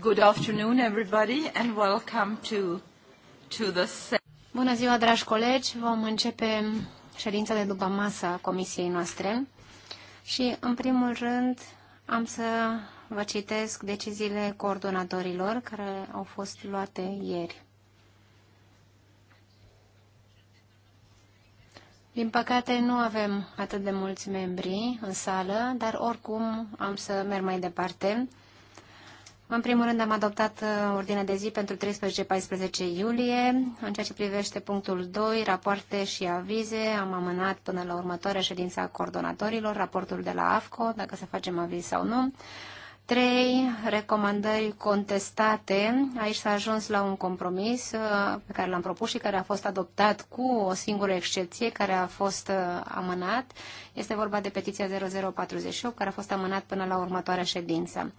Good afternoon, everybody, and welcome to, to the... Bună ziua, dragi colegi! Vom începe ședința de după masă a comisiei noastre și, în primul rând, am să vă citesc deciziile coordonatorilor care au fost luate ieri. Din păcate nu avem atât de mulți membri în sală, dar oricum am să merg mai departe în primul rând am adoptat uh, ordinea de zi pentru 13-14 iulie. În ceea ce privește punctul 2, rapoarte și avize, am amânat până la următoarea ședință a coordonatorilor, raportul de la AFCO, dacă să facem aviz sau nu. 3. Recomandări contestate. Aici s-a ajuns la un compromis uh, pe care l-am propus și care a fost adoptat cu o singură excepție care a fost uh, amânat. Este vorba de petiția 0048 care a fost amânat până la următoarea ședință.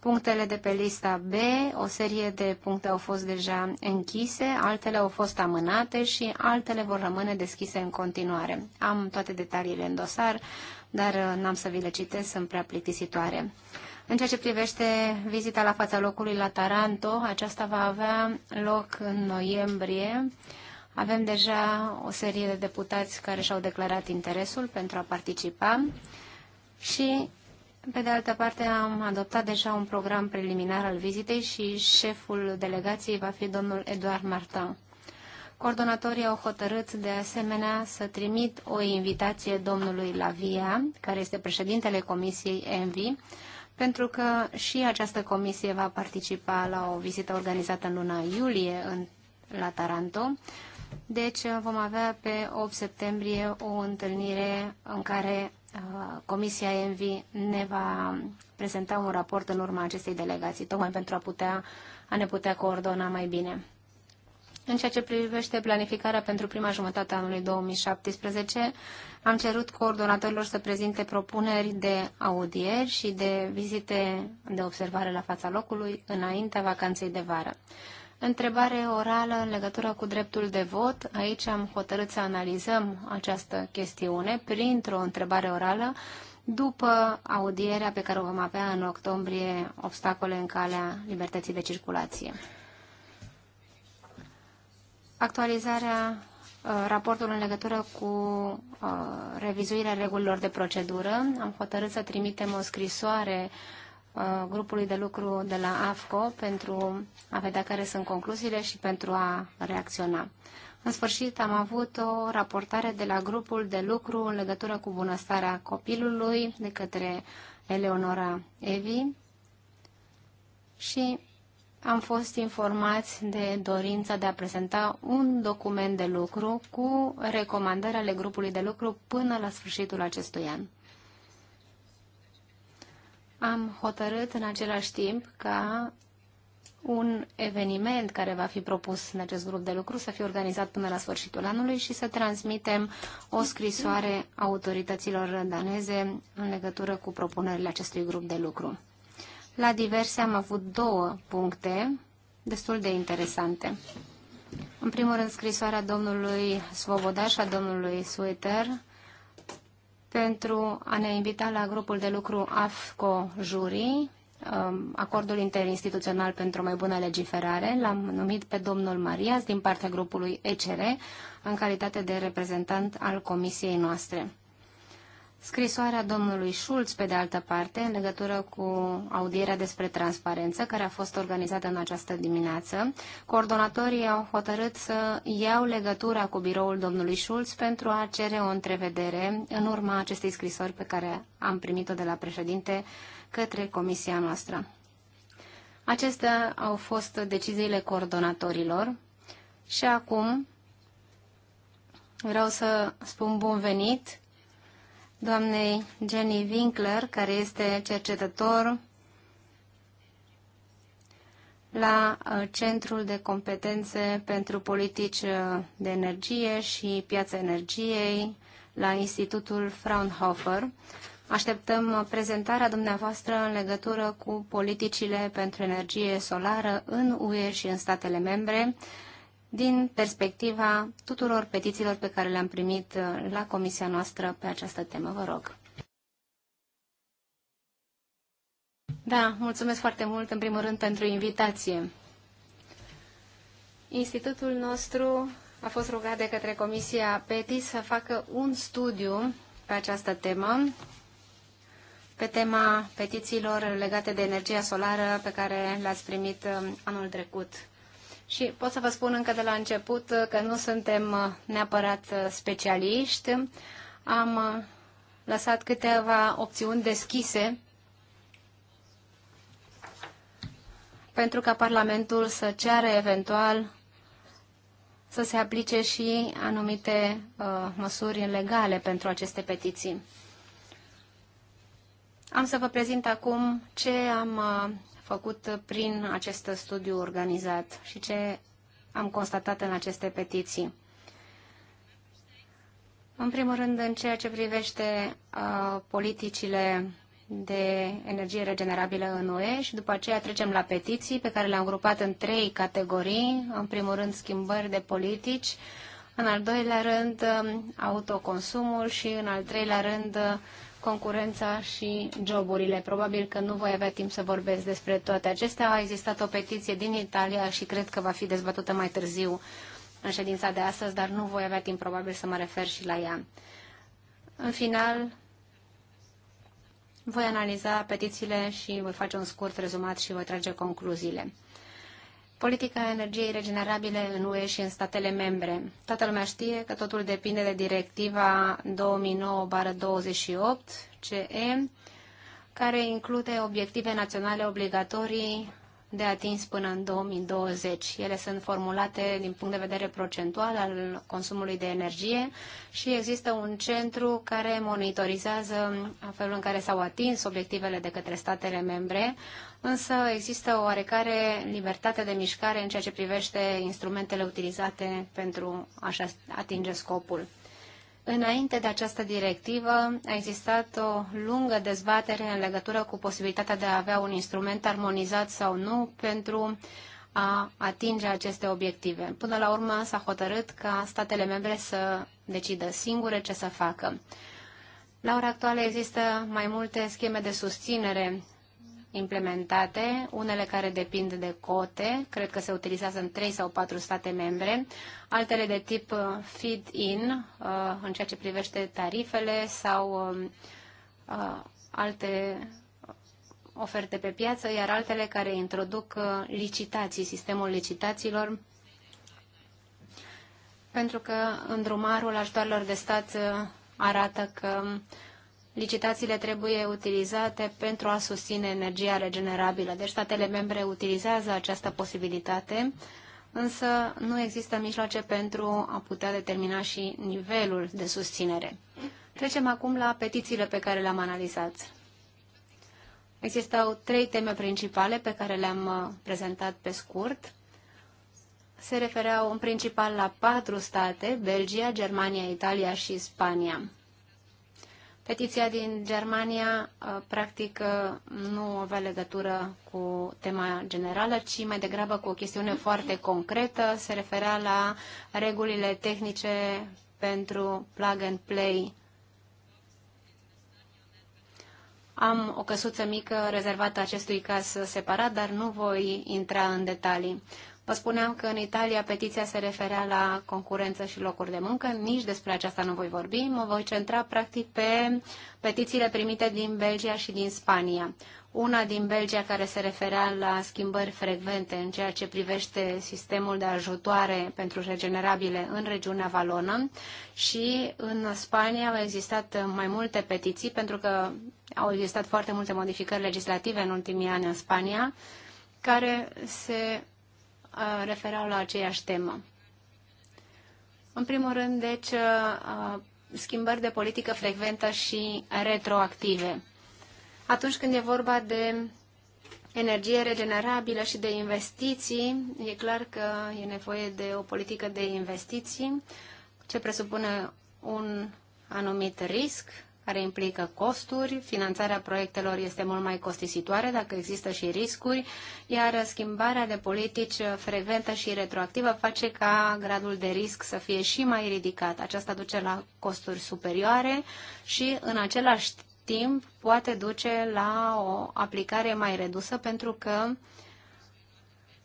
Punctele de pe lista B, o serie de puncte au fost deja închise, altele au fost amânate și altele vor rămâne deschise în continuare. Am toate detaliile în dosar, dar uh, n-am să vi le citesc, sunt prea plictisitoare. În ceea ce privește vizita la fața locului la Taranto, aceasta va avea loc în noiembrie. Avem deja o serie de deputați care și-au declarat interesul pentru a participa și pe de altă parte, am adoptat deja un program preliminar al vizitei și șeful delegației va fi domnul Eduard Martin. Coordonatorii au hotărât de asemenea să trimit o invitație domnului Lavia, care este președintele Comisiei ENVI, pentru că și această comisie va participa la o vizită organizată în luna iulie în, la Taranto. Deci vom avea pe 8 septembrie o întâlnire în care Uh, Comisia ENVI ne va prezenta un raport în urma acestei delegații, tocmai pentru a, putea, a ne putea coordona mai bine. În ceea ce privește planificarea pentru prima jumătate a anului 2017, am cerut coordonatorilor să prezinte propuneri de audieri și de vizite de observare la fața locului înaintea vacanței de vară. Întrebare orală în legătură cu dreptul de vot. Aici am hotărât să analizăm această chestiune printr-o întrebare orală după audierea pe care o vom avea în octombrie, obstacole în calea libertății de circulație. Actualizarea uh, raportul în legătură cu uh, revizuirea regulilor de procedură. Am hotărât să trimitem o scrisoare Uh, grupului de lucru de la AFCO pentru a vedea care sunt concluziile și pentru a reacționa. În sfârșit, am avut o raportare de la grupul de lucru în legătură cu bunăstarea copilului de către Eleonora Evi și am fost informați de dorința de a prezenta un document de lucru cu recomandări ale grupului de lucru până la sfârșitul acestui an am hotărât în același timp ca un eveniment care va fi propus în acest grup de lucru să fie organizat până la sfârșitul anului și să transmitem o scrisoare autorităților daneze în legătură cu propunerile acestui grup de lucru. La diverse am avut două puncte destul de interesante. În primul rând, scrisoarea domnului Svoboda și a domnului Sueter pentru a ne invita la grupul de lucru AFCO Juri, um, acordul interinstituțional pentru mai bună legiferare. L-am numit pe domnul Marias din partea grupului ECR în calitate de reprezentant al comisiei noastre. Scrisoarea domnului Schulz, pe de altă parte, în legătură cu audierea despre transparență care a fost organizată în această dimineață, coordonatorii au hotărât să iau legătura cu biroul domnului Schulz pentru a cere o întrevedere în urma acestei scrisori pe care am primit-o de la președinte către comisia noastră. Acestea au fost deciziile coordonatorilor și acum vreau să spun bun venit doamnei Jenny Winkler, care este cercetător la uh, Centrul de Competențe pentru Politici uh, de Energie și Piața Energiei la Institutul Fraunhofer. Așteptăm uh, prezentarea dumneavoastră în legătură cu politicile pentru energie solară în UE și în statele membre din perspectiva tuturor petițiilor pe care le-am primit uh, la comisia noastră pe această temă. Vă rog. Da, mulțumesc foarte mult, în primul rând, pentru invitație. Institutul nostru a fost rugat de către Comisia PETI să facă un studiu pe această temă, pe tema petițiilor legate de energia solară pe care le-ați primit uh, anul trecut și pot să vă spun încă de la început că nu suntem neapărat specialiști. Am lăsat câteva opțiuni deschise pentru ca Parlamentul să ceară eventual să se aplice și anumite uh, măsuri legale pentru aceste petiții. Am să vă prezint acum ce am uh, făcut prin acest studiu organizat și ce am constatat în aceste petiții. În primul rând, în ceea ce privește uh, politicile de energie regenerabilă în UE și după aceea trecem la petiții pe care le-am grupat în trei categorii. În primul rând, schimbări de politici, în al doilea rând, um, autoconsumul și în al treilea rând, concurența și joburile. Probabil că nu voi avea timp să vorbesc despre toate acestea. A existat o petiție din Italia și cred că va fi dezbătută mai târziu în ședința de astăzi, dar nu voi avea timp probabil să mă refer și la ea. În final, voi analiza petițiile și voi face un scurt rezumat și voi trage concluziile. Politica energiei regenerabile în UE și în statele membre. Toată lumea știe că totul depinde de directiva 2009-28 CE, care include obiective naționale obligatorii de atins până în 2020. Ele sunt formulate din punct de vedere procentual al consumului de energie și există un centru care monitorizează felul în care s-au atins obiectivele de către statele membre, însă există o oarecare libertate de mișcare în ceea ce privește instrumentele utilizate pentru a atinge scopul. Înainte de această directivă a existat o lungă dezbatere în legătură cu posibilitatea de a avea un instrument armonizat sau nu pentru a atinge aceste obiective. Până la urmă s-a hotărât ca statele membre să decidă singure ce să facă. La ora actuală există mai multe scheme de susținere implementate, unele care depind de cote, cred că se utilizează în 3 sau 4 state membre, altele de tip uh, feed-in, uh, în ceea ce privește tarifele sau um, uh, alte oferte pe piață, iar altele care introduc licitații, sistemul licitațiilor, pentru că îndrumarul ajutoarelor de stat arată că uh, licitațiile trebuie utilizate pentru a susține energia regenerabilă. Deci statele membre utilizează această posibilitate, însă nu există mijloace pentru a putea determina și nivelul de susținere. Trecem acum la petițiile pe care le-am analizat. Existau trei teme principale pe care le-am uh, prezentat pe scurt. Se refereau în principal la patru state, Belgia, Germania, Italia și Spania. Petiția din Germania, uh, practic, uh, nu avea legătură cu tema generală, ci mai degrabă cu o chestiune foarte concretă. Se referea la regulile tehnice pentru plug and play. Am o căsuță mică rezervată acestui caz separat, dar nu voi intra în detalii. Vă spuneam că în Italia petiția se referea la concurență și locuri de muncă. Nici despre aceasta nu voi vorbi. Mă voi centra practic pe petițiile primite din Belgia și din Spania. Una din Belgia care se referea la schimbări frecvente în ceea ce privește sistemul de ajutoare pentru regenerabile în regiunea Valonă și în Spania au existat mai multe petiții pentru că au existat foarte multe modificări legislative în ultimii ani în Spania care se referau la aceeași temă. În primul rând, deci, schimbări de politică frecventă și retroactive. Atunci când e vorba de energie regenerabilă și de investiții, e clar că e nevoie de o politică de investiții, ce presupune un anumit risc care implică costuri, finanțarea proiectelor este mult mai costisitoare dacă există și riscuri, iar schimbarea de politici frecventă și retroactivă face ca gradul de risc să fie și mai ridicat. Aceasta duce la costuri superioare și în același timp poate duce la o aplicare mai redusă pentru că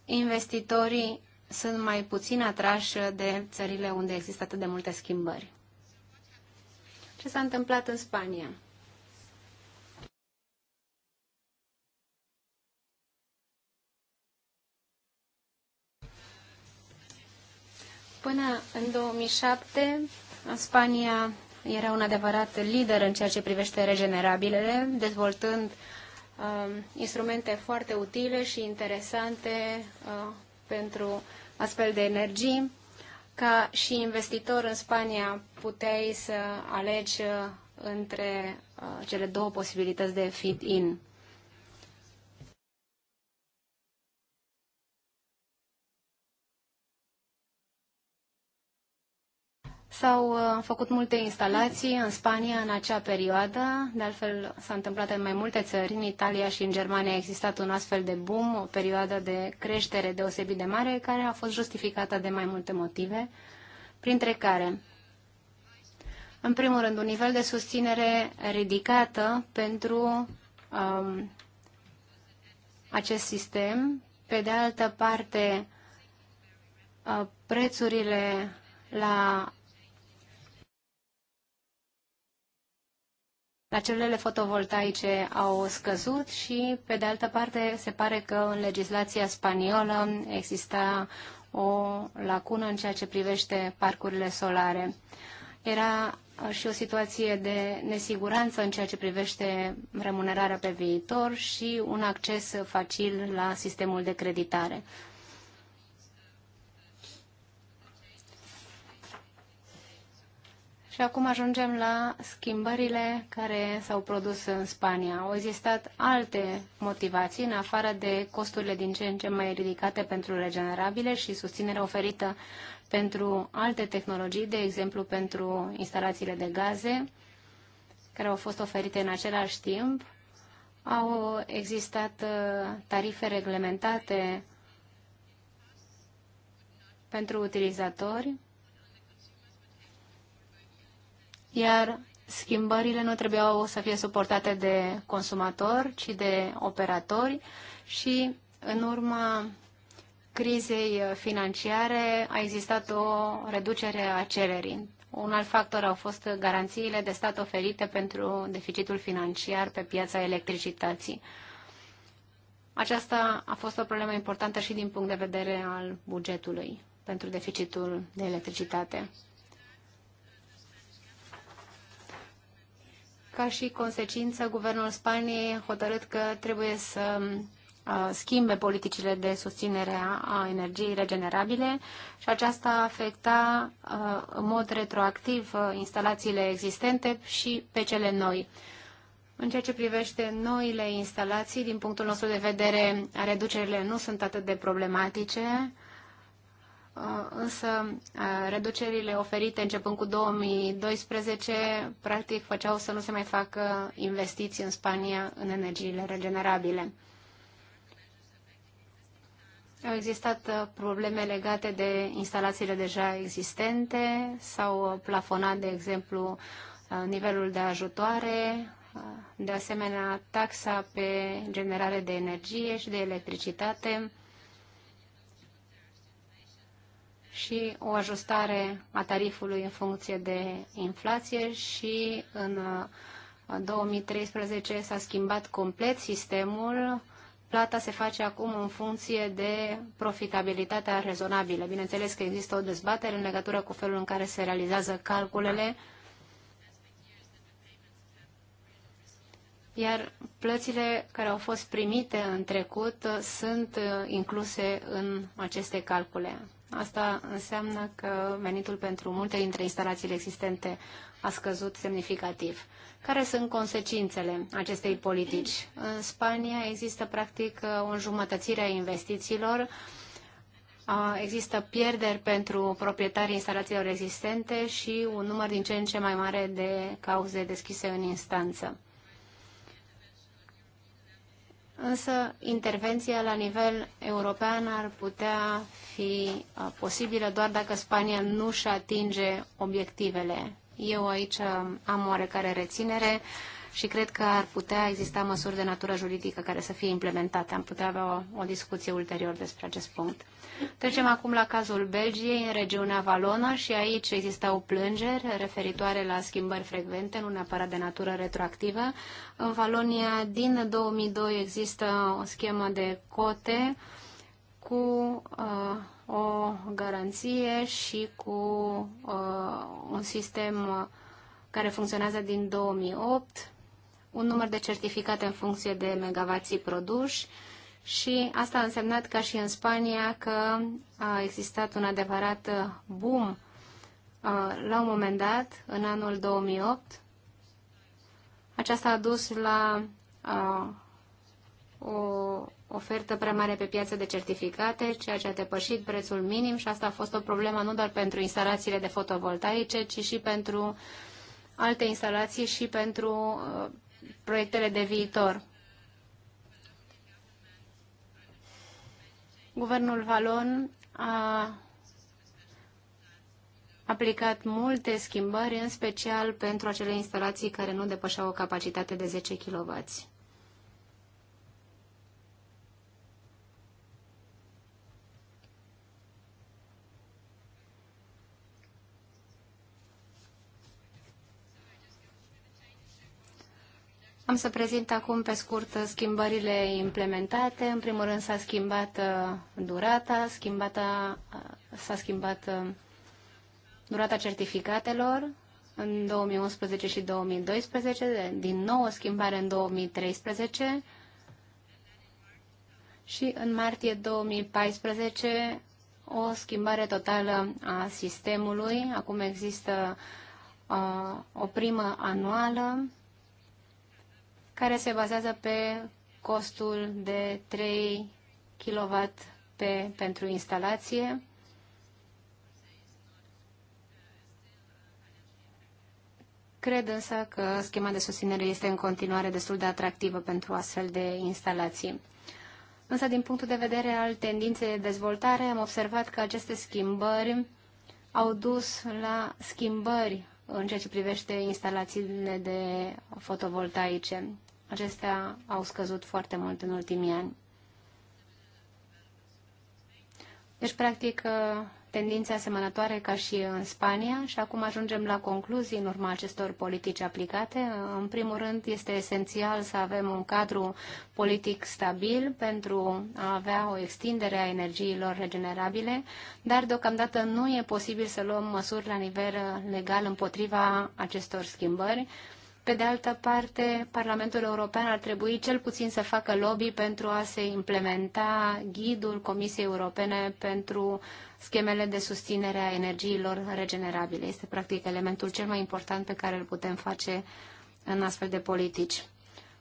investitorii sunt mai puțin atrași de țările unde există atât de multe schimbări ce s-a întâmplat în Spania. Până în 2007, în Spania era un adevărat lider în ceea ce privește regenerabilele, dezvoltând uh, instrumente foarte utile și interesante uh, pentru astfel de energii. Ca și investitor în Spania puteai să alegi uh, între uh, cele două posibilități de fit-in. S-au uh, făcut multe instalații în Spania în acea perioadă, de altfel s-a întâmplat în mai multe țări, în Italia și în Germania a existat un astfel de boom, o perioadă de creștere deosebit de mare, care a fost justificată de mai multe motive, printre care, în primul rând, un nivel de susținere ridicată pentru um, acest sistem, pe de altă parte, uh, prețurile la la celulele fotovoltaice au scăzut și, pe de altă parte, se pare că în legislația spaniolă exista o lacună în ceea ce privește parcurile solare. Era și o situație de nesiguranță în ceea ce privește remunerarea pe viitor și un acces facil la sistemul de creditare. Și acum ajungem la schimbările care s-au produs în Spania. Au existat alte motivații, în afară de costurile din ce în ce mai ridicate pentru regenerabile și susținerea oferită pentru alte tehnologii, de exemplu pentru instalațiile de gaze, care au fost oferite în același timp. Au existat uh, tarife reglementate pentru utilizatori iar schimbările nu trebuiau să fie suportate de consumatori, ci de operatori și în urma crizei financiare a existat o reducere a cererii. Un alt factor au fost garanțiile de stat oferite pentru deficitul financiar pe piața electricității. Aceasta a fost o problemă importantă și din punct de vedere al bugetului pentru deficitul de electricitate. Ca și consecință, guvernul Spaniei a hotărât că trebuie să schimbe politicile de susținere a energiei regenerabile și aceasta afecta în mod retroactiv instalațiile existente și pe cele noi. În ceea ce privește noile instalații, din punctul nostru de vedere, reducerile nu sunt atât de problematice Uh, însă uh, reducerile oferite începând cu 2012 practic făceau să nu se mai facă investiții în Spania în energiile regenerabile. Au existat uh, probleme legate de instalațiile deja existente, s-au plafonat, de exemplu, nivelul de ajutoare, de asemenea taxa pe generare de energie și de electricitate, și o ajustare a tarifului în funcție de inflație și în 2013 uh, s-a schimbat complet sistemul. Plata se face acum în funcție de profitabilitatea rezonabilă. Bineînțeles că există o dezbatere în legătură cu felul în care se realizează calculele, iar plățile care au fost primite în trecut sunt uh, incluse în aceste calcule. Asta înseamnă că venitul pentru multe dintre instalațiile existente a scăzut semnificativ. Care sunt consecințele acestei politici? În Spania există practic o înjumătățire a investițiilor, există pierderi pentru proprietarii instalațiilor existente și un număr din ce în ce mai mare de cauze deschise în instanță însă intervenția la nivel european ar putea fi uh, posibilă doar dacă Spania nu și atinge obiectivele. Eu aici um, am oarecare reținere și cred că ar putea exista măsuri de natură juridică care să fie implementate. Am putea avea o, o discuție ulterior despre acest punct. Trecem acum la cazul Belgiei, în regiunea Valona și aici existau o referitoare la schimbări frecvente, nu neapărat de natură retroactivă. În Valonia din 2002 există o schemă de cote cu uh, o garanție și cu uh, un sistem care funcționează din 2008 un număr de certificate în funcție de megavații produși și asta a însemnat ca și în Spania că a existat un adevărat uh, boom uh, la un moment dat, în anul 2008. Aceasta a dus la uh, o ofertă prea mare pe piață de certificate, ceea ce a depășit prețul minim și asta a fost o problemă nu doar pentru instalațiile de fotovoltaice, ci și pentru alte instalații și pentru proiectele de viitor. Guvernul Valon a aplicat multe schimbări, în special pentru acele instalații care nu depășeau o capacitate de 10 kW. Am să prezint acum pe scurt schimbările implementate. În primul rând s-a schimbat uh, durata, schimbata, uh, s-a schimbat uh, durata certificatelor în 2011 și 2012, din nou o schimbare în 2013 și în martie 2014 o schimbare totală a sistemului. Acum există uh, o primă anuală care se bazează pe costul de 3 kW pe, pentru instalație. Cred însă că schema de susținere este în continuare destul de atractivă pentru astfel de instalații. Însă, din punctul de vedere al tendinței de dezvoltare, am observat că aceste schimbări au dus la schimbări în ceea ce privește instalațiile de fotovoltaice. Acestea au scăzut foarte mult în ultimii ani. Deci, practic, tendințe asemănătoare ca și în Spania și acum ajungem la concluzii în urma acestor politici aplicate. În primul rând, este esențial să avem un cadru politic stabil pentru a avea o extindere a energiilor regenerabile, dar deocamdată nu e posibil să luăm măsuri la nivel legal împotriva acestor schimbări pe de altă parte, Parlamentul European ar trebui cel puțin să facă lobby pentru a se implementa ghidul Comisiei Europene pentru schemele de susținere a energiilor regenerabile. Este practic elementul cel mai important pe care îl putem face în astfel de politici.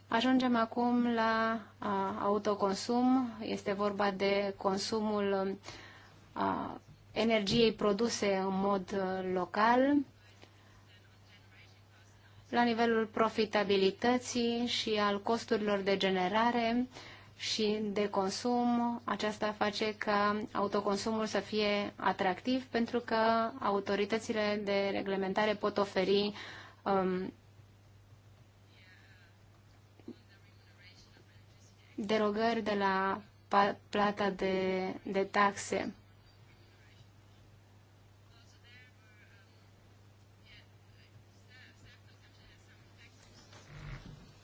Ajungem acum la a, autoconsum. Este vorba de consumul a, energiei produse în mod local la nivelul profitabilității și al costurilor de generare și de consum. Aceasta face ca autoconsumul să fie atractiv pentru că autoritățile de reglementare pot oferi um, derogări de la plata de, de taxe.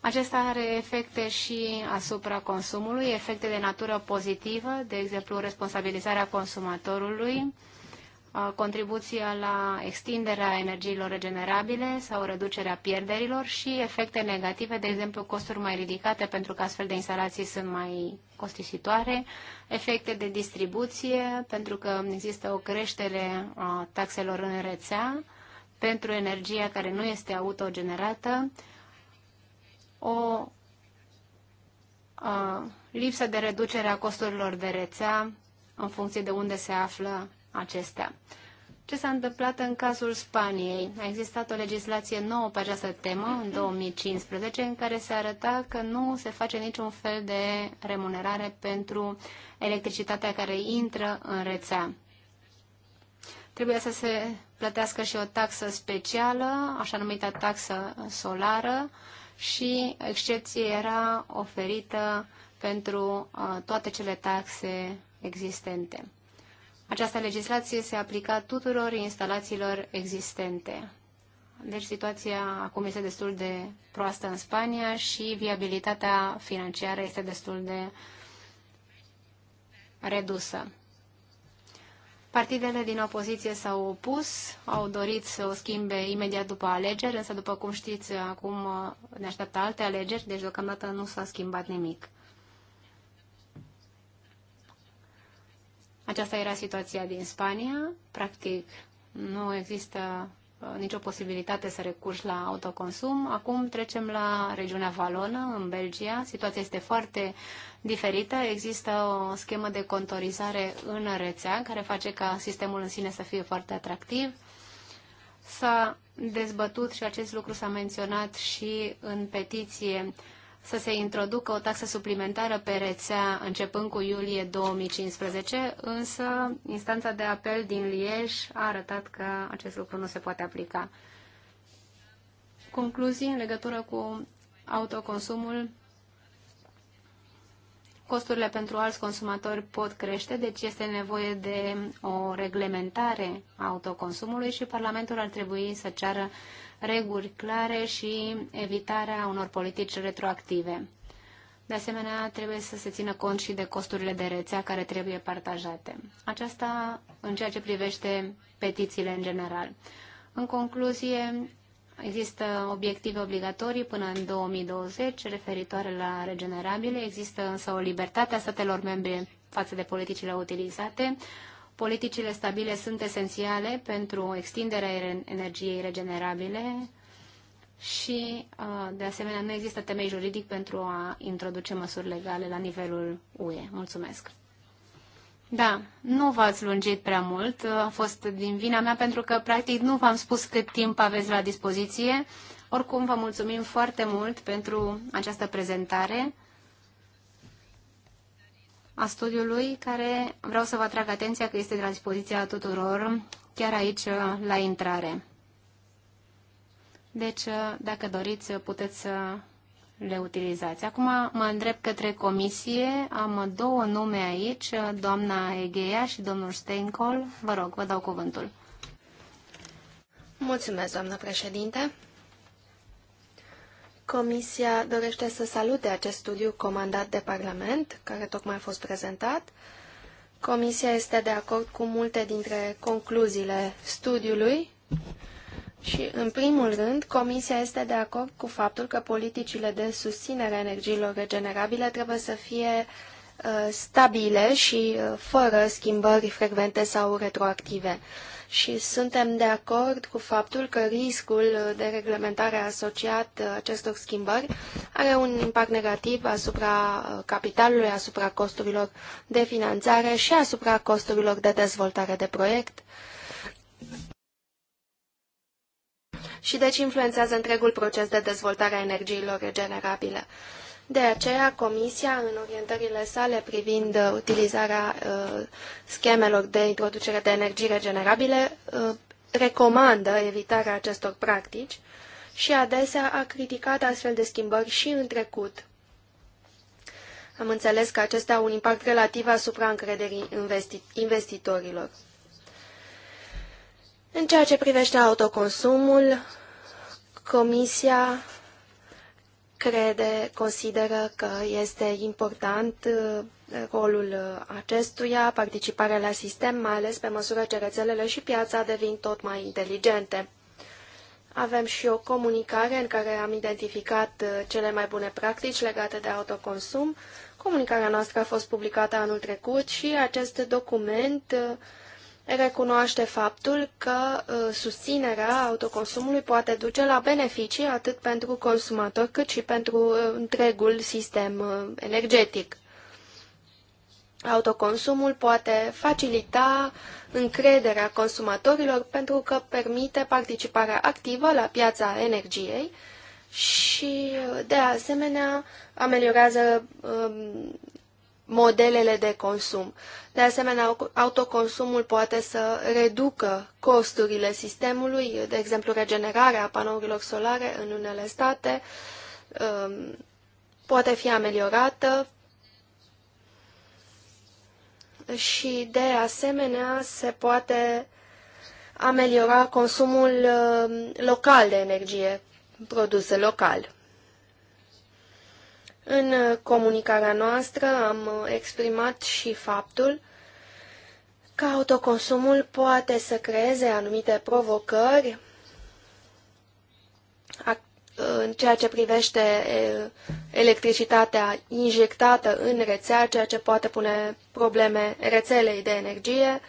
Acesta are efecte și asupra consumului, efecte de natură pozitivă, de exemplu responsabilizarea consumatorului, contribuția la extinderea energiilor regenerabile sau reducerea pierderilor și efecte negative, de exemplu costuri mai ridicate pentru că astfel de instalații sunt mai costisitoare, efecte de distribuție pentru că există o creștere a taxelor în rețea pentru energia care nu este autogenerată, o a, lipsă de reducere a costurilor de rețea în funcție de unde se află acestea. Ce s-a întâmplat în cazul Spaniei? A existat o legislație nouă pe această temă în 2015 în care se arăta că nu se face niciun fel de remunerare pentru electricitatea care intră în rețea. Trebuie să se plătească și o taxă specială, așa numită taxă solară, și excepție era oferită pentru uh, toate cele taxe existente. Această legislație se aplica tuturor instalațiilor existente. Deci situația acum este destul de proastă în Spania și viabilitatea financiară este destul de redusă. Partidele din opoziție s-au opus, au dorit să o schimbe imediat după alegeri, însă, după cum știți, acum uh, ne așteaptă alte alegeri, deci deocamdată nu s-a schimbat nimic. Aceasta era situația din Spania. Practic, nu există Uh, nicio posibilitate să recurgi la autoconsum. Acum trecem la regiunea Valonă, în Belgia. Situația este foarte diferită. Există o schemă de contorizare în rețea care face ca sistemul în sine să fie foarte atractiv. S-a dezbătut și acest lucru s-a menționat și în petiție uh, să se introducă o taxă suplimentară pe rețea începând cu iulie 2015, însă instanța de apel din Lieș a arătat că acest lucru nu se poate aplica. Concluzii în legătură cu autoconsumul costurile pentru alți consumatori pot crește, deci este nevoie de o reglementare a autoconsumului și Parlamentul ar trebui să ceară reguli clare și evitarea unor politici retroactive. De asemenea, trebuie să se țină cont și de costurile de rețea care trebuie partajate. Aceasta în ceea ce privește petițiile în general. În concluzie, Există obiective obligatorii până în 2020 referitoare la regenerabile, există însă o libertate a statelor membre față de politicile utilizate. Politicile stabile sunt esențiale pentru extinderea energiei regenerabile și, uh, de asemenea, nu există temei juridic pentru a introduce măsuri legale la nivelul UE. Mulțumesc! Da, nu v-ați lungit prea mult. A fost din vina mea pentru că, practic, nu v-am spus cât timp aveți la dispoziție. Oricum, vă mulțumim foarte mult pentru această prezentare a studiului, care vreau să vă atrag atenția că este de la dispoziția tuturor, chiar aici, la intrare. Deci, dacă doriți, puteți să le utilizați. Acum mă îndrept către comisie. Am două nume aici, doamna Egea și domnul Steincol. Vă rog, vă dau cuvântul. Mulțumesc, doamnă președinte. Comisia dorește să salute acest studiu comandat de Parlament, care tocmai a fost prezentat. Comisia este de acord cu multe dintre concluziile studiului și, în primul rând, Comisia este de acord cu faptul că politicile de susținere a energiilor regenerabile trebuie să fie uh, stabile și uh, fără schimbări frecvente sau retroactive. Și suntem de acord cu faptul că riscul de reglementare asociat uh, acestor schimbări are un impact negativ asupra uh, capitalului, asupra costurilor de finanțare și asupra costurilor de dezvoltare de proiect și deci influențează întregul proces de dezvoltare a energiilor regenerabile. De aceea, Comisia, în orientările sale privind uh, utilizarea uh, schemelor de introducere de energii regenerabile, uh, recomandă evitarea acestor practici și adesea a criticat astfel de schimbări și în trecut. Am înțeles că acestea au un impact relativ asupra încrederii investi investitorilor. În ceea ce privește autoconsumul, Comisia crede, consideră că este important uh, rolul acestuia, participarea la sistem, mai ales pe măsură ce rețelele și piața devin tot mai inteligente. Avem și o comunicare în care am identificat uh, cele mai bune practici legate de autoconsum. Comunicarea noastră a fost publicată anul trecut și acest document uh, recunoaște faptul că uh, susținerea autoconsumului poate duce la beneficii atât pentru consumator cât și pentru uh, întregul sistem uh, energetic. Autoconsumul poate facilita încrederea consumatorilor pentru că permite participarea activă la piața energiei și, de asemenea, ameliorează um, modelele de consum. De asemenea, autoconsumul poate să reducă costurile sistemului, de exemplu regenerarea panourilor solare în unele state um, poate fi ameliorată și de asemenea se poate ameliora consumul um, local de energie produsă local. În comunicarea noastră am exprimat și faptul că autoconsumul poate să creeze anumite provocări în ceea ce privește electricitatea injectată în rețea, ceea ce poate pune probleme rețelei de energie,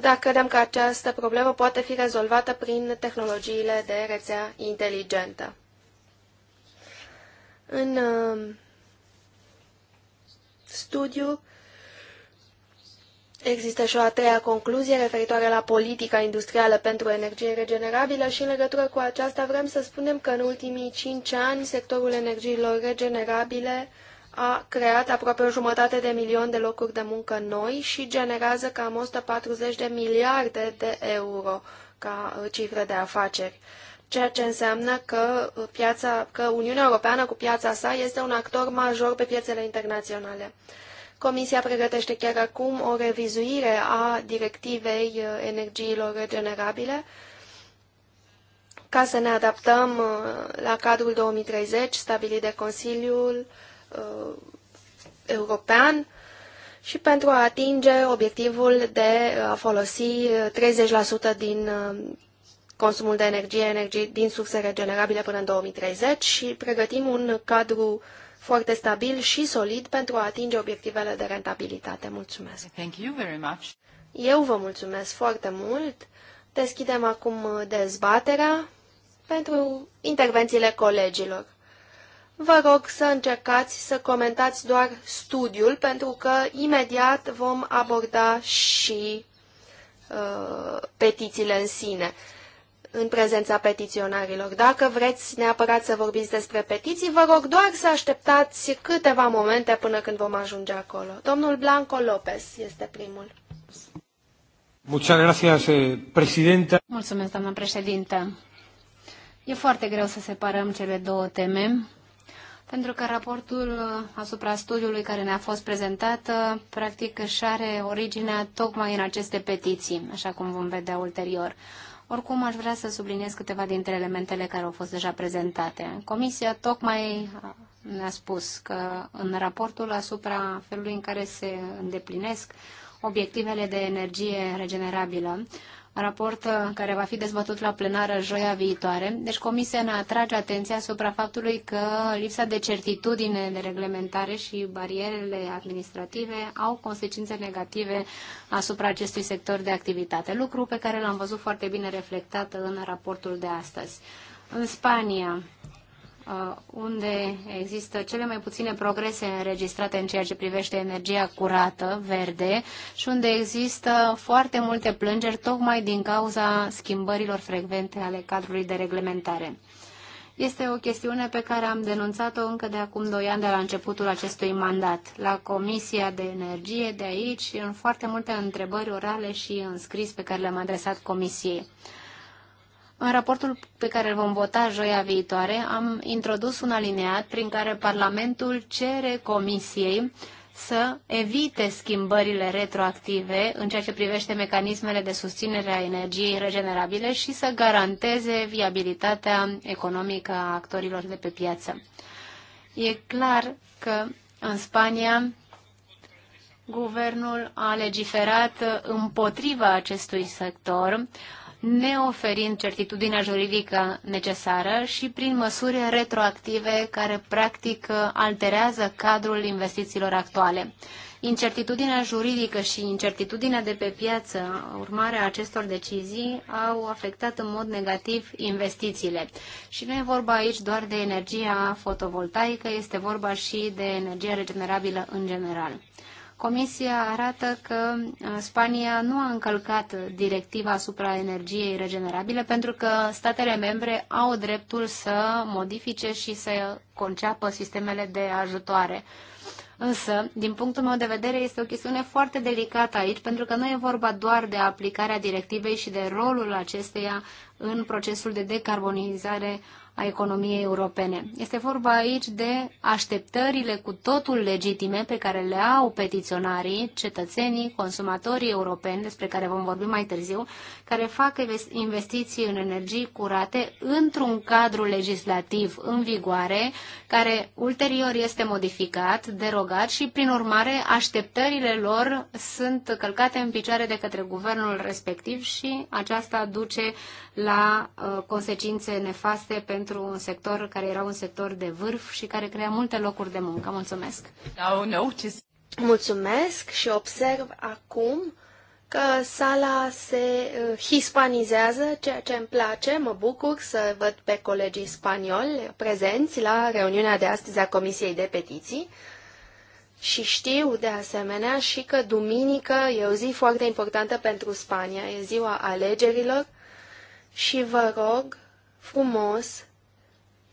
dar credem că această problemă poate fi rezolvată prin tehnologiile de rețea inteligentă. În uh, studiu există și o a treia concluzie referitoare la politica industrială pentru energie regenerabilă și în legătură cu aceasta vrem să spunem că în ultimii cinci ani sectorul energiilor regenerabile a creat aproape o jumătate de milion de locuri de muncă noi și generează cam 140 de miliarde de euro ca uh, cifră de afaceri ceea ce înseamnă că, uh, piața, că Uniunea Europeană cu piața sa este un actor major pe piețele internaționale. Comisia pregătește chiar acum o revizuire a directivei uh, energiilor regenerabile ca să ne adaptăm uh, la cadrul 2030 stabilit de Consiliul European și pentru a atinge obiectivul de a folosi 30% din consumul de energie, energie din surse regenerabile până în 2030 și pregătim un cadru foarte stabil și solid pentru a atinge obiectivele de rentabilitate. Mulțumesc! Thank you very much. Eu vă mulțumesc foarte mult. Deschidem acum dezbaterea pentru intervențiile colegilor. Vă rog să încercați să comentați doar studiul, pentru că imediat vom aborda și uh, petițiile în sine în prezența petiționarilor. Dacă vreți neapărat să vorbiți despre petiții, vă rog doar să așteptați câteva momente până când vom ajunge acolo. Domnul Blanco Lopez este primul. Eh, Mulțumesc, doamnă președintă. E foarte greu să separăm cele două teme, pentru că raportul uh, asupra studiului care ne-a fost prezentat, uh, practic, își are originea tocmai în aceste petiții, așa cum vom vedea ulterior. Oricum, aș vrea să subliniez câteva dintre elementele care au fost deja prezentate. Comisia tocmai ne-a spus că în raportul asupra felului în care se îndeplinesc obiectivele de energie regenerabilă, raport uh, care va fi dezbătut la plenară joia viitoare. Deci Comisia ne atrage atenția asupra faptului că lipsa de certitudine de reglementare și barierele administrative au consecințe negative asupra acestui sector de activitate, lucru pe care l-am văzut foarte bine reflectat în raportul de astăzi. În Spania, Uh, unde există cele mai puține progrese înregistrate în ceea ce privește energia curată, verde, și unde există foarte multe plângeri tocmai din cauza schimbărilor frecvente ale cadrului de reglementare. Este o chestiune pe care am denunțat-o încă de acum doi ani de la începutul acestui mandat, la Comisia de Energie de aici, în foarte multe întrebări orale și în scris pe care le-am adresat Comisiei. În raportul pe care îl vom vota joia viitoare, am introdus un alineat prin care Parlamentul cere Comisiei să evite schimbările retroactive în ceea ce privește mecanismele de susținere a energiei regenerabile și să garanteze viabilitatea economică a actorilor de pe piață. E clar că în Spania guvernul a legiferat împotriva acestui sector, ne oferind certitudinea juridică necesară și prin măsuri retroactive care practic alterează cadrul investițiilor actuale. Incertitudinea juridică și incertitudinea de pe piață, urmarea acestor decizii, au afectat în mod negativ investițiile. Și nu e vorba aici doar de energia fotovoltaică, este vorba și de energia regenerabilă în general. Comisia arată că uh, Spania nu a încălcat directiva asupra energiei regenerabile pentru că statele membre au dreptul să modifice și să conceapă sistemele de ajutoare. Însă, din punctul meu de vedere, este o chestiune foarte delicată aici, pentru că nu e vorba doar de aplicarea directivei și de rolul acesteia în procesul de decarbonizare a economiei europene. Este vorba aici de așteptările cu totul legitime pe care le au petiționarii, cetățenii, consumatorii europeni, despre care vom vorbi mai târziu, care fac investiții în energii curate într-un cadru legislativ în vigoare, care ulterior este modificat, derogat și, prin urmare, așteptările lor sunt călcate în picioare de către guvernul respectiv și aceasta duce la uh, consecințe nefaste pentru pentru un sector care era un sector de vârf și care crea multe locuri de muncă. Mulțumesc! Mulțumesc și observ acum că sala se eh, hispanizează, ceea ce îmi place. Mă bucur să văd pe colegii spanioli prezenți la reuniunea de astăzi a Comisiei de Petiții. Și știu, de asemenea, și că duminică e o zi foarte importantă pentru Spania, e ziua alegerilor și vă rog frumos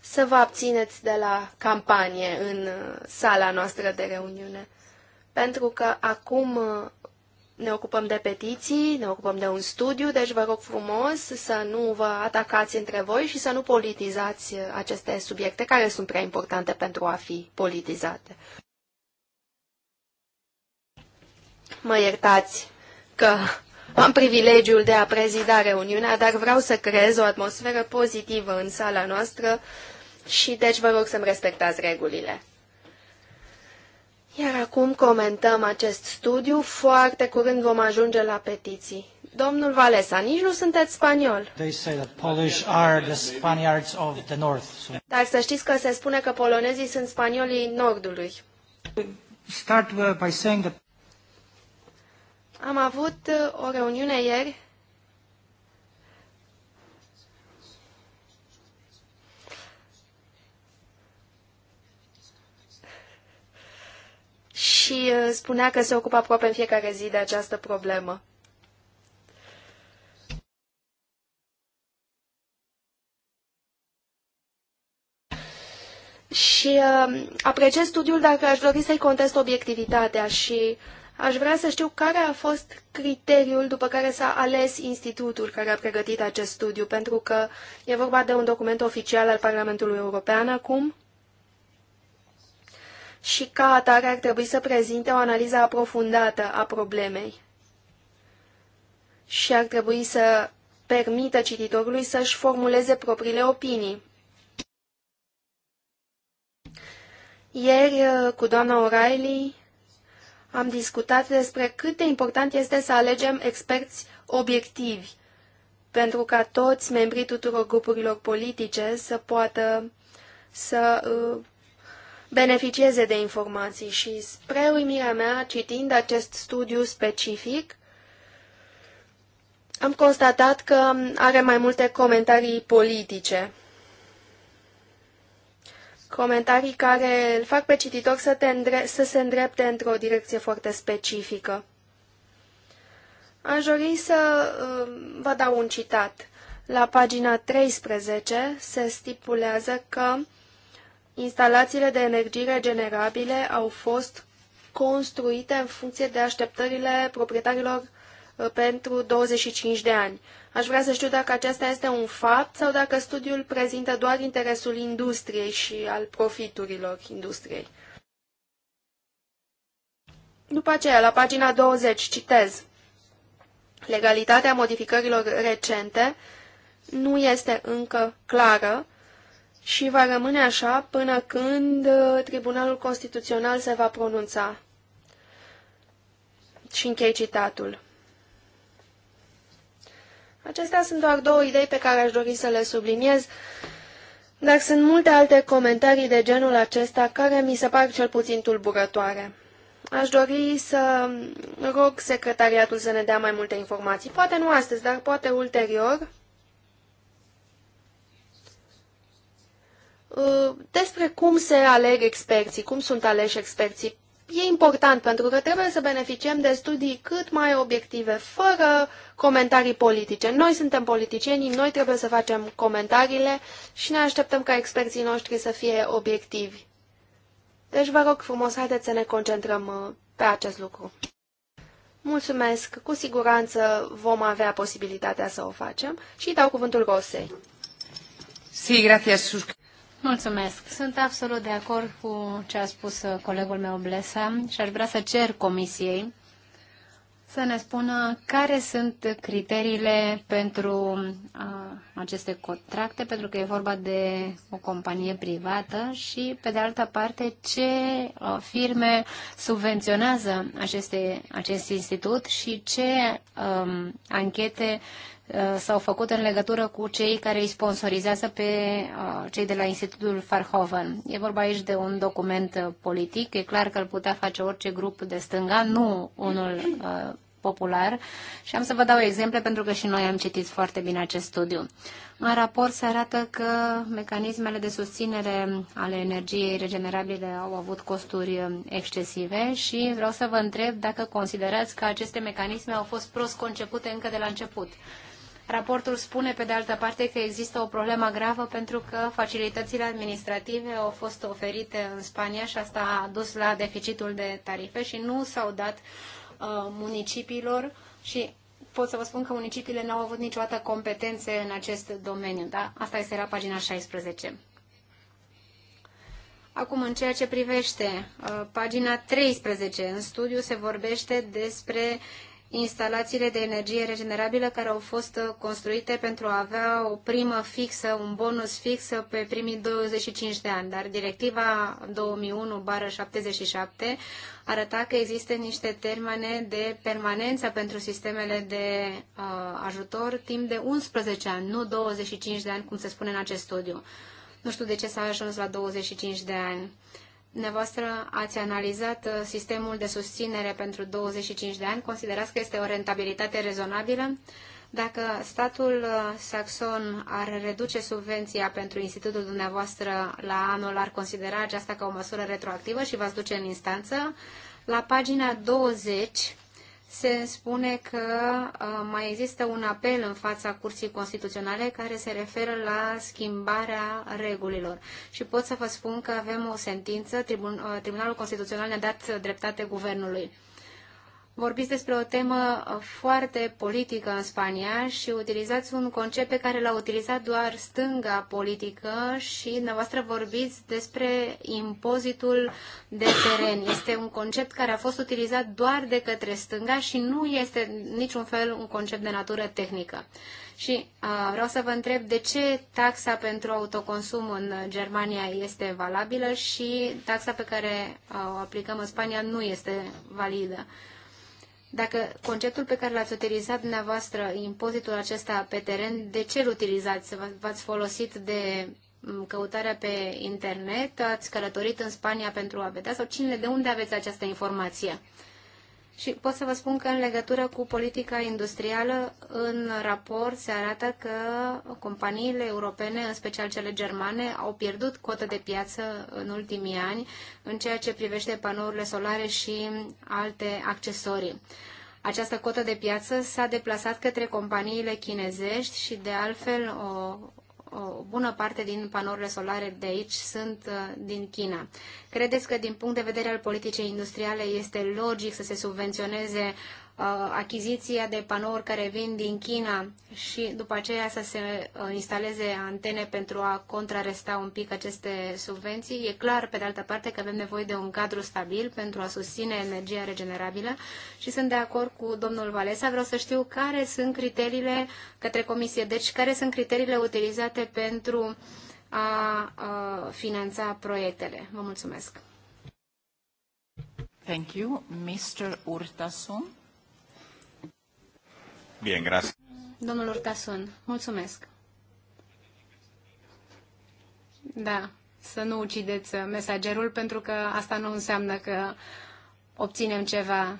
să vă abțineți de la campanie în uh, sala noastră de reuniune. Pentru că acum uh, ne ocupăm de petiții, ne ocupăm de un studiu, deci vă rog frumos să nu vă atacați între voi și să nu politizați uh, aceste subiecte care sunt prea importante pentru a fi politizate. Mă iertați că am privilegiul de a prezida reuniunea, dar vreau să creez o atmosferă pozitivă în sala noastră și deci vă rog să-mi respectați regulile. Iar acum comentăm acest studiu, foarte curând vom ajunge la petiții. Domnul Valesa, nici nu sunteți spaniol. Dar să știți că se spune că polonezii sunt spaniolii nordului. Start uh, by saying that... Am avut uh, o reuniune ieri și uh, spunea că se ocupa aproape în fiecare zi de această problemă. Și uh, apreciez studiul, dar aș dori să-i contest obiectivitatea și aș vrea să știu care a fost criteriul după care s-a ales institutul care a pregătit acest studiu, pentru că e vorba de un document oficial al Parlamentului European acum și ca atare ar trebui să prezinte o analiză aprofundată a problemei și ar trebui să permită cititorului să-și formuleze propriile opinii. Ieri, uh, cu doamna O'Reilly, am discutat despre cât de important este să alegem experți obiectivi, pentru ca toți membrii tuturor grupurilor politice să poată să uh, beneficieze de informații și, spre uimirea mea, citind acest studiu specific, am constatat că are mai multe comentarii politice. Comentarii care îl fac pe cititor să, te îndre să se îndrepte într-o direcție foarte specifică. Aș dori să uh, vă dau un citat. La pagina 13 se stipulează că Instalațiile de energie regenerabile au fost construite în funcție de așteptările proprietarilor uh, pentru 25 de ani. Aș vrea să știu dacă acesta este un fapt sau dacă studiul prezintă doar interesul industriei și al profiturilor industriei. După aceea, la pagina 20, citez. Legalitatea modificărilor recente nu este încă clară și va rămâne așa până când uh, Tribunalul Constituțional se va pronunța. Și închei citatul. Acestea sunt doar două idei pe care aș dori să le subliniez, dar sunt multe alte comentarii de genul acesta care mi se par cel puțin tulburătoare. Aș dori să rog secretariatul să ne dea mai multe informații, poate nu astăzi, dar poate ulterior. Uh, despre cum se aleg experții, cum sunt aleși experții. E important pentru că trebuie să beneficiem de studii cât mai obiective, fără comentarii politice. Noi suntem politicienii, noi trebuie să facem comentariile și ne așteptăm ca experții noștri să fie obiectivi. Deci vă rog frumos, haideți să ne concentrăm uh, pe acest lucru. Mulțumesc, cu siguranță vom avea posibilitatea să o facem și dau cuvântul Rosei. Sí, gracias. Mulțumesc. Sunt absolut de acord cu ce a spus colegul meu Blesa și aș vrea să cer comisiei să ne spună care sunt criteriile pentru a, aceste contracte, pentru că e vorba de o companie privată și, pe de altă parte, ce a, firme subvenționează aceste, acest institut și ce a, anchete Uh, s-au făcut în legătură cu cei care îi sponsorizează pe uh, cei de la Institutul Farhoven. E vorba aici de un document uh, politic, e clar că îl putea face orice grup de stânga, nu unul popular și am să vă dau exemple pentru că și noi am citit foarte bine acest studiu. În raport se arată că mecanismele de susținere ale energiei regenerabile au avut costuri excesive și vreau să vă întreb dacă considerați că aceste mecanisme au fost prost concepute încă de la început. Raportul spune, pe de altă parte, că există o problemă gravă pentru că facilitățile administrative au fost oferite în Spania și asta a dus la deficitul de tarife și nu s-au dat uh, municipiilor și pot să vă spun că municipiile n-au avut niciodată competențe în acest domeniu. Da? Asta este la pagina 16. Acum, în ceea ce privește uh, pagina 13, în studiu se vorbește despre instalațiile de energie regenerabilă care au fost uh, construite pentru a avea o primă fixă, un bonus fix uh, pe primii 25 de ani. Dar directiva 2001-77 arăta că există niște termene de permanență pentru sistemele de uh, ajutor timp de 11 ani, nu 25 de ani, cum se spune în acest studiu. Nu știu de ce s-a ajuns la 25 de ani. Uh, Dumneavoastră ați analizat uh, sistemul de susținere pentru 25 de ani. Considerați că este o rentabilitate rezonabilă? Dacă statul uh, saxon ar reduce subvenția pentru institutul dumneavoastră la anul, ar considera aceasta ca o măsură retroactivă și v-ați duce în instanță? La pagina 20 se spune că uh, mai există un apel în fața Curții Constituționale care se referă la schimbarea regulilor. Și pot să vă spun că avem o sentință, uh, Tribunalul Constituțional ne-a dat dreptate guvernului vorbiți despre o temă uh, foarte politică în Spania și utilizați un concept pe care l-a utilizat doar stânga politică și dumneavoastră vorbiți despre impozitul de teren. Este un concept care a fost utilizat doar de către stânga și nu este niciun fel un concept de natură tehnică. Și uh, vreau să vă întreb de ce taxa pentru autoconsum în Germania este valabilă și taxa pe care uh, o aplicăm în Spania nu este validă. Uh, dacă conceptul pe care l-ați utilizat dumneavoastră, impozitul acesta pe teren, de ce îl utilizați? V-ați folosit de mm, căutarea pe internet? Ați călătorit în Spania pentru a vedea? Sau cine, de unde aveți această informație? Și pot să vă spun că în legătură cu politica industrială, în raport se arată că companiile europene, în special cele germane, au pierdut cotă de piață în ultimii ani în ceea ce privește panourile solare și alte accesorii. Această cotă de piață s-a deplasat către companiile chinezești și, de altfel, o, o bună parte din panourile solare de aici sunt uh, din China. Credeți că din punct de vedere al politicii industriale este logic să se subvenționeze Uh, achiziția de panouri care vin din China și după aceea să se uh, instaleze antene pentru a contraresta un pic aceste subvenții. E clar, pe de altă parte, că avem nevoie de un cadru stabil pentru a susține energia regenerabilă și sunt de acord cu domnul Valesa. Vreau să știu care sunt criteriile către comisie, deci care sunt criteriile utilizate pentru a, uh, finanța proiectele. Vă mulțumesc. Thank you, Mr. Urtasun. Bien, gracias. Domnul Urtasun, mulțumesc. Da, să nu ucideți mesagerul, pentru că asta nu înseamnă că obținem ceva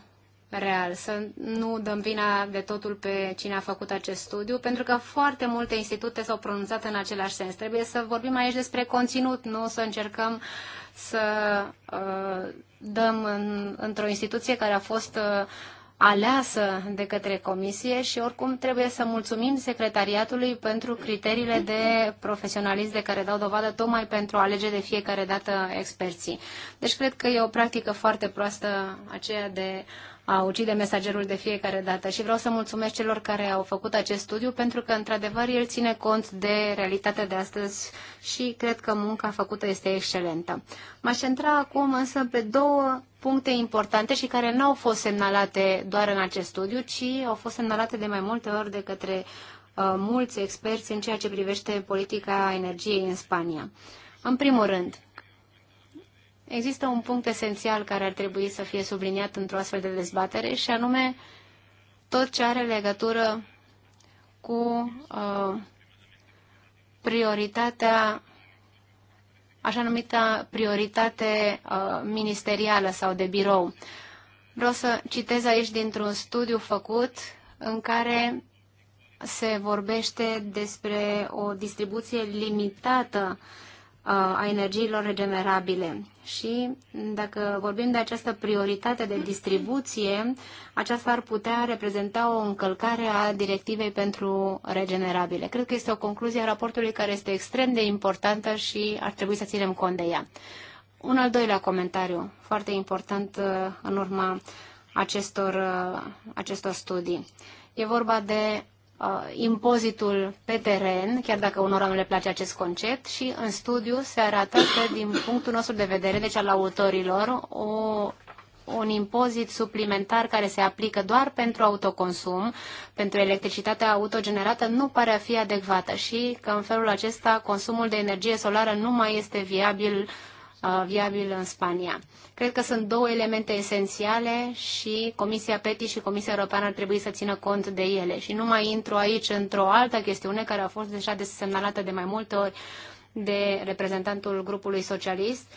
real, să nu dăm vina de totul pe cine a făcut acest studiu, pentru că foarte multe institute s-au pronunțat în același sens. Trebuie să vorbim aici despre conținut, nu să încercăm să uh, dăm în, într-o instituție care a fost uh, aleasă de către comisie și oricum trebuie să mulțumim secretariatului pentru criteriile de profesionalism de care dau dovadă tocmai pentru a alege de fiecare dată experții. Deci cred că e o practică foarte proastă aceea de a ucide mesagerul de fiecare dată și vreau să mulțumesc celor care au făcut acest studiu pentru că într-adevăr el ține cont de realitatea de astăzi și cred că munca făcută este excelentă. M-aș centra acum însă pe două puncte importante și care nu au fost semnalate doar în acest studiu, ci au fost semnalate de mai multe ori de către uh, mulți experți în ceea ce privește politica energiei în Spania. În primul rând, există un punct esențial care ar trebui să fie subliniat într-o astfel de dezbatere și anume tot ce are legătură cu uh, prioritatea așa numită prioritate uh, ministerială sau de birou. Vreau să citez aici dintr-un studiu făcut în care se vorbește despre o distribuție limitată uh, a energiilor regenerabile. Și dacă vorbim de această prioritate de distribuție, aceasta ar putea reprezenta o încălcare a directivei pentru regenerabile. Cred că este o concluzie a raportului care este extrem de importantă și ar trebui să ținem cont de ea. Un al doilea comentariu, foarte important în urma acestor, acestor studii. E vorba de uh, impozitul pe teren, chiar dacă unora nu le place acest concept, și în studiu se arată că, din punctul nostru de vedere, deci al autorilor, o, un impozit suplimentar care se aplică doar pentru autoconsum, pentru electricitatea autogenerată, nu pare a fi adecvată și că în felul acesta consumul de energie solară nu mai este viabil viabil în Spania. Cred că sunt două elemente esențiale și Comisia PETI și Comisia Europeană ar trebui să țină cont de ele. Și nu mai intru aici într-o altă chestiune care a fost deja desemnalată de mai multe ori de reprezentantul grupului socialist,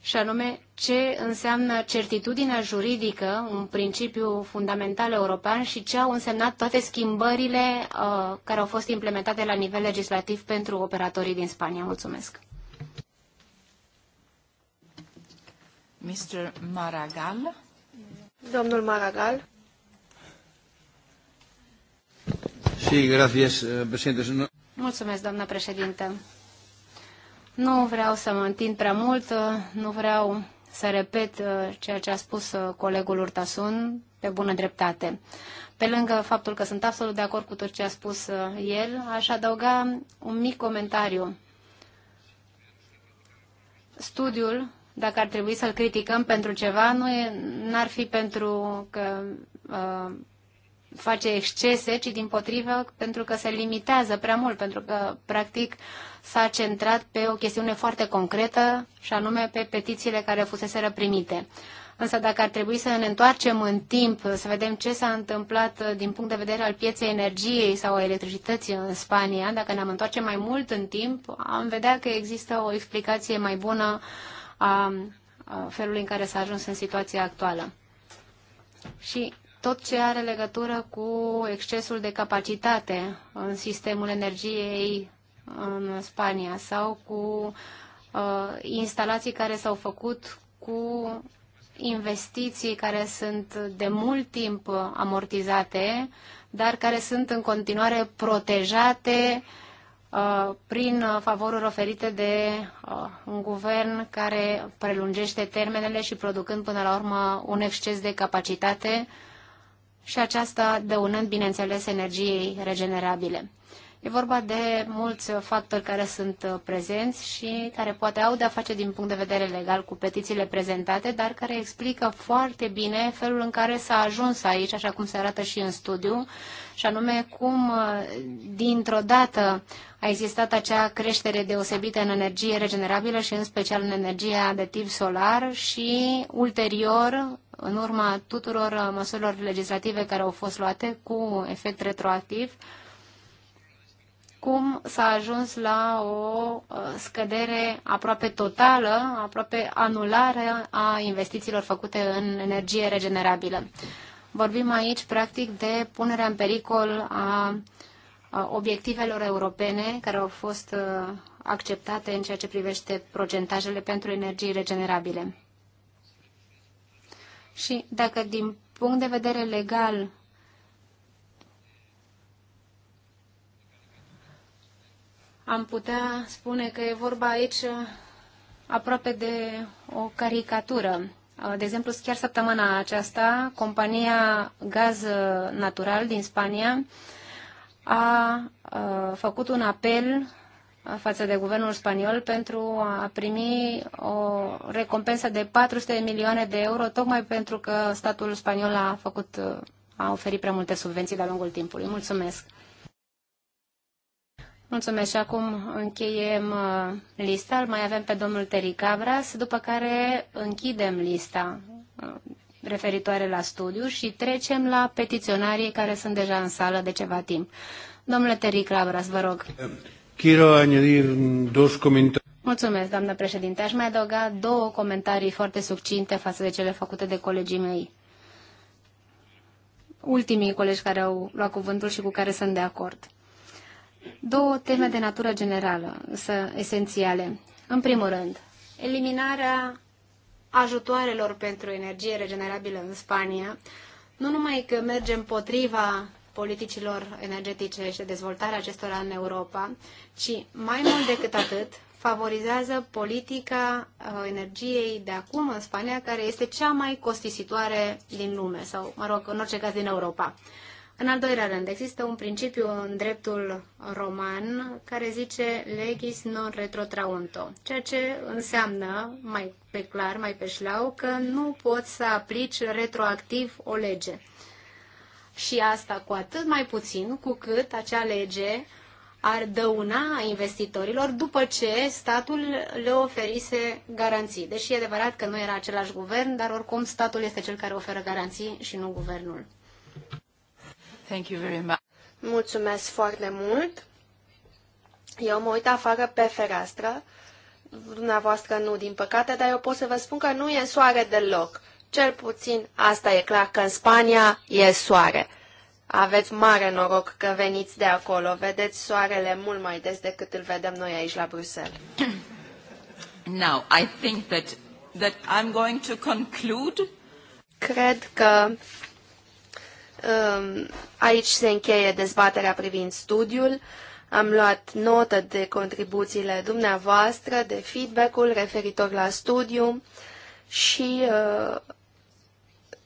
și anume ce înseamnă certitudinea juridică, un principiu fundamental european și ce au însemnat toate schimbările uh, care au fost implementate la nivel legislativ pentru operatorii din Spania. Mulțumesc! Mr. Maragall. Domnul Maragall. Sí, gracias, eh, presidente. Mulțumesc, doamnă președintă. Nu vreau să mă întind prea mult, eh, nu vreau să repet eh, ceea ce a spus colegul Urtasun pe bună dreptate. Pe lângă faptul că sunt absolut de acord cu tot ce a spus el, aș adăuga un mic comentariu. Studiul dacă ar trebui să-l criticăm pentru ceva, nu e, n-ar fi pentru că uh, face excese, ci din potrivă pentru că se limitează prea mult, pentru că, practic, s-a centrat pe o chestiune foarte concretă, și anume pe petițiile care fusese primite. Însă dacă ar trebui să ne întoarcem în timp, să vedem ce s-a întâmplat ă, din punct de vedere al pieței energiei sau a electricității în Spania, dacă ne-am întoarce mai mult în timp, am vedea că există o explicație mai bună uh, a felului în care s-a ajuns în situația actuală. Și tot ce are legătură cu excesul de capacitate în sistemul energiei în Spania sau cu uh, instalații care s-au făcut cu investiții care sunt de mult timp amortizate, dar care sunt în continuare protejate uh, Uh, prin uh, favoruri oferite de uh, un guvern care prelungește termenele și producând până la urmă un exces de capacitate și aceasta dăunând, bineînțeles, energiei regenerabile. E vorba de mulți factori care sunt uh, prezenți și care poate au de-a face din punct de vedere legal cu petițiile prezentate, dar care explică foarte bine felul în care s-a ajuns aici, așa cum se arată și în studiu, și anume cum uh, dintr-o dată a existat acea creștere deosebită în energie regenerabilă și în special în energia de tip solar și ulterior, în urma tuturor uh, măsurilor legislative care au fost luate cu efect retroactiv, cum s-a ajuns la o uh, scădere aproape totală, aproape anulare a investițiilor făcute în energie regenerabilă. Vorbim aici, practic, de punerea în pericol a obiectivelor europene care au fost uh, acceptate în ceea ce privește procentajele pentru energii regenerabile. Și dacă din punct de vedere legal am putea spune că e vorba aici uh, aproape de o caricatură. Uh, de exemplu, chiar săptămâna aceasta, compania Gaz Natural din Spania a uh, făcut un apel față de guvernul spaniol pentru a primi o recompensă de 400 de milioane de euro, tocmai pentru că statul spaniol a făcut a oferit prea multe subvenții de-a lungul timpului. Mulțumesc! Mulțumesc și acum încheiem uh, lista. Îl mai avem pe domnul Teri Cabras, după care închidem lista uh, referitoare la studiu și trecem la petiționarii care sunt deja în sală de ceva timp. Domnule Teri Cabras, vă rog. Quiero añadir dos comentarii. Mulțumesc, doamnă președinte. Aș mai adăuga două comentarii foarte succinte față de cele făcute de colegii mei. Ultimii colegi care au luat cuvântul și cu care sunt de acord. Două teme de natură generală, însă esențiale. În primul rând, eliminarea ajutoarelor pentru energie regenerabilă în Spania, nu numai că merge împotriva politicilor energetice și de dezvoltarea acestora în Europa, ci mai mult decât atât, favorizează politica uh, energiei de acum în Spania, care este cea mai costisitoare din lume, sau, mă rog, în orice caz din Europa. În al doilea rând, există un principiu în dreptul roman care zice legis non retrotraunto, ceea ce înseamnă, mai pe clar, mai pe șlau, că nu poți să aplici retroactiv o lege. Și asta cu atât mai puțin cu cât acea lege ar dăuna investitorilor după ce statul le oferise garanții. Deși e adevărat că nu era același guvern, dar oricum statul este cel care oferă garanții și nu guvernul. Thank you very much. Mulțumesc foarte mult. Eu mă uit afară pe fereastră, dumneavoastră nu, din păcate, dar eu pot să vă spun că nu e soare deloc. Cel puțin asta e clar, că în Spania e soare. Aveți mare noroc că veniți de acolo. Vedeți soarele mult mai des decât îl vedem noi aici la Bruxelles. Now, I think that, that I'm going to conclude. Cred că Ehm, aici se încheie dezbaterea privind studiul. Am luat notă de contribuțiile dumneavoastră, de feedback-ul referitor la studiu și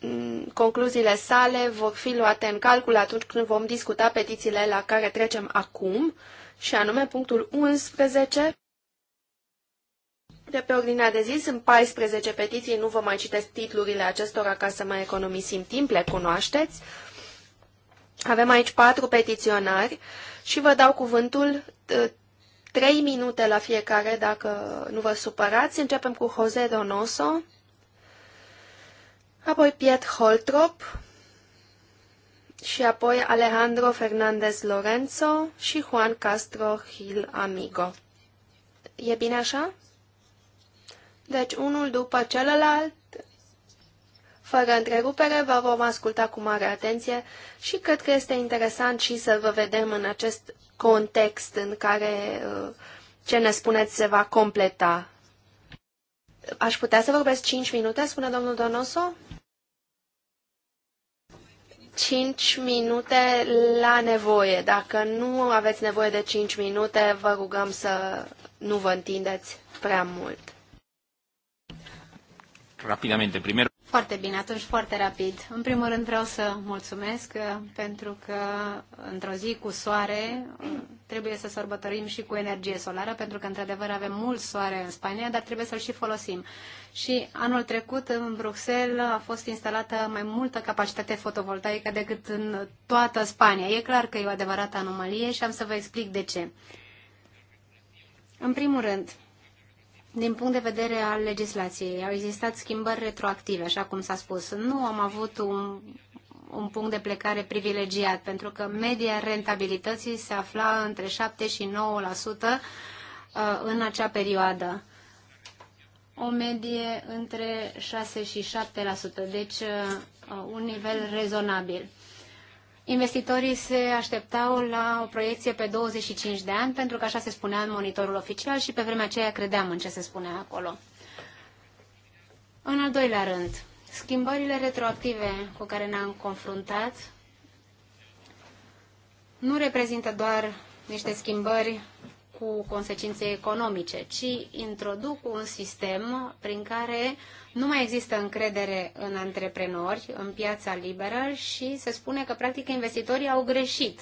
ehm, concluziile sale vor fi luate în calcul atunci când vom discuta petițiile la care trecem acum, și anume punctul 11. De pe ordinea de zi sunt 14 petiții, nu vă mai citesc titlurile acestora ca să mai economisim timp, le cunoașteți. Avem aici patru petiționari și vă dau cuvântul ă, trei minute la fiecare, dacă nu vă supărați. Începem cu Jose Donoso, apoi Piet Holtrop și apoi Alejandro Fernandez Lorenzo și Juan Castro Gil Amigo. E bine așa? Deci unul după celălalt, fără întrerupere, vă vom asculta cu mare atenție și cred că este interesant și să vă vedem în acest context în care uh, ce ne spuneți se va completa. Aș putea să vorbesc 5 minute, spune domnul Donoso? 5 minute la nevoie. Dacă nu aveți nevoie de 5 minute, vă rugăm să nu vă întindeți prea mult. Rapidamente, primero. Foarte bine, atunci foarte rapid. În primul rând vreau să mulțumesc uh, pentru că într-o zi cu soare uh, trebuie să sărbătorim și cu energie solară, pentru că într-adevăr avem mult soare în Spania, dar trebuie să-l și folosim. Și anul trecut în Bruxelles a fost instalată mai multă capacitate fotovoltaică decât în toată Spania. E clar că e o adevărată anomalie și am să vă explic de ce. În primul rând, din punct de vedere al legislației. Au existat schimbări retroactive, așa cum s-a spus. Nu am avut un, un punct de plecare privilegiat, pentru că media rentabilității se afla între 7 și 9% uh, în acea perioadă. O medie între 6 și 7%, deci uh, un nivel rezonabil. Investitorii se așteptau la o proiecție pe 25 de ani, pentru că așa se spunea în monitorul oficial și pe vremea aceea credeam în ce se spunea acolo. În al doilea rând, schimbările retroactive cu care ne-am confruntat nu reprezintă doar niște schimbări cu consecințe economice, ci introduc un sistem prin care nu mai există încredere în antreprenori, în piața liberă și se spune că, practic, investitorii au greșit.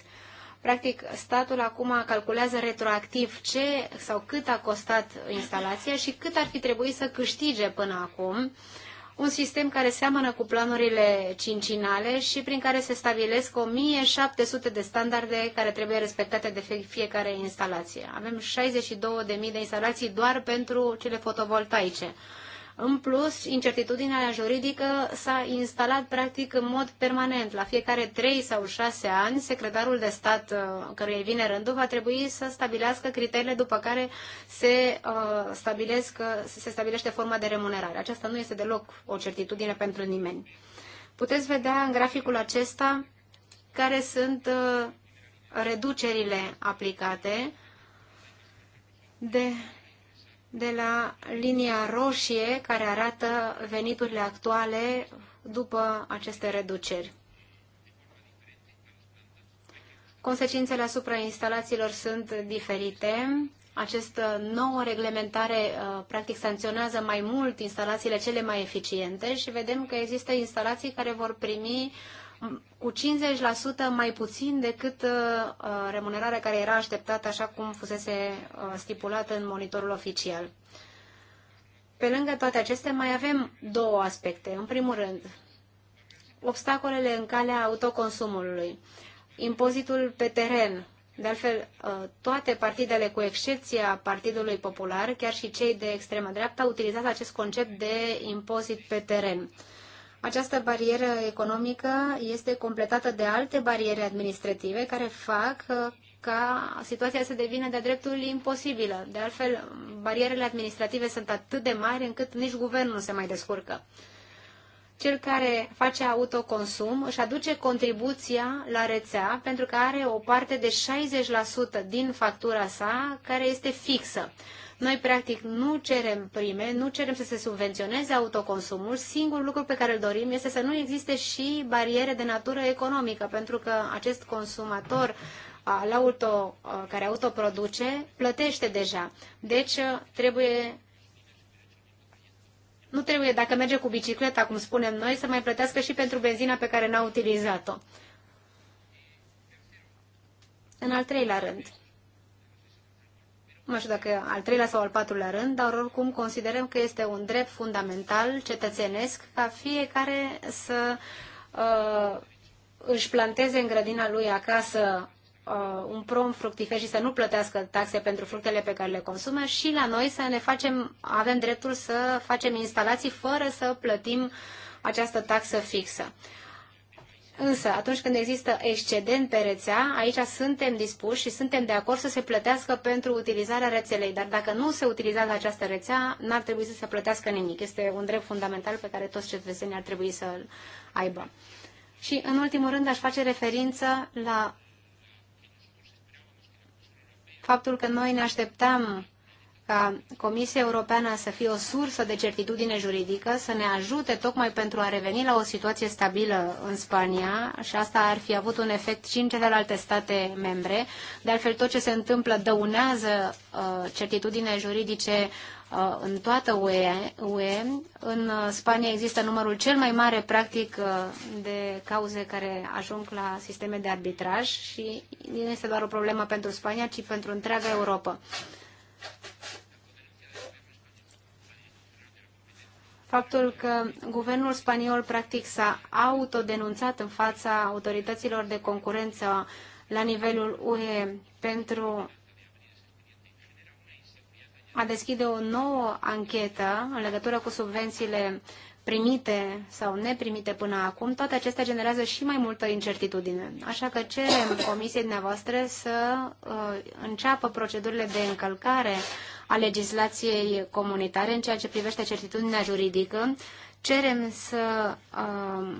Practic, statul acum calculează retroactiv ce sau cât a costat instalația și cât ar fi trebuit să câștige până acum uh, un sistem care seamănă cu planurile cincinale și prin care se stabilesc 1700 de standarde care trebuie respectate de fiecare instalație. Avem 62.000 de instalații doar pentru cele fotovoltaice. În plus, incertitudinea juridică s-a instalat practic în mod permanent. La fiecare 3 sau 6 ani, secretarul de stat uh, căruia vine rândul va trebui să stabilească criteriile după care se, uh, stabilesc, uh, se stabilește forma de remunerare. Aceasta nu este deloc o certitudine pentru nimeni. Puteți vedea în graficul acesta care sunt reducerile aplicate de de la linia roșie care arată veniturile actuale după aceste reduceri. Consecințele asupra instalațiilor sunt diferite. Această nouă reglementare uh, practic sancționează mai mult instalațiile cele mai eficiente și vedem că există instalații care vor primi uh, cu 50% mai puțin decât uh, uh, remunerarea care era așteptată așa cum fusese uh, stipulată în monitorul oficial. Pe lângă toate acestea, mai avem două aspecte. În primul rând, obstacolele în calea autoconsumului, impozitul pe teren. De altfel, toate partidele, cu excepția Partidului Popular, chiar și cei de extremă dreaptă, utilizat acest concept de impozit pe teren. Această barieră economică este completată de alte bariere administrative care fac uh, ca situația să devină de-a dreptul imposibilă. De altfel, barierele administrative sunt atât de mari încât nici guvernul nu se mai descurcă. Cel care face autoconsum își aduce contribuția la rețea pentru că are o parte de 60% din factura sa care este fixă. Noi, practic, nu cerem prime, nu cerem să se subvenționeze autoconsumul. Singurul lucru pe care îl dorim este să nu existe și bariere de natură economică, pentru că acest consumator al auto, care autoproduce plătește deja. Deci, trebuie nu trebuie, dacă merge cu bicicleta, cum spunem noi, să mai plătească și pentru benzina pe care n-a utilizat-o. În al treilea rând, nu știu dacă al treilea sau al patrulea rând, dar oricum considerăm că este un drept fundamental cetățenesc ca fiecare să uh, își planteze în grădina lui acasă uh, un prom fructifer și să nu plătească taxe pentru fructele pe care le consumă și la noi să ne facem, avem dreptul să facem instalații fără să plătim această taxă fixă. Însă, atunci când există excedent pe rețea, aici suntem dispuși și suntem de acord să se plătească pentru utilizarea rețelei, dar dacă nu se utilizează această rețea, n-ar trebui să se plătească nimic. Este un drept fundamental pe care toți cetățenii ar trebui să-l aibă. Și, în ultimul rând, aș face referință la faptul că noi ne așteptam ca Comisia Europeană să fie o sursă de certitudine juridică, să ne ajute tocmai pentru a reveni la o situație stabilă în Spania și asta ar fi avut un efect și în celelalte state membre. De altfel, tot ce se întâmplă dăunează uh, certitudine juridice uh, în toată UE, UE. În uh, Spania există numărul cel mai mare, practic, uh, de cauze care ajung la sisteme de arbitraj și nu este doar o problemă pentru Spania, ci pentru întreaga Europa. faptul că guvernul spaniol practic s-a autodenunțat în fața autorităților de concurență la nivelul UE pentru a deschide o nouă anchetă în legătură cu subvențiile primite sau neprimite până acum, toate acestea generează și mai multă incertitudine. Așa că cerem Comisiei dumneavoastră să uh, înceapă procedurile de încălcare a legislației comunitare în ceea ce privește certitudinea juridică. Cerem să uh,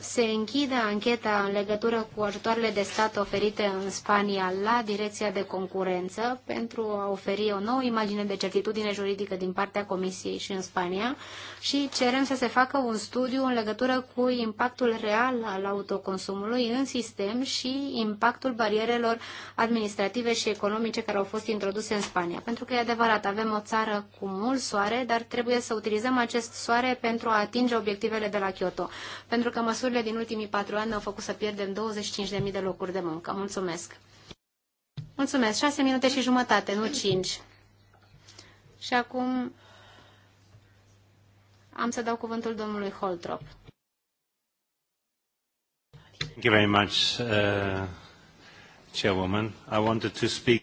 se închide ancheta în legătură cu ajutoarele de stat oferite în Spania la Direcția de Concurență pentru a oferi o nouă imagine de certitudine juridică din partea Comisiei și în Spania și cerem să se facă un studiu în legătură cu impactul real al autoconsumului în sistem și impactul barierelor administrative și economice care au fost introduse în Spania. Pentru că e adevărat, avem o țară cu mult soare, dar trebuie să utilizăm acest soare pentru a atinge obiectivele de la Kyoto. Pentru că măsuri măsurile din ultimii patru ani ne-au făcut să pierdem 25.000 de locuri de muncă. Mulțumesc! Mulțumesc! 6 minute și jumătate, nu 5. Și acum am să dau cuvântul domnului Holtrop. Thank you very much, uh, Chairwoman. I wanted to speak...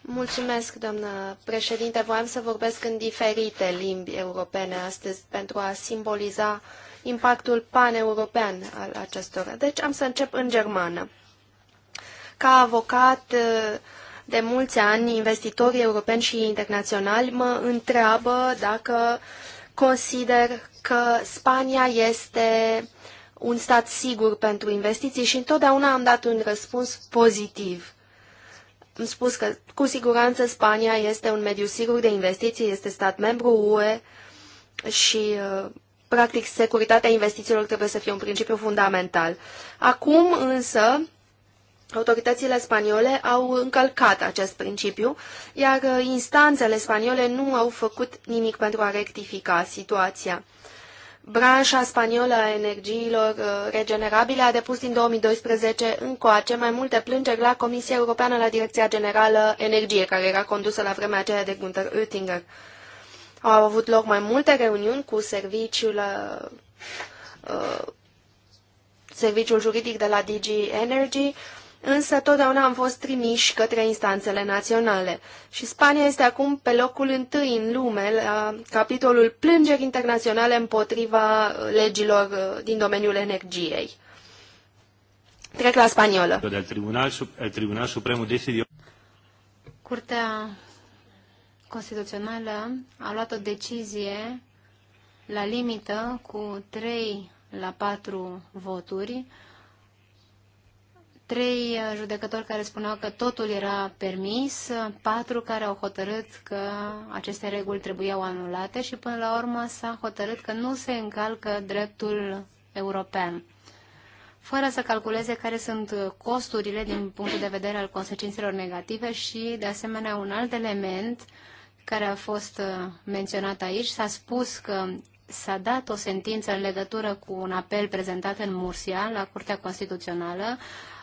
Mulțumesc, doamnă președinte. Voiam să vorbesc în diferite limbi europene astăzi pentru a simboliza uh, impactul paneuropean al acestora. Deci am să încep în germană. Ca avocat uh, de mulți ani, investitorii europeni și internaționali mă întreabă dacă consider că Spania este un stat sigur pentru investiții și întotdeauna am dat un răspuns pozitiv am spus că cu siguranță Spania este un mediu sigur de investiții, este stat membru UE și uh, practic, securitatea investițiilor trebuie să fie un principiu fundamental. Acum, însă, autoritățile spaniole au încălcat acest principiu, iar uh, instanțele spaniole nu au făcut nimic pentru a rectifica situația. Branșa spaniolă a energiilor uh, regenerabile a depus din 2012 încoace mai multe plângeri la Comisia Europeană la Direcția Generală Energie, care era condusă la vremea aceea de Gunther Oettinger. Au avut loc mai multe reuniuni cu serviciul, uh, uh serviciul juridic de la DG Energy, însă totdeauna am fost trimiși către instanțele naționale. Și Spania este acum pe locul întâi în lume la capitolul plângeri internaționale împotriva legilor uh, din domeniul energiei. Trec la spaniolă. Del Tribunal, el Tribunal supremul decidió... Curtea Constituțională a luat o decizie la limită cu 3 la 4 voturi, trei judecători care spuneau că totul era permis, patru care au hotărât că aceste reguli trebuiau anulate și până la urmă s-a hotărât că nu se încalcă dreptul european. Fără să calculeze care sunt costurile din punctul de vedere al consecințelor negative și, de asemenea, un alt element uh, care a fost uh, menționat aici. S-a spus că s-a dat o sentință în legătură cu un apel prezentat în Mursia la Curtea Constituțională,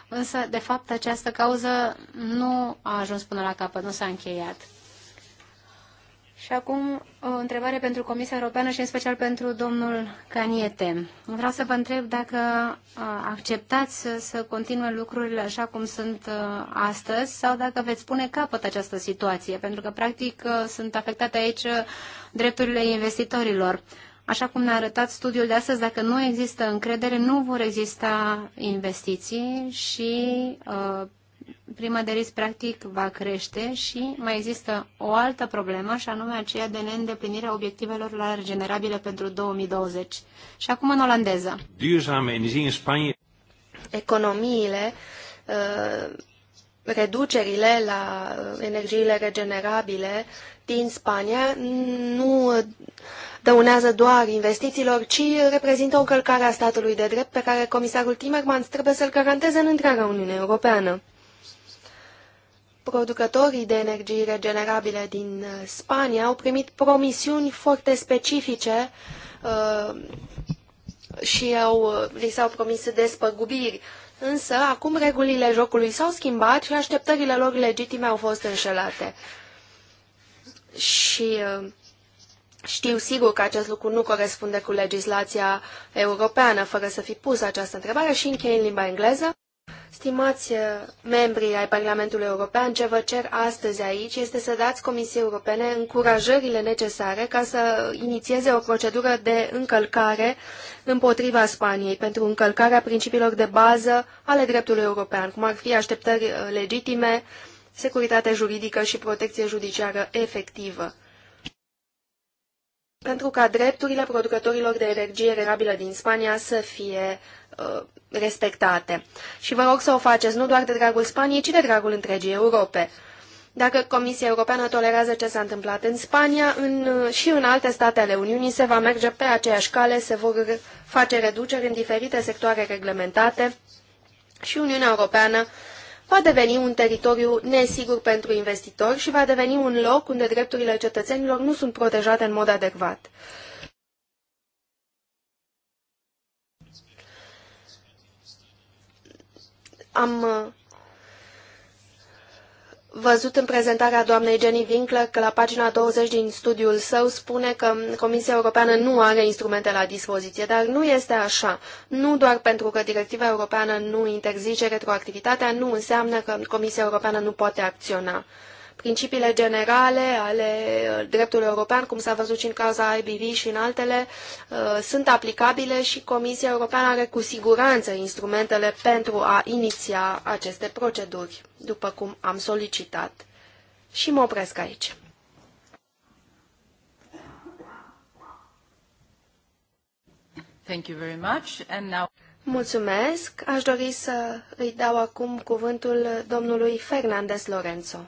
însă, de fapt, această cauză nu a ajuns până la capăt, nu s-a încheiat. Și acum o întrebare pentru Comisia Europeană și în special pentru domnul Caniete. Vreau să vă întreb dacă acceptați să continue lucrurile așa cum sunt astăzi sau dacă veți pune capăt această situație, pentru că practic sunt afectate aici drepturile investitorilor. Așa cum ne-a arătat studiul de astăzi, dacă nu există încredere, nu vor exista investiții și prima de risc practic va crește și mai există o altă problemă și anume aceea de neîndeplinirea obiectivelor la regenerabile pentru 2020. Și acum în olandeză. Economiile, uh, reducerile la uh, energiile regenerabile din Spania nu dăunează doar investițiilor, ci reprezintă o călcare a statului de drept pe care comisarul Timmermans trebuie să-l garanteze în întreaga Uniune Europeană producătorii de energii regenerabile din uh, Spania au primit promisiuni foarte specifice uh, și au, uh, li s-au promis despăgubiri. Însă, acum regulile jocului s-au schimbat și așteptările lor legitime au fost înșelate. Și uh, știu sigur că acest lucru nu corespunde cu legislația europeană, fără să fi pus această întrebare și închei în limba engleză. Stimați eh, membrii ai Parlamentului European, ce vă cer astăzi aici este să dați Comisiei Europene încurajările necesare ca să inițieze o procedură de încălcare împotriva Spaniei pentru încălcarea principiilor de bază ale dreptului european, cum ar fi așteptări eh, legitime, securitate juridică și protecție judiciară efectivă pentru ca drepturile producătorilor de energie renabilă din Spania să fie uh, respectate. Și vă rog să o faceți nu doar de dragul Spaniei, ci de dragul întregii Europe. Dacă Comisia Europeană tolerează ce s-a întâmplat în Spania, în, uh, și în alte state ale Uniunii se va merge pe aceeași cale, se vor face reduceri în diferite sectoare reglementate și Uniunea Europeană va deveni un teritoriu nesigur pentru investitori și va deveni un loc unde drepturile cetățenilor nu sunt protejate în mod adecvat. Am uh, văzut în prezentarea doamnei Jenny Winkler că la pagina 20 din studiul său spune că Comisia Europeană nu are instrumente la dispoziție, dar nu este așa. Nu doar pentru că directiva europeană nu interzice retroactivitatea, nu înseamnă că Comisia Europeană nu poate acționa principiile generale ale uh, dreptului european, cum s-a văzut și în cauza IBV și în altele, uh, sunt aplicabile și Comisia Europeană are cu siguranță instrumentele pentru a iniția aceste proceduri, după cum am solicitat. Și mă opresc aici. Thank you very much. And now... Mulțumesc. Aș dori să îi dau acum cuvântul domnului Fernandez Lorenzo.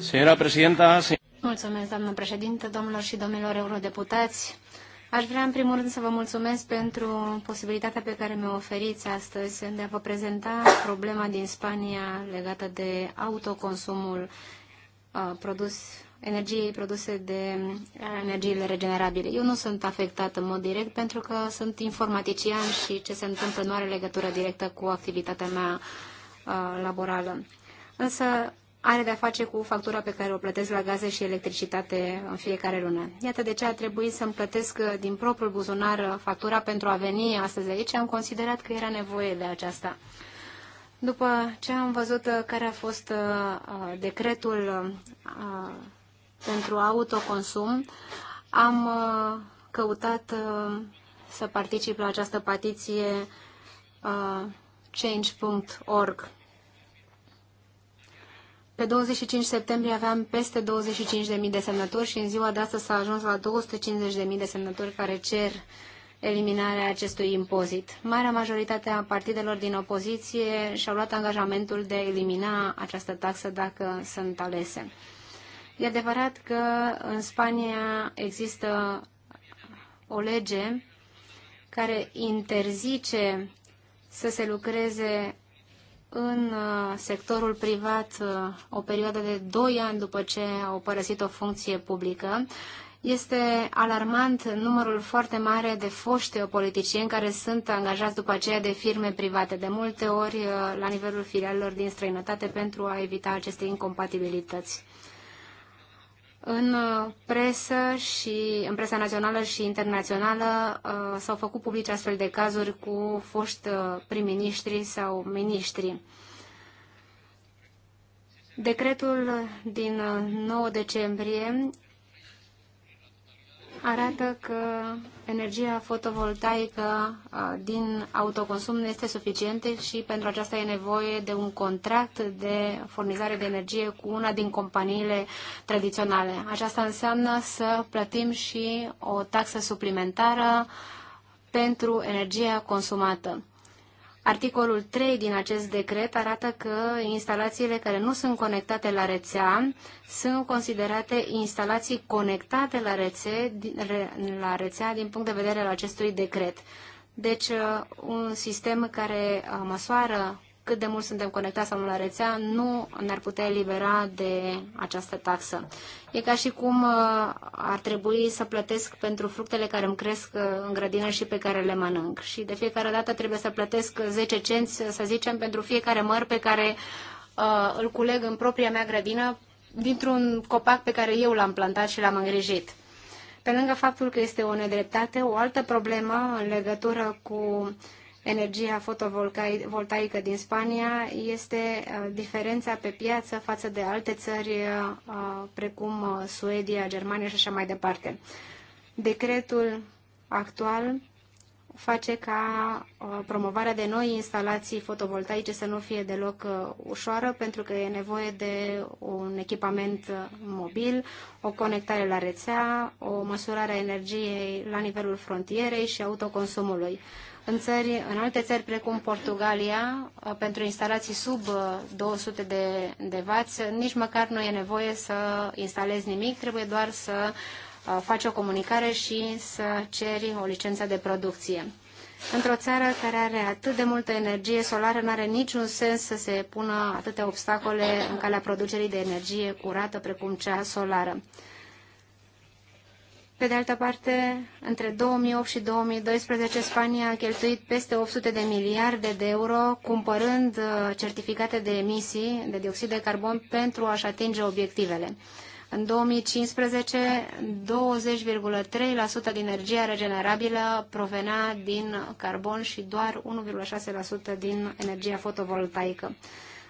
Señora presidenta, se... Mulțumesc, doamnă președinte, domnilor și domnilor eurodeputați. Aș vrea, în primul rând, să vă mulțumesc pentru posibilitatea pe care mi-o oferiți astăzi de a vă prezenta problema din Spania legată de autoconsumul uh, produs energiei produse de uh, energiile regenerabile. Eu nu sunt afectat în mod direct pentru că sunt informatician și ce se întâmplă nu are legătură directă cu activitatea mea uh, laborală. Însă are de-a face cu factura pe care o plătesc la gaze și electricitate în fiecare lună. Iată de ce a trebuit să-mi plătesc uh, din propriul buzunar uh, factura pentru a veni astăzi aici. Am considerat că era nevoie de aceasta. După ce am văzut uh, care a fost decretul pentru autoconsum, am căutat să particip la această patiție change.org pe 25 septembrie aveam peste 25.000 de semnători și în ziua de astăzi s-a ajuns la 250.000 de semnători care cer eliminarea acestui impozit. Marea majoritate a partidelor din opoziție și-au luat angajamentul de a elimina această taxă dacă sunt alese. E adevărat că în Spania există o lege care interzice să se lucreze în uh, sectorul privat uh, o perioadă de 2 ani după ce au părăsit o funcție publică. Este alarmant numărul foarte mare de foști politicieni care sunt angajați după aceea de firme private, de multe ori uh, la nivelul filialelor din străinătate pentru a evita aceste incompatibilități. În uh, presă și în presa națională și internațională uh, s-au făcut publice astfel de cazuri cu foști uh, prim-ministri sau miniștri. Decretul din 9 decembrie arată că energia fotovoltaică din autoconsum nu este suficientă și pentru aceasta e nevoie de un contract de furnizare de energie cu una din companiile tradiționale. Aceasta înseamnă să plătim și o taxă suplimentară pentru energia consumată. Articolul 3 din acest decret arată că instalațiile care nu sunt conectate la rețea sunt considerate instalații conectate la, rețe, la rețea din punct de vedere al acestui decret. Deci, uh, un sistem care uh, măsoară cât de mult suntem conectați sau nu la rețea, nu ne-ar putea elibera de această taxă. E ca și cum uh, ar trebui să plătesc pentru fructele care îmi cresc uh, în grădină și pe care le mănânc. Și de fiecare dată trebuie să plătesc 10 cenți, să zicem, pentru fiecare măr pe care uh, îl culeg în propria mea grădină dintr-un copac pe care eu l-am plantat și l-am îngrijit. Pe lângă faptul că este o nedreptate, o altă problemă în legătură cu uh, energia fotovoltaică din Spania este uh, diferența pe piață față de alte țări uh, uh, precum Suedia, Germania și așa mai departe. Decretul actual face ca promovarea de noi instalații fotovoltaice să nu fie deloc ușoară, pentru că e nevoie de un echipament mobil, o conectare la rețea, o măsurare a energiei la nivelul frontierei și autoconsumului în, țări, în alte țări precum Portugalia, uh, pentru instalații sub 200 uh, de, de W, uh, nici măcar nu e nevoie să instalezi nimic, trebuie doar să faci o comunicare și să ceri o licență de producție. Într-o țară care are atât de multă energie solară, nu are niciun sens să se pună atâtea obstacole în calea producerii de energie curată precum cea solară. Pe de altă parte, între 2008 și 2012, Spania a cheltuit peste 800 de miliarde de euro cumpărând uh, certificate de emisii de dioxid de carbon pentru a-și atinge obiectivele. În 2015, 20,3% din energia regenerabilă provenea din carbon și doar 1,6% din energia fotovoltaică.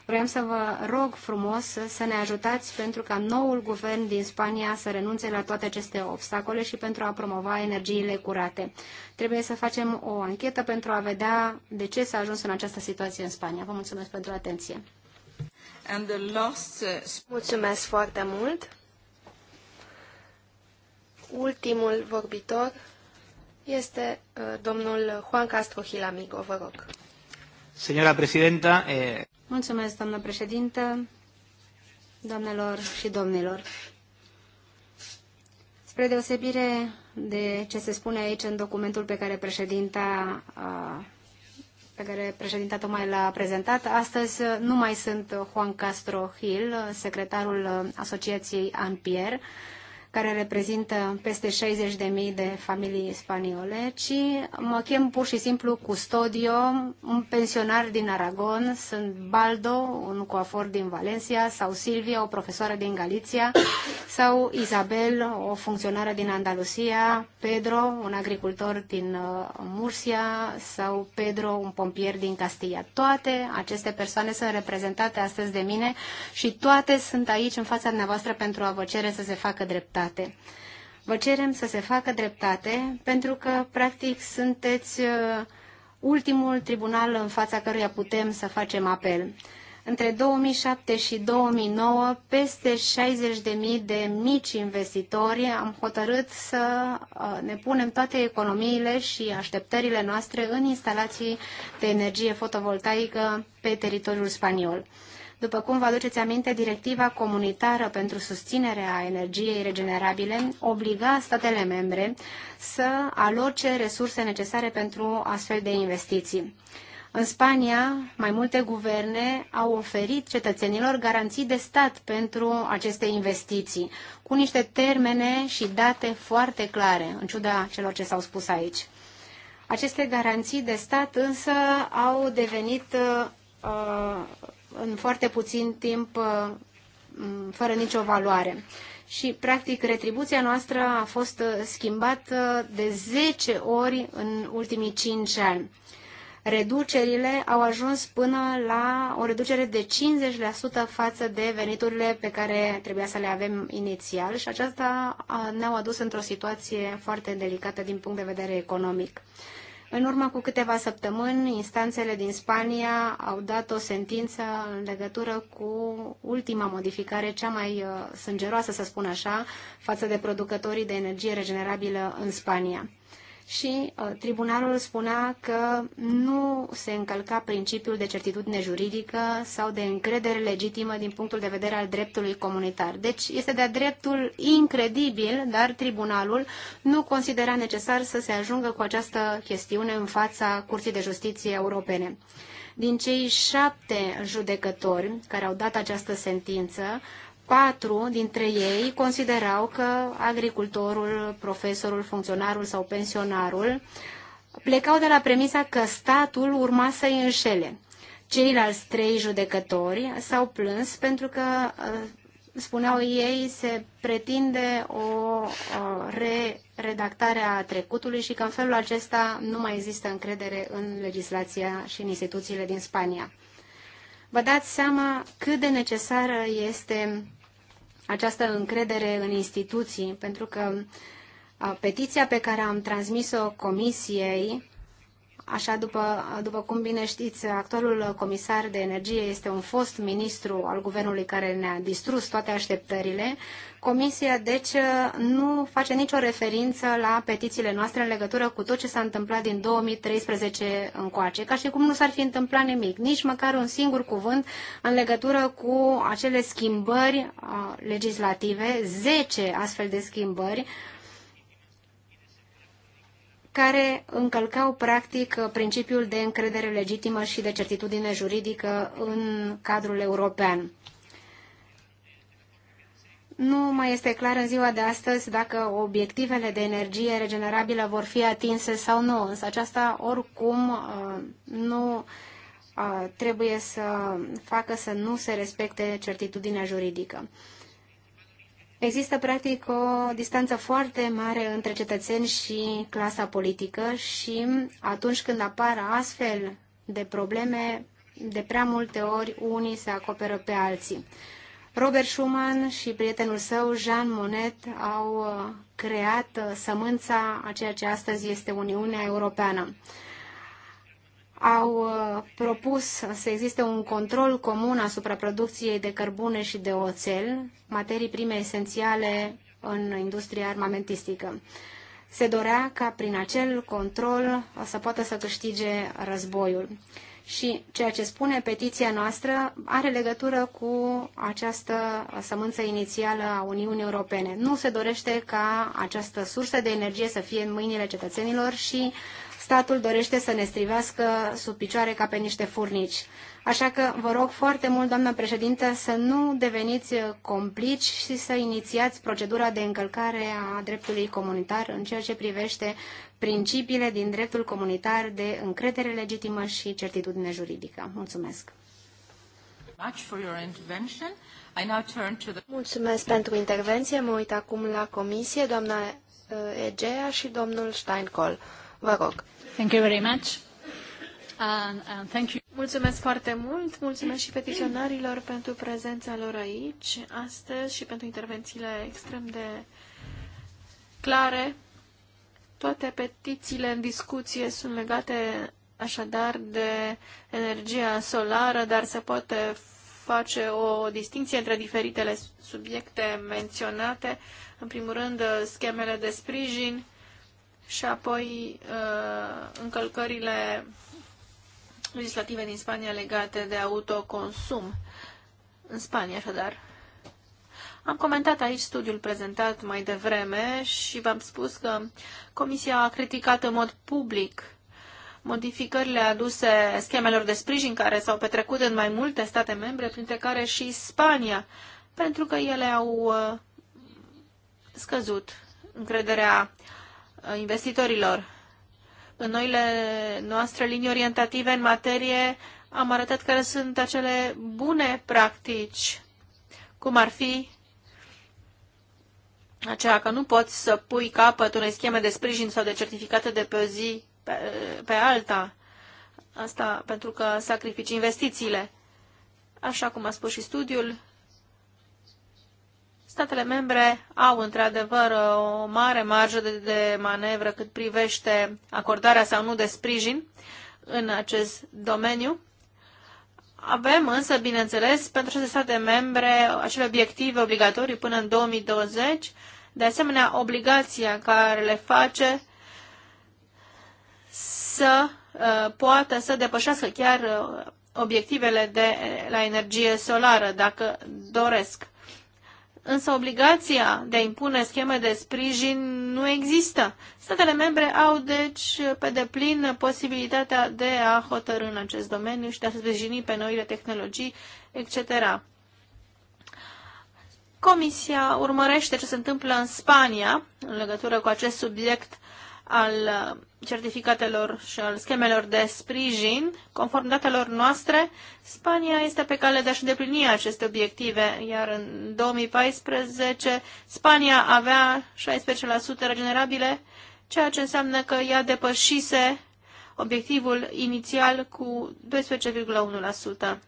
Vreau să vă rog frumos să ne ajutați pentru ca noul guvern din Spania să renunțe la toate aceste obstacole și pentru a promova energiile curate. Trebuie să facem o anchetă pentru a vedea de ce s-a ajuns în această situație în Spania. Vă mulțumesc pentru atenție. And the last... Uh, mulțumesc foarte mult. Ultimul vorbitor este uh, domnul Juan Castro Hilamigo, vă rog. Señora presidenta, eh... Mulțumesc, doamnă președintă, doamnelor și domnilor. Spre deosebire de ce se spune aici în documentul pe care președinta pe care președinta tocmai l-a prezentat. Astăzi nu mai sunt Juan Castro Hill, secretarul Asociației Anpier, care reprezintă peste 60.000 de familii spaniole, ci mă chem pur și simplu Custodio, un pensionar din Aragon, sunt Baldo, un coafor din Valencia, sau Silvia, o profesoară din Galicia, sau Isabel, o funcționară din Andalusia, Pedro, un agricultor din uh, Murcia sau Pedro, un pompier din Castilla. Toate aceste persoane sunt reprezentate astăzi de mine și toate sunt aici în fața dumneavoastră pentru a vă cere să se facă dreptate dreptate. Vă cerem să se facă dreptate pentru că, practic, sunteți uh, ultimul tribunal în fața căruia putem să facem apel. Între 2007 și 2009, peste 60.000 de mici investitori am hotărât să uh, ne punem toate economiile și așteptările noastre în instalații de energie fotovoltaică pe teritoriul spaniol. După cum vă aduceți aminte, directiva comunitară pentru susținerea energiei regenerabile obliga statele membre să aloce resurse necesare pentru astfel de investiții. În Spania, mai multe guverne au oferit cetățenilor garanții de stat pentru aceste investiții, cu niște termene și date foarte clare, în ciuda celor ce s-au spus aici. Aceste garanții de stat însă au devenit uh, în foarte puțin timp uh, fără nicio valoare. Și, practic, retribuția noastră a fost uh, schimbată de 10 ori în ultimii 5 ani. Reducerile au ajuns până la o reducere de 50% față de veniturile pe care trebuia să le avem inițial și aceasta ne-au adus într-o situație foarte delicată din punct de vedere economic. În urmă cu câteva săptămâni, instanțele din Spania au dat o sentință în legătură cu ultima modificare, cea mai uh, sângeroasă, să spun așa, față de producătorii de energie regenerabilă în Spania și uh, tribunalul spunea că nu se încălca principiul de certitudine juridică sau de încredere legitimă din punctul de vedere al dreptului comunitar. Deci este de-a dreptul incredibil, dar tribunalul nu considera necesar să se ajungă cu această chestiune în fața Curții de Justiție Europene. Din cei șapte judecători care au dat această sentință, patru dintre ei considerau că agricultorul, profesorul, funcționarul sau pensionarul plecau de la premisa că statul urma să-i înșele. Ceilalți trei judecători s-au plâns pentru că, uh, spuneau ei, se pretinde o redactare a trecutului și că în felul acesta nu mai există încredere în legislația și în instituțiile din Spania. Vă dați seama cât de necesară este această încredere în instituții, pentru că petiția pe care am transmis-o comisiei Așa, după, după cum bine știți, actualul comisar de energie este un fost ministru al guvernului care ne-a distrus toate așteptările. Comisia, deci, nu face nicio referință la petițiile noastre în legătură cu tot ce s-a întâmplat din 2013 încoace, ca și cum nu s-ar fi întâmplat nimic, nici măcar un singur cuvânt în legătură cu acele schimbări legislative, 10 astfel de schimbări, care încălcau practic principiul de încredere legitimă și de certitudine juridică în cadrul european. Nu mai este clar în ziua de astăzi dacă obiectivele de energie regenerabilă vor fi atinse sau nu, însă aceasta oricum uh, nu uh, trebuie să facă să nu se respecte certitudinea juridică. Există, practic, o distanță foarte mare între cetățeni și clasa politică și atunci când apar astfel de probleme, de prea multe ori unii se acoperă pe alții. Robert Schuman și prietenul său, Jean Monnet, au uh, creat uh, sămânța a ceea ce astăzi este Uniunea Europeană au uh, propus să existe un control comun asupra producției de cărbune și de oțel, materii prime esențiale în industria armamentistică. Se dorea ca prin acel control să poată să câștige războiul. Și ceea ce spune petiția noastră are legătură cu această sămânță inițială a Uniunii Europene. Nu se dorește ca această sursă de energie să fie în mâinile cetățenilor și uh, statul dorește să ne strivească sub picioare ca pe niște furnici. Așa că vă rog foarte mult, doamnă președintă, să nu deveniți complici și să inițiați procedura de încălcare a dreptului comunitar în ceea ce privește principiile din dreptul comunitar de încredere legitimă și certitudine juridică. Mulțumesc! Mulțumesc pentru intervenție. Mă uit acum la comisie, doamna uh, Egea și domnul Steinkol. Vă rog. Thank you very much. Mulțumesc foarte mult, mulțumesc și petiționarilor pentru prezența lor aici astăzi și pentru intervențiile extrem de clare. Toate petițiile în discuție sunt legate așadar de energia solară, dar se poate face o distinție între diferitele subiecte menționate. În primul rând, schemele de sprijin și apoi uh, încălcările legislative din Spania legate de autoconsum. În Spania, așadar. Am comentat aici studiul prezentat mai devreme și v-am spus că Comisia a criticat în mod public modificările aduse schemelor de sprijin care s-au petrecut în mai multe state membre, printre care și Spania, pentru că ele au uh, scăzut încrederea uh, Uh, investitorilor. În noile noastre linii orientative în materie am arătat care sunt acele bune practici, cum ar fi aceea că nu poți să pui capăt unei scheme de sprijin sau de certificate de pe zi pe, pe alta. Asta pentru că sacrifici investițiile. Așa cum a spus și studiul, Statele membre au într-adevăr o mare marjă de, de manevră cât privește acordarea sau nu de sprijin în acest domeniu. Avem însă, bineînțeles, pentru aceste state membre acele obiective obligatorii până în 2020, de asemenea obligația care le face să uh, poată să depășească chiar uh, obiectivele de la energie solară, dacă doresc. Însă obligația de a impune scheme de sprijin nu există. Statele membre au, deci, pe deplin posibilitatea de a hotărâ în acest domeniu și de a se sprijini pe noile tehnologii, etc. Comisia urmărește ce se întâmplă în Spania în legătură cu acest subiect al uh, certificatelor și al schemelor de sprijin, conform datelor noastre, Spania este pe cale de a-și îndeplini aceste obiective, iar în 2014 Spania avea 16% regenerabile, ceea ce înseamnă că ea depășise obiectivul inițial cu 12,1%.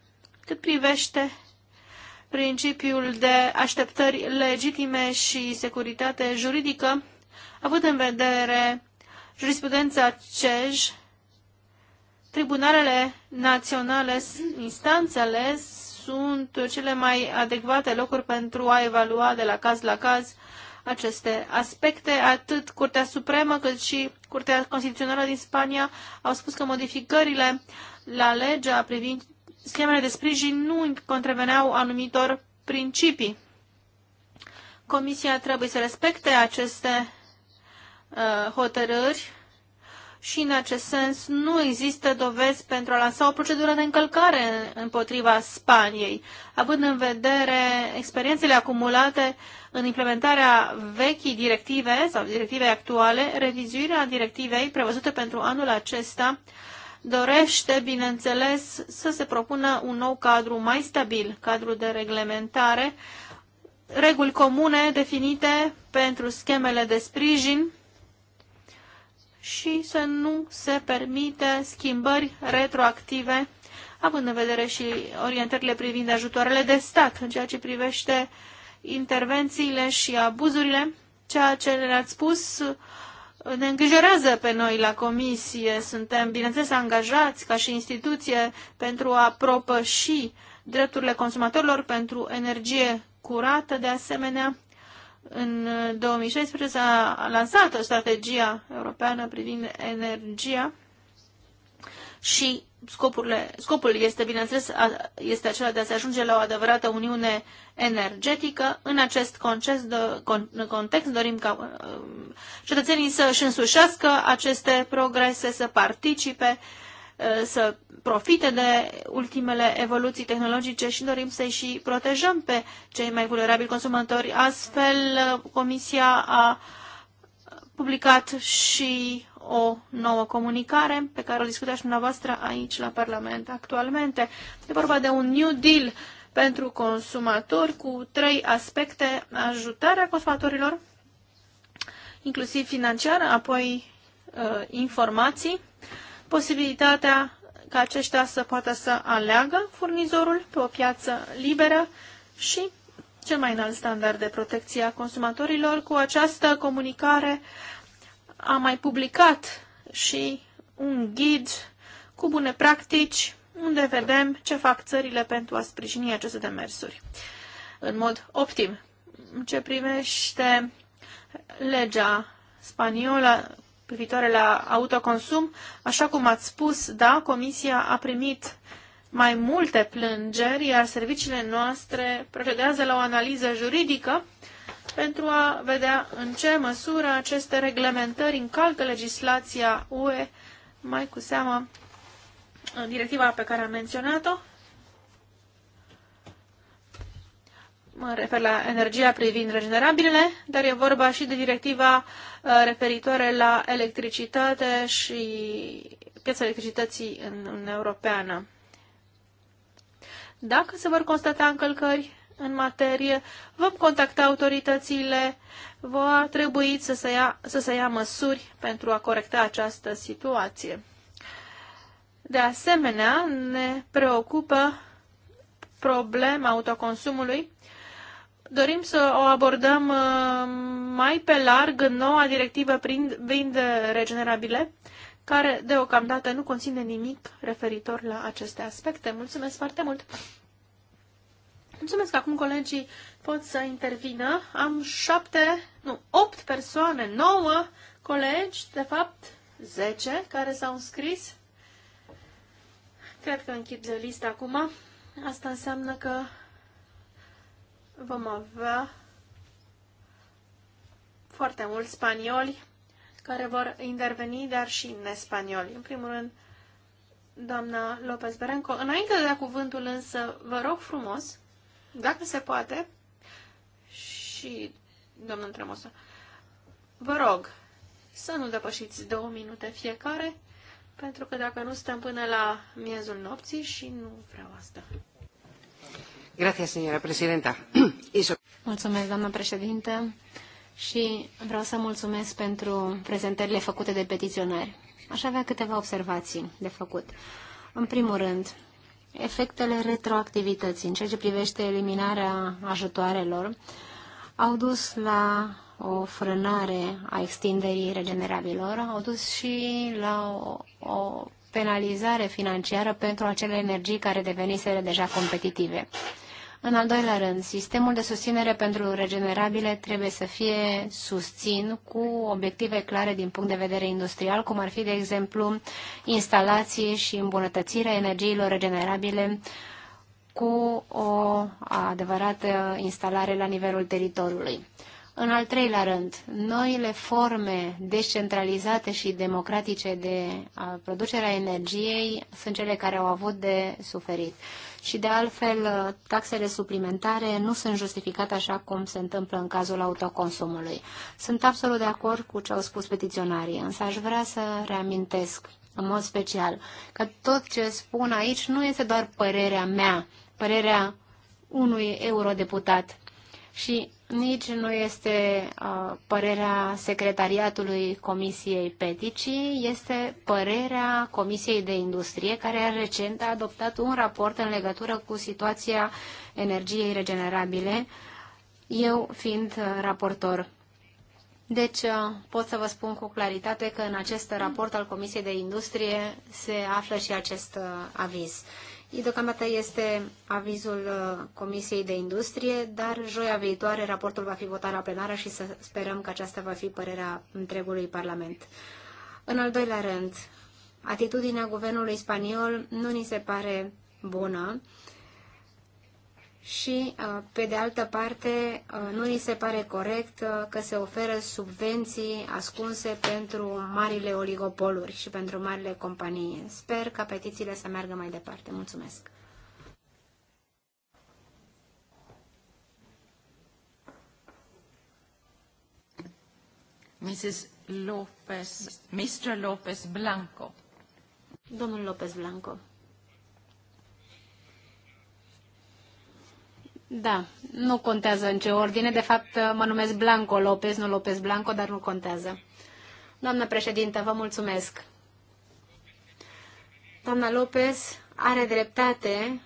Cât privește principiul de așteptări legitime și securitate juridică, având în vedere jurisprudența CEJ, tribunalele naționale, instanțele sunt cele mai adecvate locuri pentru a evalua de la caz la caz aceste aspecte. Atât Curtea Supremă cât și Curtea Constituțională din Spania au spus că modificările la legea privind schemele de sprijin nu contraveneau anumitor principii. Comisia trebuie să respecte aceste Uh, hotărâri și în acest sens nu există dovezi pentru a lansa o procedură de încălcare împotriva Spaniei, având în vedere experiențele acumulate în implementarea vechii directive sau directivei actuale, revizuirea directivei prevăzute pentru anul acesta dorește, bineînțeles, să se propună un nou cadru mai stabil, cadru de reglementare, reguli comune definite pentru schemele de sprijin și să nu se permite schimbări retroactive, având în vedere și orientările privind ajutoarele de stat în ceea ce privește intervențiile și abuzurile. Ceea ce le-ați spus uh, ne îngrijorează pe noi la comisie. Suntem, bineînțeles, angajați ca și instituție pentru a propăși drepturile consumatorilor pentru energie curată, de asemenea în 2016 uh, a lansat o strategia europeană privind energia și scopurile, scopul este, bineînțeles, este acela de a se ajunge la o adevărată uniune energetică. În acest context, de, context dorim ca uh, cetățenii să își însușească aceste progrese, să participe uh, să profite de ultimele evoluții tehnologice și dorim să-i și protejăm pe cei mai vulnerabili consumatori. Astfel, Comisia a publicat și o nouă comunicare pe care o discutați dumneavoastră aici la Parlament actualmente. E vorba de un New Deal pentru consumatori cu trei aspecte, ajutarea consumatorilor, inclusiv financiară, apoi uh, informații posibilitatea ca aceștia să poată să aleagă furnizorul pe o piață liberă și cel mai înalt standard de protecție a consumatorilor. Cu această comunicare am mai publicat și un ghid cu bune practici unde vedem ce fac țările pentru a sprijini aceste demersuri în mod optim. În ce privește legea spaniolă privitoare la autoconsum. Așa cum ați spus, da, Comisia a primit mai multe plângeri, iar serviciile noastre procedează la o analiză juridică pentru a vedea în ce măsură aceste reglementări încalcă legislația UE, mai cu seamă directiva pe care am menționat-o mă refer la energia privind regenerabilele, dar e vorba și de directiva uh, referitoare la electricitate și piața electricității în Uniunea Europeană. Dacă se vor constata încălcări în materie, vom contacta autoritățile, va trebui să se, ia, să se ia măsuri pentru a corecta această situație. De asemenea, ne preocupă problema autoconsumului dorim să o abordăm uh, mai pe larg în noua directivă privind regenerabile, care deocamdată nu conține nimic referitor la aceste aspecte. Mulțumesc foarte mult! Mulțumesc că acum colegii pot să intervină. Am șapte, nu, opt persoane, nouă colegi, de fapt zece, care s-au înscris. Cred că închid lista acum. Asta înseamnă că vom avea foarte mulți spanioli care vor interveni, dar și nespanioli. În primul rând, doamna Lopez Berenco. Înainte de a da cuvântul însă, vă rog frumos, dacă se poate, și domnul Tremosa, vă rog să nu depășiți două minute fiecare, pentru că dacă nu stăm până la miezul nopții și nu vreau asta. Mulțumesc, doamnă președintă, și vreau să mulțumesc pentru prezentările făcute de petiționari. Aș avea câteva observații de făcut. În primul rând, efectele retroactivității în ceea ce privește eliminarea ajutoarelor au dus la o frânare a extinderii regenerabilor, au dus și la o, o penalizare financiară pentru acele energii care deveniseră deja competitive. În al doilea rând, sistemul de susținere pentru regenerabile trebuie să fie susțin cu obiective clare din punct de vedere industrial, cum ar fi, de exemplu, instalație și îmbunătățirea energiilor regenerabile cu o adevărată instalare la nivelul teritoriului. În al treilea rând, noile forme descentralizate și democratice de producerea energiei sunt cele care au avut de suferit și de altfel taxele suplimentare nu sunt justificate așa cum se întâmplă în cazul autoconsumului. Sunt absolut de acord cu ce au spus petiționarii, însă aș vrea să reamintesc în mod special că tot ce spun aici nu este doar părerea mea, părerea unui eurodeputat și nici nu este uh, părerea secretariatului Comisiei Petici, este părerea Comisiei de Industrie, care recent a adoptat un raport în legătură cu situația energiei regenerabile, eu fiind raportor. Deci pot să vă spun cu claritate că în acest raport al Comisiei de Industrie se află și acest aviz. Deocamdată este avizul uh, Comisiei de Industrie, dar joia viitoare raportul va fi votat la plenară și să sperăm că aceasta va fi părerea întregului Parlament. În al doilea rând, atitudinea guvernului spaniol nu ni se pare bună și, uh, pe de altă parte, uh, nu ni se pare corect uh, că se oferă subvenții ascunse pentru marile oligopoluri și pentru marile companii. Sper ca petițiile să meargă mai departe. Mulțumesc! Mrs. Lopez, Mr. Lopez Blanco. Domnul Lopez Blanco. Da, nu contează în ce ordine. De fapt, mă numesc Blanco Lopez, nu Lopez Blanco, dar nu contează. Doamnă președintă, vă mulțumesc. Doamna Lopez are dreptate.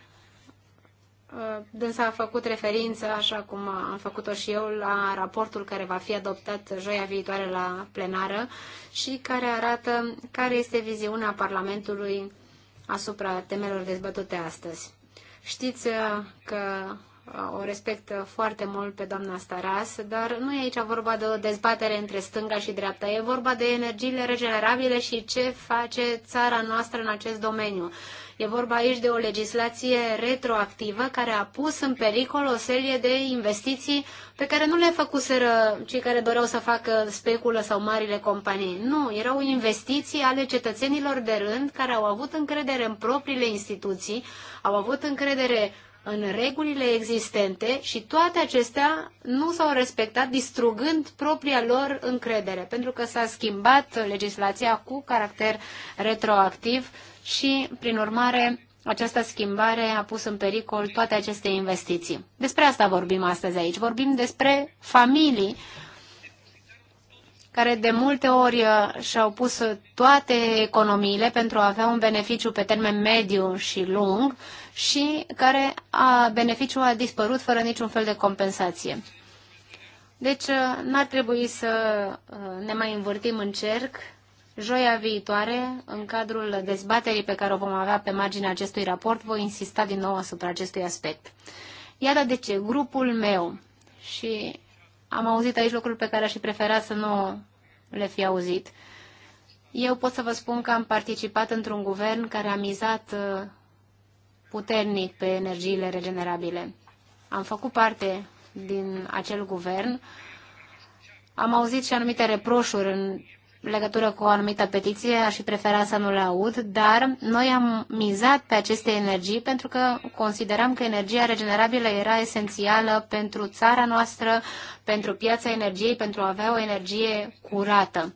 Uh, dânsa a făcut referință, așa cum am făcut-o și eu, la raportul care va fi adoptat joia viitoare la plenară și care arată care este viziunea Parlamentului asupra temelor dezbătute astăzi. Știți uh, că o respect foarte mult pe doamna Staras, dar nu e aici vorba de o dezbatere între stânga și dreapta. E vorba de energiile regenerabile și ce face țara noastră în acest domeniu. E vorba aici de o legislație retroactivă care a pus în pericol o serie de investiții pe care nu le făcuseră cei care doreau să facă speculă sau marile companii. Nu, erau investiții ale cetățenilor de rând care au avut încredere în propriile instituții, au avut încredere în regulile existente și toate acestea nu s-au respectat, distrugând propria lor încredere, pentru că s-a schimbat legislația cu caracter retroactiv și, prin urmare, această schimbare a pus în pericol toate aceste investiții. Despre asta vorbim astăzi aici. Vorbim despre familii care de multe ori uh, și-au pus toate economiile pentru a avea un beneficiu pe termen mediu și lung și care a, beneficiul a dispărut fără niciun fel de compensație. Deci uh, n-ar trebui să uh, ne mai învârtim în cerc. Joia viitoare, în cadrul dezbaterii pe care o vom avea pe marginea acestui raport, voi insista din nou asupra acestui aspect. Iată de ce grupul meu și am auzit aici lucruri pe care aș fi preferat să nu le fi auzit. Eu pot să vă spun că am participat într-un guvern care a mizat uh, puternic pe energiile regenerabile. Am făcut parte din acel guvern. Am auzit și anumite reproșuri în legătură cu o anumită petiție, aș fi preferat să nu le aud, dar noi am mizat pe aceste energii pentru că consideram că energia regenerabilă era esențială pentru țara noastră, pentru piața energiei, pentru a avea o energie curată.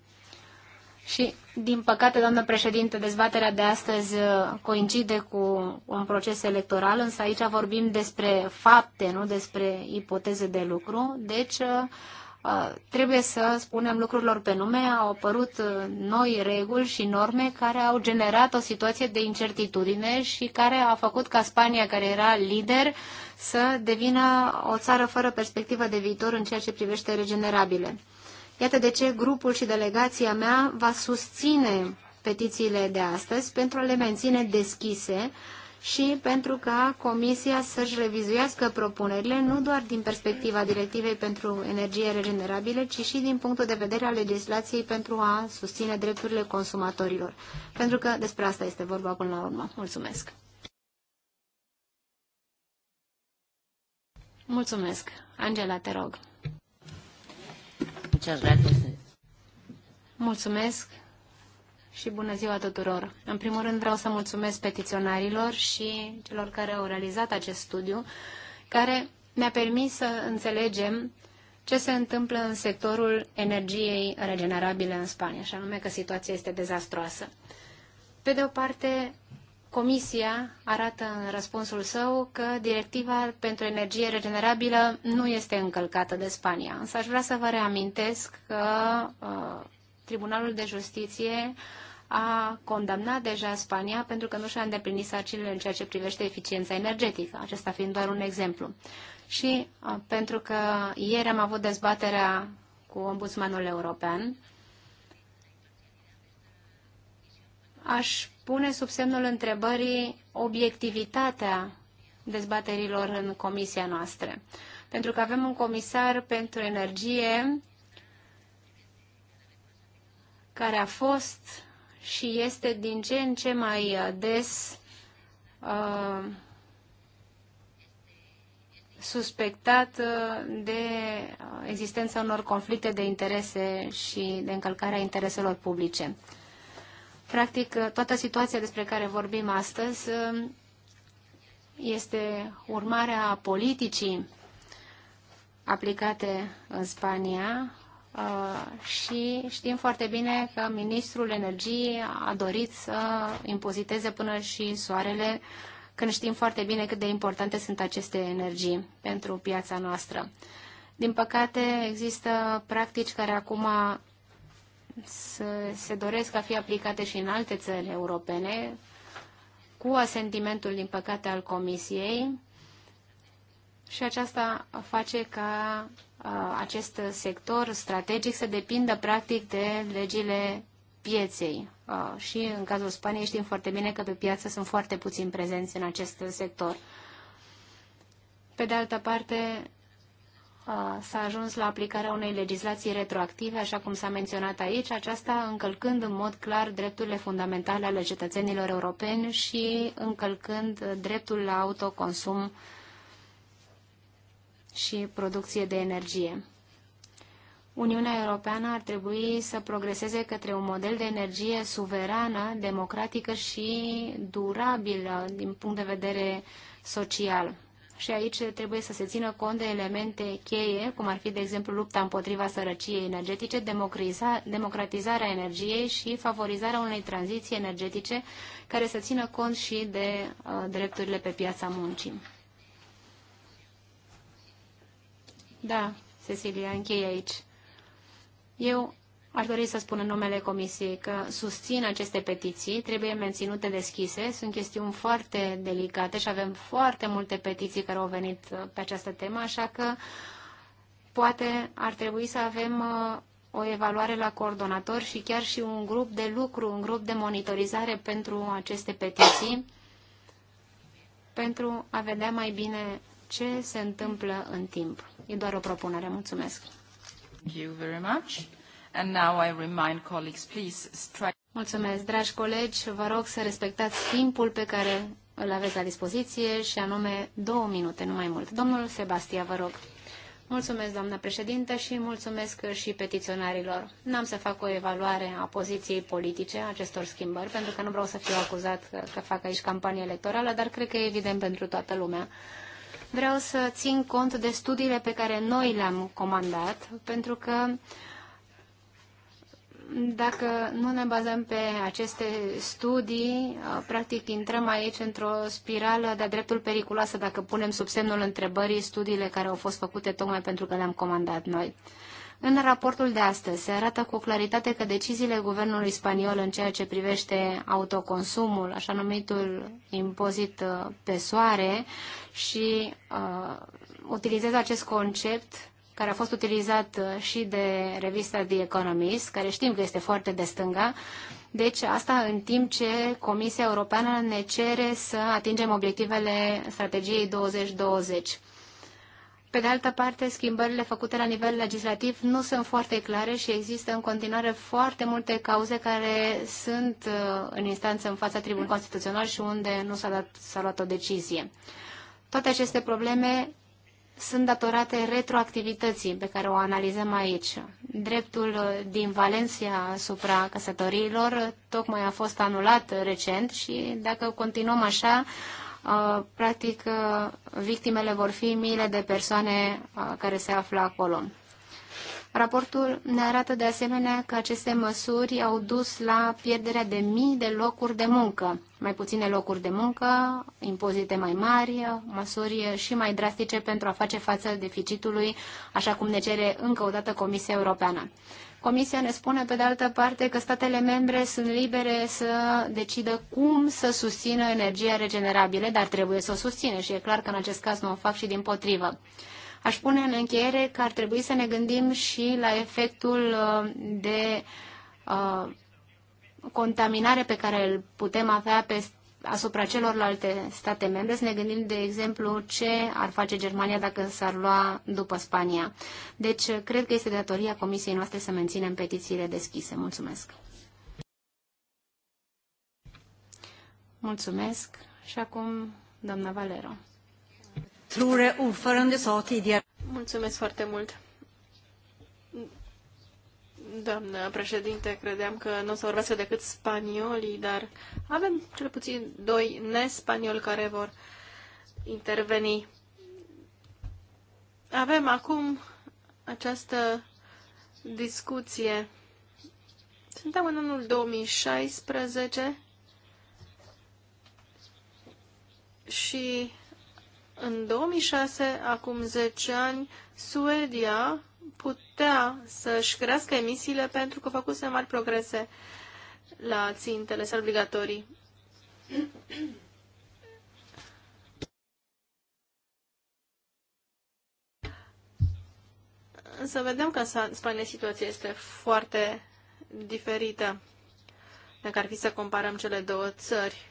Și, din păcate, doamnă președinte, dezbaterea de astăzi uh, coincide cu un proces electoral, însă aici vorbim despre fapte, nu despre ipoteze de lucru. Deci, uh, Uh, trebuie să spunem lucrurilor pe nume, au apărut uh, noi reguli și norme care au generat o situație de incertitudine și care a făcut ca Spania, care era lider, să devină o țară fără perspectivă de viitor în ceea ce privește regenerabile. Iată de ce grupul și delegația mea va susține petițiile de astăzi pentru a le menține deschise, și pentru ca Comisia să-și revizuiască propunerile nu doar din perspectiva directivei pentru energie regenerabile, ci și din punctul de vedere al legislației pentru a susține drepturile consumatorilor. Pentru că despre asta este vorba până la urmă. Mulțumesc! Mulțumesc. Angela, te rog. Mulțumesc și bună ziua tuturor! În primul rând vreau să mulțumesc petiționarilor și celor care au realizat acest studiu, care ne-a permis să înțelegem ce se întâmplă în sectorul energiei regenerabile în Spania, și anume că situația este dezastroasă. Pe de o parte, Comisia arată în răspunsul său că directiva pentru energie regenerabilă nu este încălcată de Spania. Însă aș vrea să vă reamintesc că uh, Tribunalul de Justiție a condamnat deja Spania pentru că nu și-a îndeplinit sarcinile în ceea ce privește eficiența energetică, acesta fiind doar un exemplu. Și pentru că ieri am avut dezbaterea cu Ombudsmanul European, aș pune sub semnul întrebării obiectivitatea dezbaterilor în comisia noastră. Pentru că avem un comisar pentru energie care a fost și este din ce în ce mai uh, des uh, suspectat uh, de uh, existența unor conflicte de interese și de încălcarea intereselor publice. Practic, toată situația despre care vorbim astăzi este urmarea politicii aplicate în Spania Uh, și știm foarte bine că ministrul energiei a dorit să impoziteze până și soarele, când știm foarte bine cât de importante sunt aceste energii pentru piața noastră. Din păcate, există practici care acum se doresc a fi aplicate și în alte țări europene, cu asentimentul, din păcate, al Comisiei, și aceasta face ca uh, acest sector strategic să depindă practic de legile pieței. Uh, și în cazul Spaniei știm foarte bine că pe piață sunt foarte puțin prezenți în acest sector. Pe de altă parte, uh, s-a ajuns la aplicarea unei legislații retroactive, așa cum s-a menționat aici, aceasta încălcând în mod clar drepturile fundamentale ale cetățenilor europeni și încălcând dreptul la autoconsum uh, și producție de energie. Uniunea Europeană ar trebui să progreseze către un model de energie suverană, democratică și durabilă din punct de vedere social. Și aici trebuie să se țină cont de elemente cheie, cum ar fi, de exemplu, lupta împotriva sărăciei energetice, democratizarea energiei și favorizarea unei tranziții energetice care să țină cont și de uh, drepturile pe piața muncii. Da, Cecilia, închei aici. Eu aș dori să spun în numele Comisiei că susțin aceste petiții, trebuie menținute deschise, sunt chestiuni foarte delicate și avem foarte multe petiții care au venit uh, pe această temă, așa că poate ar trebui să avem uh, o evaluare la coordonator și chiar și un grup de lucru, un grup de monitorizare pentru aceste petiții, pentru a vedea mai bine ce se întâmplă în timp. E doar o propunere. Mulțumesc. Thank you very much. And now I remind colleagues, please strike... Mulțumesc, dragi colegi. Vă rog să respectați timpul pe care îl aveți la dispoziție și anume două minute, nu mai mult. Domnul Sebastia, vă rog. Mulțumesc, doamna președintă, și mulțumesc și petiționarilor. N-am să fac o evaluare a poziției politice a acestor schimbări, pentru că nu vreau să fiu acuzat că fac aici campanie electorală, dar cred că e evident pentru toată lumea Vreau să țin cont de studiile pe care noi le-am comandat, pentru că dacă nu ne bazăm pe aceste studii, uh, practic intrăm aici într-o spirală de-a dreptul periculoasă dacă punem sub semnul întrebării studiile care au fost făcute tocmai pentru că le-am comandat noi. În raportul de astăzi se arată cu claritate că deciziile guvernului spaniol în ceea ce privește autoconsumul, așa numitul impozit uh, pe soare, și uh, utilizez acest concept care a fost utilizat uh, și de revista The Economist, care știm că este foarte de stânga. Deci asta în timp ce Comisia Europeană ne cere să atingem obiectivele strategiei 2020. Pe de altă parte, schimbările făcute la nivel legislativ nu sunt foarte clare și există în continuare foarte multe cauze care sunt uh, în instanță în fața Tribunalului Constituțional și unde nu s-a luat, luat o decizie. Toate aceste probleme sunt datorate retroactivității pe care o analizăm aici. Dreptul uh, din Valencia asupra căsătoriilor tocmai a fost anulat recent și dacă continuăm așa, Uh, practic, uh, victimele vor fi miile de persoane uh, care se află acolo. Raportul ne arată de asemenea că aceste măsuri au dus la pierderea de mii de locuri de muncă, mai puține locuri de muncă, impozite mai mari, măsuri și mai drastice pentru a face față deficitului, așa cum ne cere încă o dată Comisia Europeană. Comisia ne spune, pe de altă parte, că statele membre sunt libere să decidă cum să susțină energia regenerabile, dar trebuie să o susțină și e clar că în acest caz nu o fac și din potrivă. Aș spune în încheiere că ar trebui să ne gândim și la efectul uh, de uh, contaminare pe care îl putem avea pe asupra celorlalte state membre, să ne gândim, de exemplu, ce ar face Germania dacă s-ar lua după Spania. Deci, cred că este datoria Comisiei noastre să menținem petițiile deschise. Mulțumesc! Mulțumesc și acum doamna Valero. Mulțumesc foarte mult doamnă președinte, credeam că nu o să vorbească decât spaniolii, dar avem cel puțin doi nespanioli care vor interveni. Avem acum această discuție. Suntem în anul 2016 și în 2006, acum 10 ani, Suedia putea să-și crească emisiile pentru că făcuse mari progrese la țintele sale obligatorii. Să vedem că în Spania situația este foarte diferită dacă ar fi să comparăm cele două țări.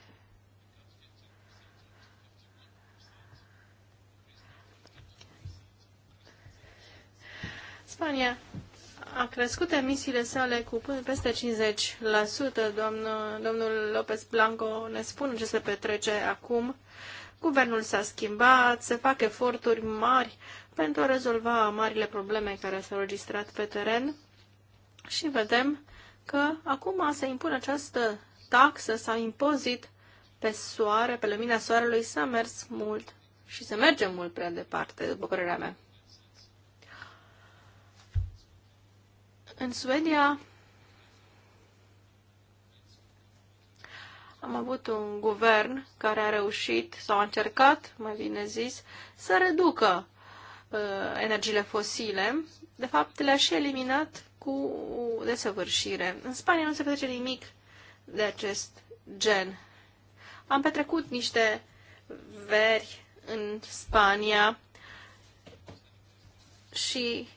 Spania a crescut emisiile sale cu peste 50%. Domnul, domnul López Blanco ne spune ce se petrece acum. Guvernul s-a schimbat, se fac eforturi mari pentru a rezolva marile probleme care s-au registrat pe teren și vedem că acum se impune această taxă sau impozit pe soare, pe lumina soarelui, s-a mers mult și se merge mult prea departe, după părerea mea. În Suedia am avut un guvern care a reușit sau a încercat, mai bine zis, să reducă uh, energiile fosile. De fapt, le-a și eliminat cu desăvârșire. În Spania nu se petrece nimic de acest gen. Am petrecut niște veri în Spania și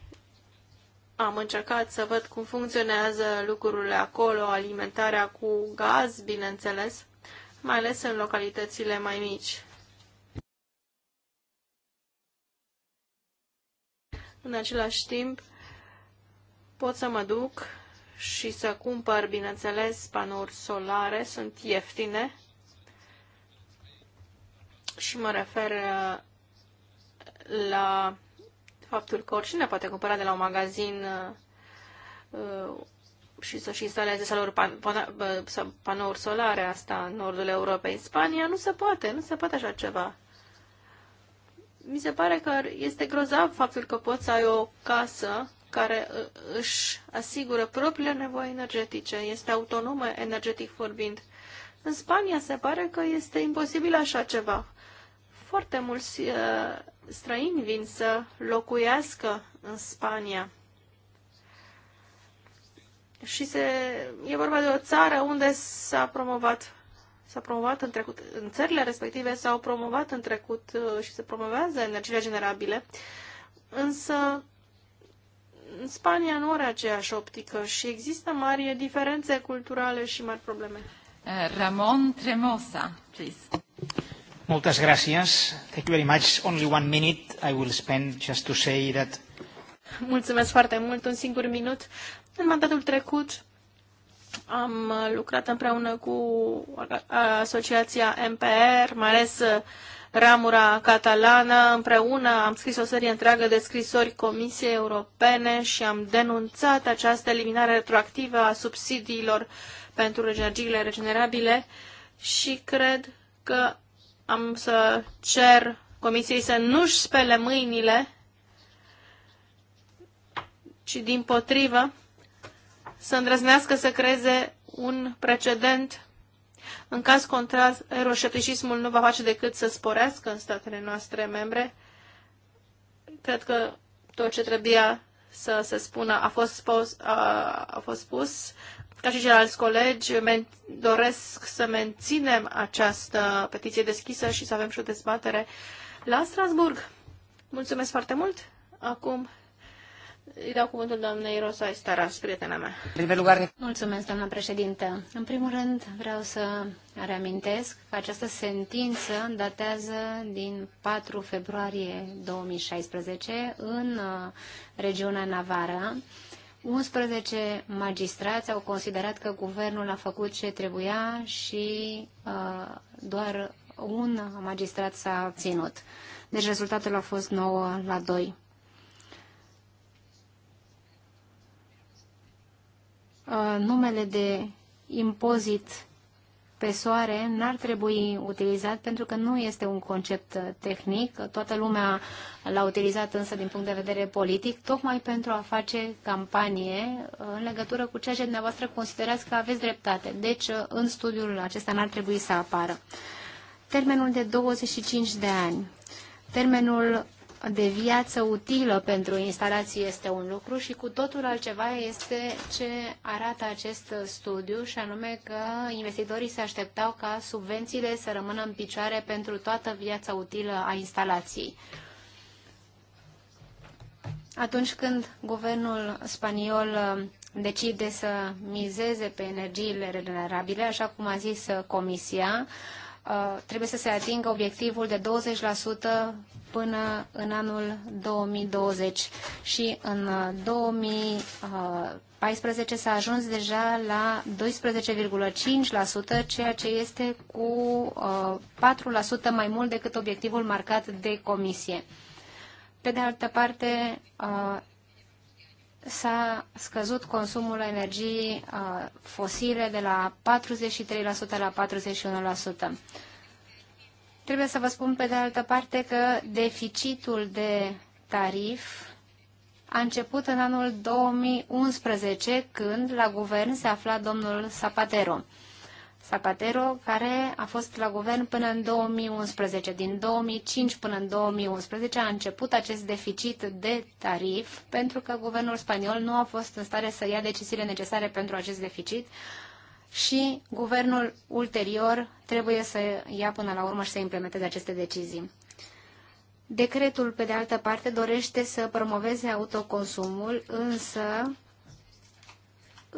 am încercat să văd cum funcționează lucrurile acolo, alimentarea cu gaz, bineînțeles, mai ales în localitățile mai mici. În același timp, pot să mă duc și să cumpăr, bineînțeles, panouri solare, sunt ieftine și mă refer uh, la faptul că oricine poate cumpăra de la un magazin uh, și să-și instaleze saluri pan, pan, panouri solare asta în nordul Europei. în Spania nu se poate, nu se poate așa ceva. Mi se pare că este grozav faptul că poți să ai o casă care uh, își asigură propriile nevoi energetice, este autonomă energetic vorbind. În Spania se pare că este imposibil așa ceva. Foarte mulți uh, străini vin să locuiască în Spania. Și se, e vorba de o țară unde s-a promovat s-a promovat în trecut, în țările respective s-au promovat în trecut uh, și se promovează energiile generabile, însă în Spania nu are aceeași optică și există mari diferențe culturale și mari probleme. Eh, Ramon Tremosa, please. Moltes gràcies. Thank you very much. Only one minute I will spend just to say that... Mulțumesc foarte mult. Un singur minut. În mandatul trecut am lucrat împreună cu Asociația MPR, mai ales ramura catalană. Împreună am scris o serie întreagă de scrisori Comisiei Europene și am denunțat această eliminare retroactivă a subsidiilor pentru energiile regenerabile și cred că am să cer Comisiei să nu-și spele mâinile, ci din potrivă să îndrăznească să creeze un precedent. În caz contrar, euroșepticismul nu va face decât să sporească în statele noastre membre. Cred că tot ce trebuia să se spună a fost, spus, a, a fost spus ca și ceilalți colegi, doresc să menținem această petiție deschisă și să avem și o dezbatere la Strasburg. Mulțumesc foarte mult! Acum îi dau cuvântul doamnei Rosa Staras, prietena mea. Mulțumesc, doamna președintă. În primul rând, vreau să reamintesc că această sentință datează din 4 februarie 2016 în uh, regiunea Navarra 11 magistrați au considerat că guvernul a făcut ce trebuia și uh, doar un magistrat s-a ținut. Deci rezultatul a fost 9 la 2. Uh, numele de impozit pe soare n-ar trebui utilizat pentru că nu este un concept tehnic. Toată lumea l-a utilizat însă din punct de vedere politic, tocmai pentru a face campanie în legătură cu ceea ce dumneavoastră considerați că aveți dreptate. Deci, în studiul acesta n-ar trebui să apară. Termenul de 25 de ani. Termenul de viață utilă pentru instalații este un lucru și cu totul altceva este ce arată acest studiu și anume că investitorii se așteptau ca subvențiile să rămână în picioare pentru toată viața utilă a instalației. Atunci când guvernul spaniol uh, decide să mizeze pe energiile regenerabile, așa cum a zis uh, Comisia, Uh, trebuie să se atingă obiectivul de 20% până în anul 2020 și în 2014 uh, s-a ajuns deja la 12,5%, ceea ce este cu 4% uh, mai mult decât obiectivul marcat de comisie. Pe de altă parte, s-a scăzut consumul energiei uh, fosile de la 43% la 41%. Trebuie să vă spun pe de altă parte că deficitul de tarif a început în anul 2011, când la guvern se afla domnul Zapatero. Zapatero, care a fost la guvern până în 2011. Din 2005 până în 2011 a început acest deficit de tarif pentru că guvernul spaniol nu a fost în stare să ia deciziile necesare pentru acest deficit și guvernul ulterior trebuie să ia până la urmă și să implementeze aceste decizii. Decretul, pe de altă parte, dorește să promoveze autoconsumul, însă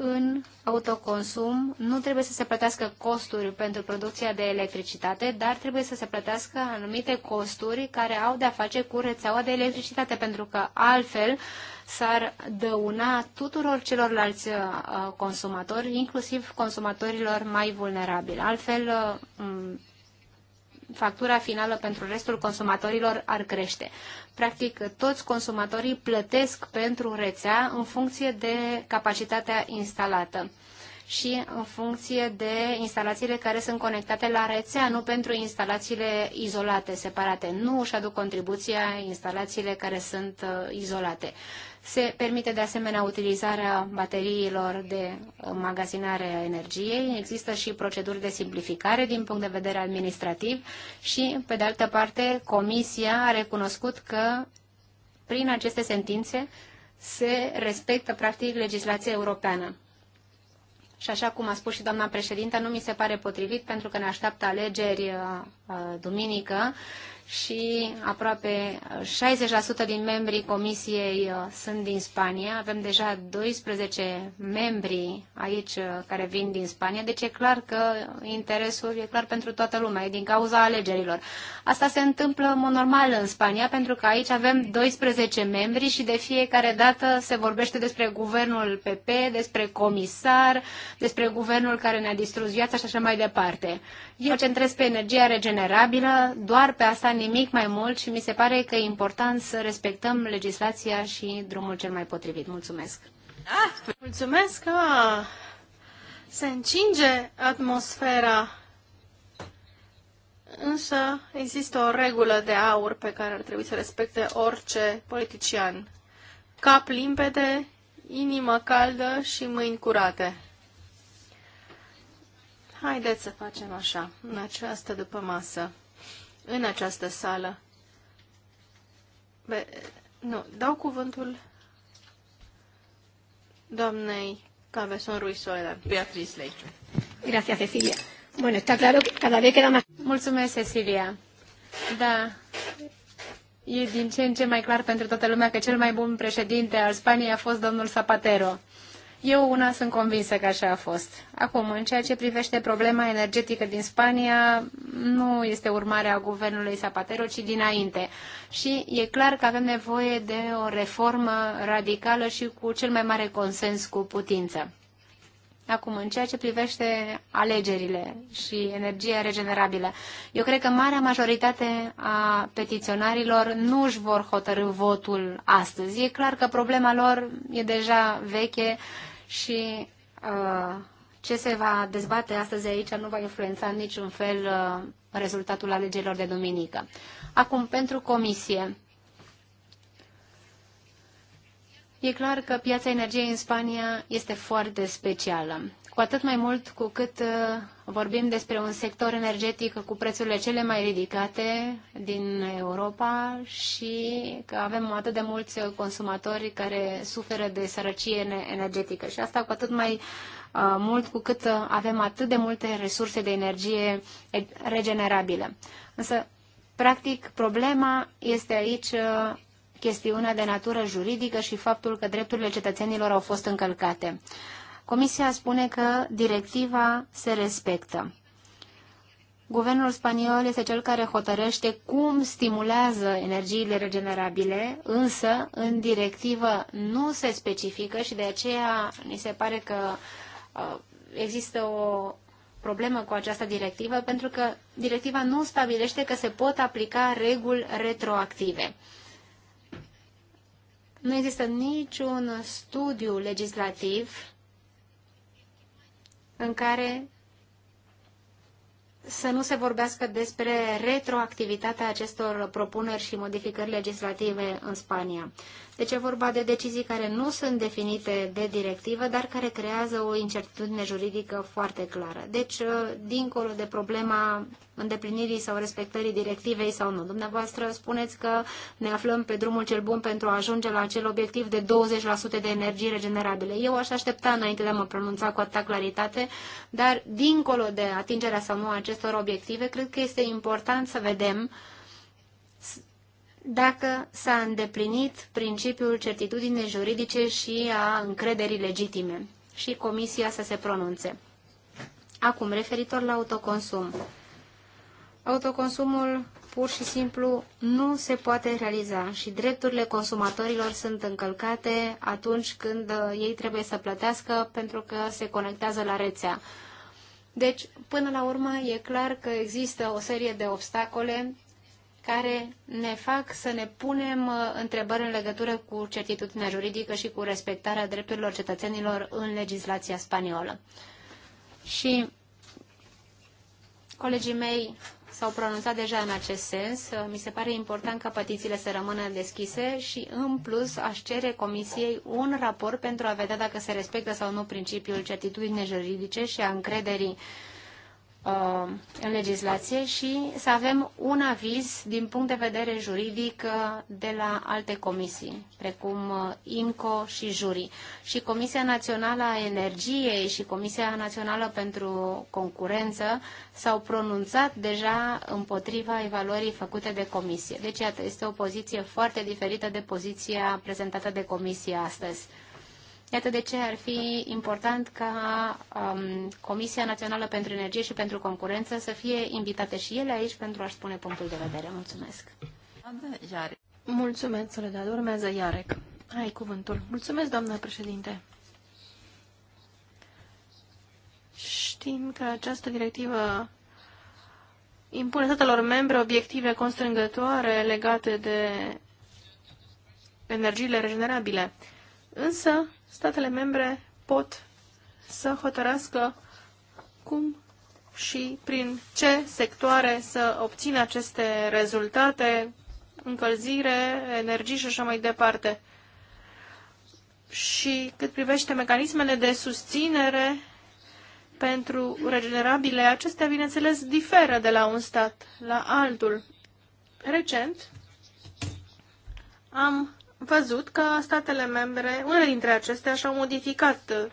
în autoconsum nu trebuie să se plătească costuri pentru producția de electricitate, dar trebuie să se plătească anumite costuri care au de-a face cu rețeaua de electricitate, pentru că altfel s-ar dăuna tuturor celorlalți uh, consumatori, inclusiv consumatorilor mai vulnerabili. Altfel, uh, factura finală pentru restul consumatorilor ar crește. Practic, toți consumatorii plătesc pentru rețea în funcție de capacitatea instalată și în funcție de instalațiile care sunt conectate la rețea, nu pentru instalațiile izolate, separate. Nu își aduc contribuția instalațiile care sunt uh, izolate. Se permite de asemenea utilizarea bateriilor de magazinare a energiei, există și proceduri de simplificare din punct de vedere administrativ și, pe de altă parte, Comisia a recunoscut că prin aceste sentințe se respectă practic legislația europeană. Și așa cum a spus și doamna președintă, nu mi se pare potrivit pentru că ne așteaptă alegeri uh, uh, duminică și aproape 60% uh, din membrii comisiei uh, sunt din Spania. Avem deja 12 membri aici uh, care vin din Spania, deci e clar că interesul e clar pentru toată lumea, e din cauza alegerilor. Asta se întâmplă în mod normal în Spania, pentru că aici avem 12 membri și de fiecare dată se vorbește despre guvernul PP, despre comisar, despre guvernul care ne-a distrus viața și așa mai departe. Eu centrez pe energia regenerabilă, doar pe asta nimic mai mult și mi se pare că e important să respectăm legislația și drumul cel mai potrivit. Mulțumesc! Ah, mulțumesc! Ah, se încinge atmosfera, însă există o regulă de aur pe care ar trebui să respecte orice politician. Cap limpede, inimă caldă și mâini curate. Haideți să facem așa, în această după masă în această sală. Be, nu, dau cuvântul doamnei Cabeson Ruiz Soledad. Beatriz Leiciu. Gracias, Cecilia. Bueno, está claro que cada vez queda más... Mulțumesc, Cecilia. Da, e din ce în ce mai clar pentru toată lumea că cel mai bun președinte al Spaniei a fost domnul Zapatero. Eu una sunt convinsă că așa a fost. Acum, în ceea ce privește problema energetică din Spania, nu este urmarea guvernului Zapatero, ci dinainte. Și e clar că avem nevoie de o reformă radicală și cu cel mai mare consens cu putință. Acum, în ceea ce privește alegerile și energia regenerabilă, eu cred că marea majoritate a petiționarilor nu își vor hotărâ votul astăzi. E clar că problema lor e deja veche și uh, ce se va dezbate astăzi aici nu va influența în niciun fel uh, rezultatul alegerilor de duminică. Acum, pentru comisie. E clar că piața energiei în Spania este foarte specială. Cu atât mai mult cu cât uh, vorbim despre un sector energetic cu prețurile cele mai ridicate din Europa și că avem atât de mulți consumatori care suferă de sărăcie energetică. Și asta cu atât mai uh, mult cu cât uh, avem atât de multe resurse de energie regenerabilă. Însă, practic, problema este aici chestiunea de natură juridică și faptul că drepturile cetățenilor au fost încălcate. Comisia spune că directiva se respectă. Guvernul spaniol este cel care hotărăște cum stimulează energiile regenerabile, însă în directivă nu se specifică și de aceea ni se pare că uh, există o problemă cu această directivă, pentru că directiva nu stabilește că se pot aplica reguli retroactive. Nu există niciun studiu legislativ în care să nu se vorbească despre retroactivitatea acestor propuneri și modificări legislative în Spania. Deci e vorba de decizii care nu sunt definite de directivă, dar care creează o incertitudine juridică foarte clară. Deci, dincolo de problema îndeplinirii sau respectării directivei sau nu. Dumneavoastră spuneți că ne aflăm pe drumul cel bun pentru a ajunge la acel obiectiv de 20% de energii regenerabile. Eu aș aștepta înainte de a mă pronunța cu atâta claritate, dar dincolo de atingerea sau nu a acestor obiective, cred că este important să vedem dacă s-a îndeplinit principiul certitudinii juridice și a încrederii legitime și comisia să se pronunțe. Acum, referitor la autoconsum autoconsumul pur și simplu nu se poate realiza și drepturile consumatorilor sunt încălcate atunci când uh, ei trebuie să plătească pentru că se conectează la rețea. Deci, până la urmă, e clar că există o serie de obstacole care ne fac să ne punem uh, întrebări în legătură cu certitudinea juridică și cu respectarea drepturilor cetățenilor în legislația spaniolă. Și colegii mei s-au pronunțat deja în acest sens. Mi se pare important ca petițiile să rămână deschise și, în plus, aș cere Comisiei un raport pentru a vedea dacă se respectă sau nu principiul certitudine juridice și a încrederii uh, Uh, în legislație și să avem un aviz din punct de vedere juridic uh, de la alte comisii, precum uh, INCO și Juri. Și Comisia Națională a Energiei și Comisia Națională pentru Concurență s-au pronunțat deja împotriva evaluării făcute de comisie. Deci, iată, este o poziție foarte diferită de poziția prezentată de comisie astăzi. Iată de ce ar fi important ca um, Comisia Națională pentru Energie și pentru Concurență să fie invitate și ele aici pentru a-și spune punctul de vedere. Mulțumesc! Mulțumesc, Soledad. Urmează Iarec. Ai cuvântul. Mulțumesc, doamnă președinte. Știm că această directivă impune statelor membre obiective constrângătoare legate de energiile regenerabile. Însă, statele membre pot să hotărască cum și prin ce sectoare să obțină aceste rezultate, încălzire, energie și așa mai departe. Și cât privește mecanismele de susținere pentru regenerabile, acestea, bineînțeles, diferă de la un stat la altul. Recent am văzut că statele membre, unele dintre acestea, și-au modificat uh,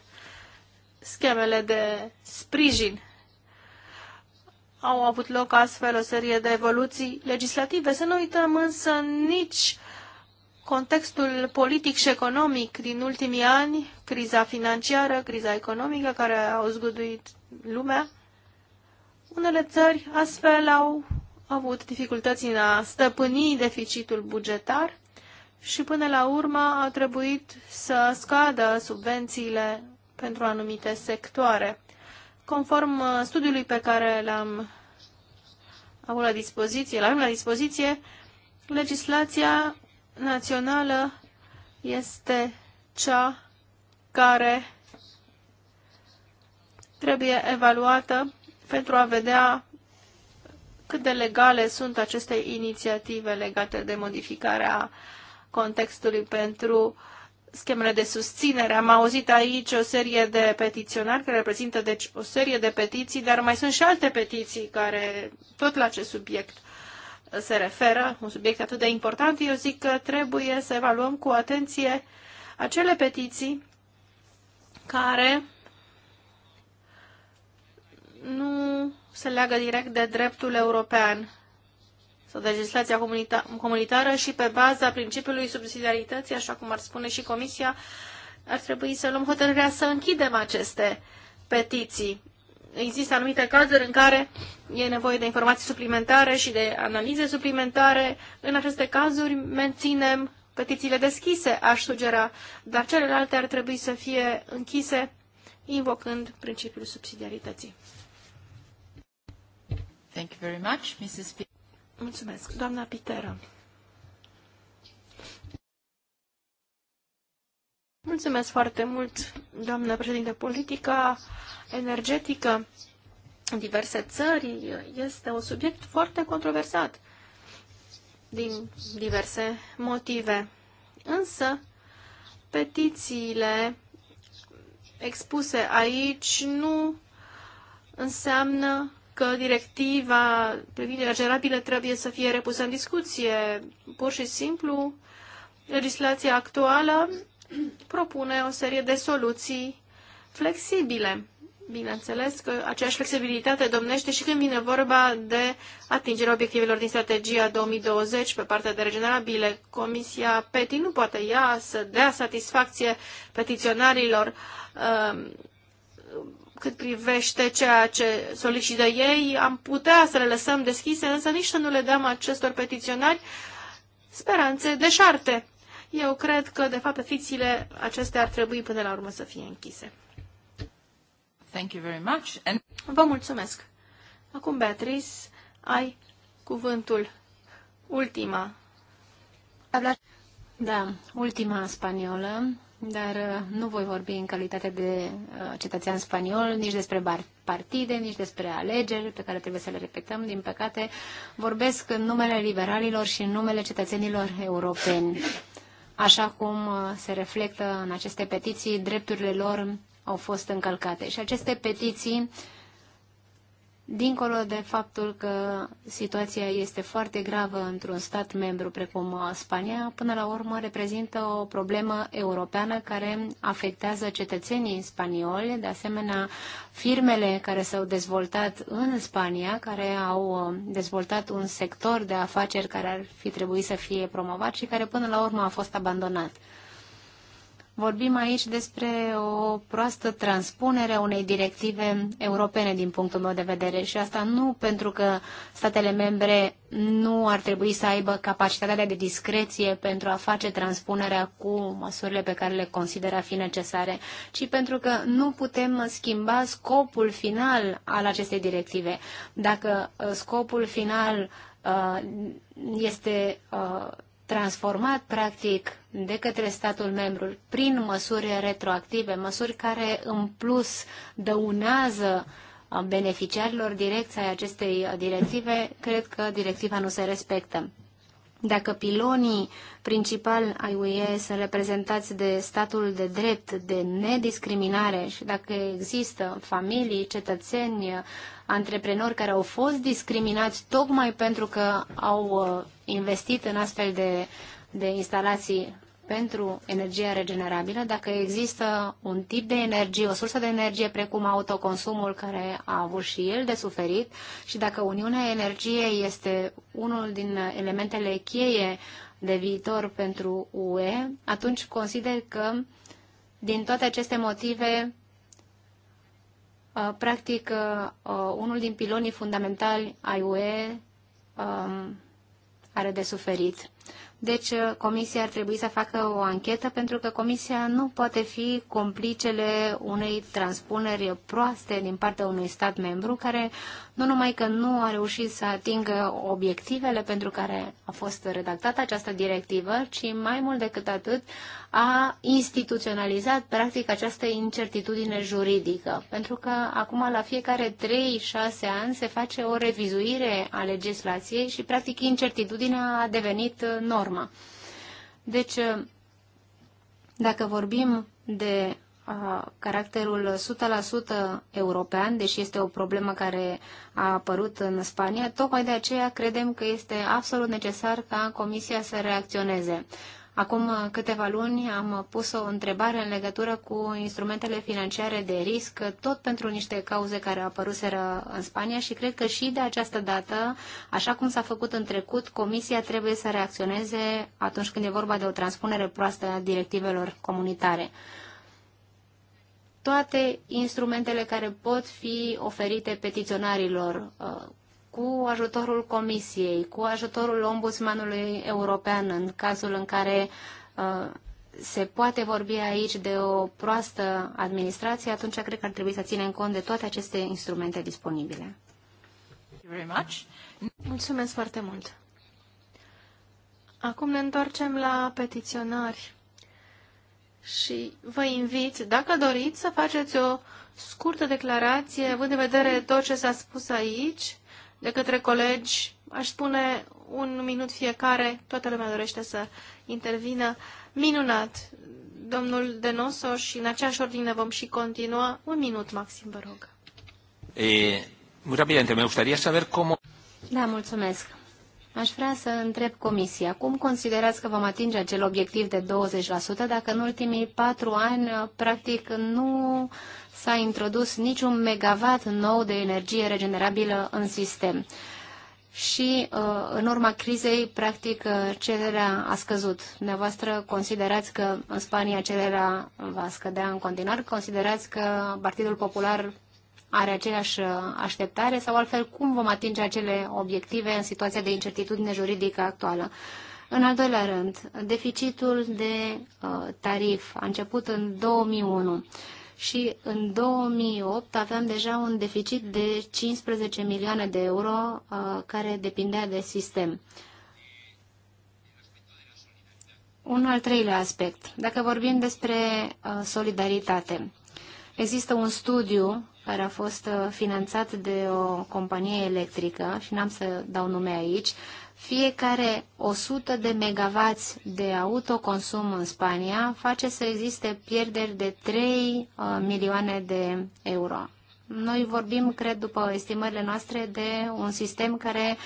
schemele de sprijin. Au avut loc astfel o serie de evoluții legislative. Să nu uităm însă nici contextul politic și economic din ultimii ani, criza financiară, criza economică care au zguduit lumea. Unele țări astfel au avut dificultăți în a stăpâni deficitul bugetar și până la urmă a trebuit să scadă subvențiile pentru anumite sectoare. Conform uh, studiului pe care l-am avut la dispoziție, l am la dispoziție, legislația națională este cea care trebuie evaluată pentru a vedea cât de legale sunt aceste inițiative legate de modificarea uh, contextului pentru schemele de susținere. Am auzit aici o serie de petiționari care reprezintă deci o serie de petiții, dar mai sunt și alte petiții care tot la acest subiect se referă, un subiect atât de important. Eu zic că trebuie să evaluăm cu atenție acele petiții care nu se leagă direct de dreptul european sau de legislația comunita comunitară și pe baza principiului subsidiarității, așa cum ar spune și Comisia, ar trebui să luăm hotărârea să închidem aceste petiții. Există anumite cazuri în care e nevoie de informații suplimentare și de analize suplimentare. În aceste cazuri menținem petițiile deschise, aș sugera, dar celelalte ar trebui să fie închise invocând principiul subsidiarității. Thank you very much, Mrs. Mulțumesc. Doamna Piteră. Mulțumesc foarte mult, doamnă președinte. Politica energetică în diverse țări este un subiect foarte controversat din diverse motive. Însă, petițiile expuse aici nu înseamnă că directiva privind energia trebuie să fie repusă în discuție. Pur și simplu, legislația actuală propune o serie de soluții flexibile. Bineînțeles că aceeași flexibilitate domnește și când vine vorba de atingerea obiectivelor din strategia 2020 pe partea de regenerabile. Comisia PETI nu poate ia să dea satisfacție petiționarilor um, cât privește ceea ce solicită ei, am putea să le lăsăm deschise, însă nici să nu le dăm acestor petiționari speranțe deșarte. Eu cred că, de fapt, petițiile acestea ar trebui până la urmă să fie închise. Thank you very much. And... Vă mulțumesc. Acum, Beatrice, ai cuvântul ultima. Da, ultima spaniolă dar uh, nu voi vorbi în calitate de uh, cetățean spaniol nici despre partide, nici despre alegeri pe care trebuie să le repetăm. Din păcate, vorbesc în numele liberalilor și în numele cetățenilor europeni. Așa cum uh, se reflectă în aceste petiții, drepturile lor au fost încălcate. Și aceste petiții uh, dincolo de faptul că situația este foarte gravă într-un stat membru precum uh, Spania, până la urmă reprezintă o problemă europeană care afectează cetățenii spanioli, de asemenea firmele care s-au dezvoltat în Spania, care au uh, dezvoltat un sector de afaceri care ar fi trebuit să fie promovat și care până la urmă a fost abandonat. Vorbim aici despre o proastă transpunere a unei directive europene din punctul meu de vedere și asta nu pentru că statele membre nu ar trebui să aibă capacitatea de discreție pentru a face transpunerea cu măsurile pe care le consideră a fi necesare, ci pentru că nu putem schimba scopul final al acestei directive. Dacă uh, scopul final uh, este uh, transformat practic de către statul membru prin măsuri retroactive, măsuri care în plus dăunează beneficiarilor direcția acestei directive, cred că directiva nu se respectă. Dacă pilonii principali ai UE sunt reprezentați de statul de drept, de nediscriminare și dacă există familii, cetățeni, antreprenori care au fost discriminați tocmai pentru că au uh, investit în astfel de, de instalații pentru energia regenerabilă, dacă există un tip de energie, o sursă de energie precum autoconsumul care a avut și el de suferit și dacă Uniunea Energiei este unul din elementele cheie de viitor pentru UE, atunci consider că din toate aceste motive Uh, practic, uh, uh, unul din pilonii fundamentali ai UE um, are de suferit. Deci, Comisia ar trebui să facă o anchetă pentru că Comisia nu poate fi complicele unei transpuneri proaste din partea unui stat membru care nu numai că nu a reușit să atingă obiectivele pentru care a fost redactată această directivă, ci mai mult decât atât a instituționalizat practic această incertitudine juridică, pentru că acum la fiecare 3-6 ani se face o revizuire a legislației și practic incertitudinea a devenit uh, norma. Deci, uh, dacă vorbim de uh, caracterul 100% european, deși este o problemă care a apărut în Spania. Tocmai de aceea credem că este absolut necesar ca Comisia să reacționeze. Acum câteva luni am pus o întrebare în legătură cu instrumentele financiare de risc, tot pentru niște cauze care apăruseră în Spania și cred că și de această dată, așa cum s-a făcut în trecut, Comisia trebuie să reacționeze atunci când e vorba de o transpunere proastă a directivelor comunitare toate instrumentele care pot fi oferite petiționarilor, uh, cu ajutorul Comisiei, cu ajutorul Ombudsmanului European în cazul în care uh, se poate vorbi aici de o proastă administrație, atunci cred că ar trebui să ținem cont de toate aceste instrumente disponibile. Mulțumesc foarte mult! Acum ne întoarcem la petiționari și vă invit, dacă doriți, să faceți o scurtă declarație, având în vedere tot ce s-a spus aici, de către colegi. Aș spune un minut fiecare, toată lumea dorește să intervină. Minunat! Domnul Denoso și în aceeași ordine vom și continua. Un minut maxim, vă rog. E, muy rápidamente, me gustaría saber cómo... Da, mulțumesc. Aș vrea să întreb Comisia, cum considerați că vom atinge acel obiectiv de 20% dacă în ultimii patru ani, practic, nu s-a introdus niciun megawatt nou de energie regenerabilă în sistem? și uh, în urma crizei, practic, uh, cererea a scăzut. Dumneavoastră considerați că în Spania cererea va scădea în continuare? Considerați că Partidul Popular are aceeași uh, așteptare sau altfel cum vom atinge acele obiective în situația de incertitudine juridică actuală. În al doilea rând, deficitul de uh, tarif a început în 2001 și în 2008 aveam deja un deficit de 15 milioane de euro uh, care depindea de sistem. Un al treilea aspect. Dacă vorbim despre solidaritate, există un studiu care a fost uh, finanțat de o companie electrică, și n-am să dau nume aici, fiecare 100 de megavați de autoconsum în Spania face să existe pierderi de 3 uh, milioane de euro. Noi vorbim, cred, după estimările noastre, de un sistem care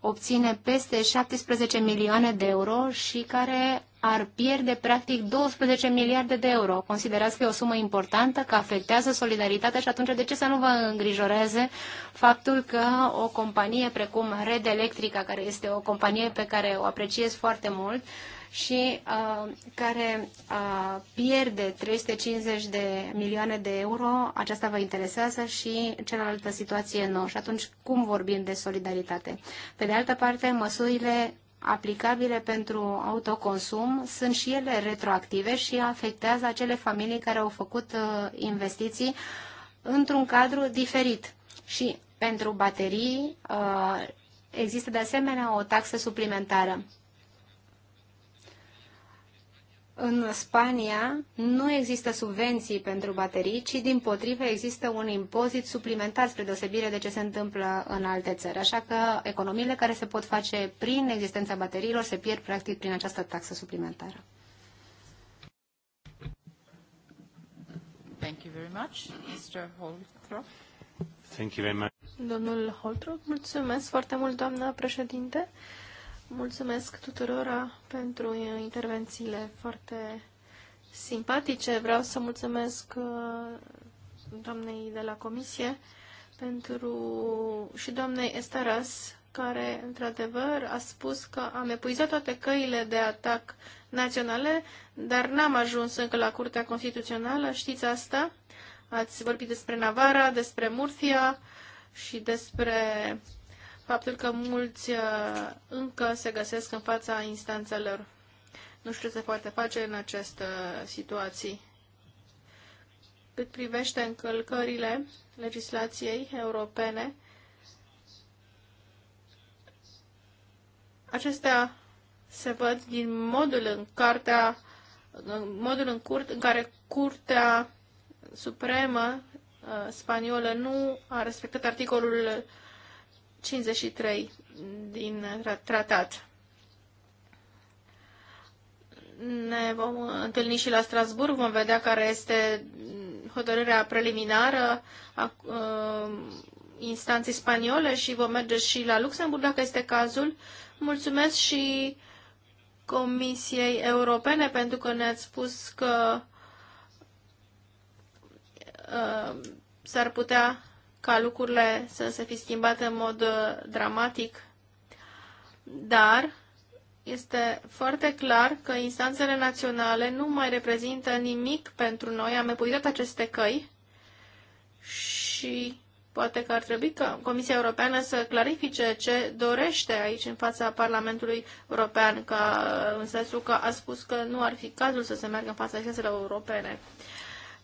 obține peste 17 milioane de euro și care ar pierde practic 12 miliarde de euro. Considerați că e o sumă importantă, că afectează solidaritatea și atunci de ce să nu vă îngrijoreze faptul că o companie precum Red Electrica, care este o companie pe care o apreciez foarte mult și uh, care uh, pierde 350 de milioane de euro, aceasta vă interesează și cealaltă situație nouă. Și atunci cum vorbim de solidaritate? Pe de altă parte, măsurile aplicabile pentru autoconsum sunt și ele retroactive și afectează acele familii care au făcut uh, investiții într-un cadru diferit. Și pentru baterii uh, există de asemenea o taxă suplimentară în Spania nu există subvenții pentru baterii, ci din potrivă există un impozit suplimentar spre deosebire de ce se întâmplă în alte țări. Așa că economiile care se pot face prin existența bateriilor se pierd practic prin această taxă suplimentară. Thank you very much, Mr. Holtrop. Thank you very much. Domnul Holtrop, mulțumesc foarte mult, doamnă președinte. Mulțumesc tuturora pentru intervențiile foarte simpatice. Vreau să mulțumesc uh, doamnei de la comisie pentru și doamnei Estaras, care într-adevăr a spus că am epuizat toate căile de atac naționale, dar n-am ajuns încă la Curtea Constituțională, știți asta? Ați vorbit despre Navara, despre Murcia și despre faptul că mulți uh, încă se găsesc în fața instanțelor. Nu știu ce se poate face în această uh, situație. Cât privește încălcările legislației europene, acestea se văd din modul în, cartea, modul în, curt, în care Curtea Supremă uh, spaniolă nu a respectat articolul 53 din tratat. Ne vom întâlni și la Strasburg, vom vedea care este hotărârea preliminară a uh, instanței spaniole și vom merge și la Luxemburg dacă este cazul. Mulțumesc și Comisiei Europene pentru că ne-ați spus că uh, s-ar putea ca lucrurile să se fi schimbat în mod uh, dramatic, dar este foarte clar că instanțele naționale nu mai reprezintă nimic pentru noi. Am epuizat aceste căi și poate că ar trebui ca Comisia Europeană să clarifice ce dorește aici în fața Parlamentului European, ca, uh, în sensul că a spus că nu ar fi cazul să se meargă în fața instanțelor europene.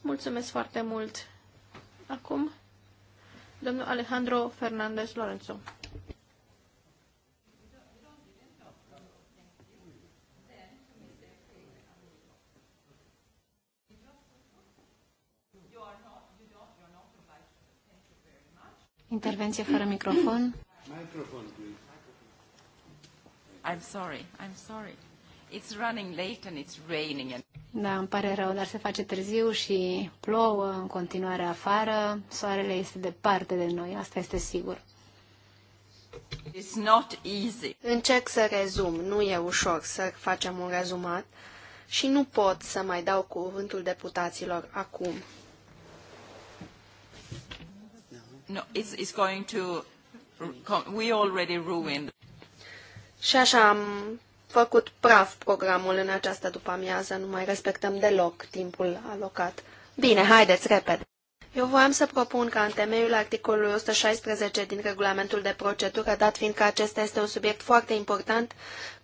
Mulțumesc foarte mult! Acum Domnul Alejandro Fernandez Lorenzo. Intervenție fără microfon. Microfon, please. I'm sorry, I'm sorry. It's running late and it's raining. Da, îmi pare rău, dar se face târziu și plouă în continuare afară. Soarele este departe de noi, asta este sigur. It's not easy. Încerc să rezum, nu e ușor să facem un rezumat și nu pot să mai dau cuvântul deputaților acum. No, it's, it's going to... We already ruined. Și așa am făcut praf programul în această după-amiază, nu mai respectăm deloc timpul alocat. Bine, haideți, repede. Eu voiam să propun ca în temeiul articolului 116 din regulamentul de procedură, dat fiindcă acesta este un subiect foarte important,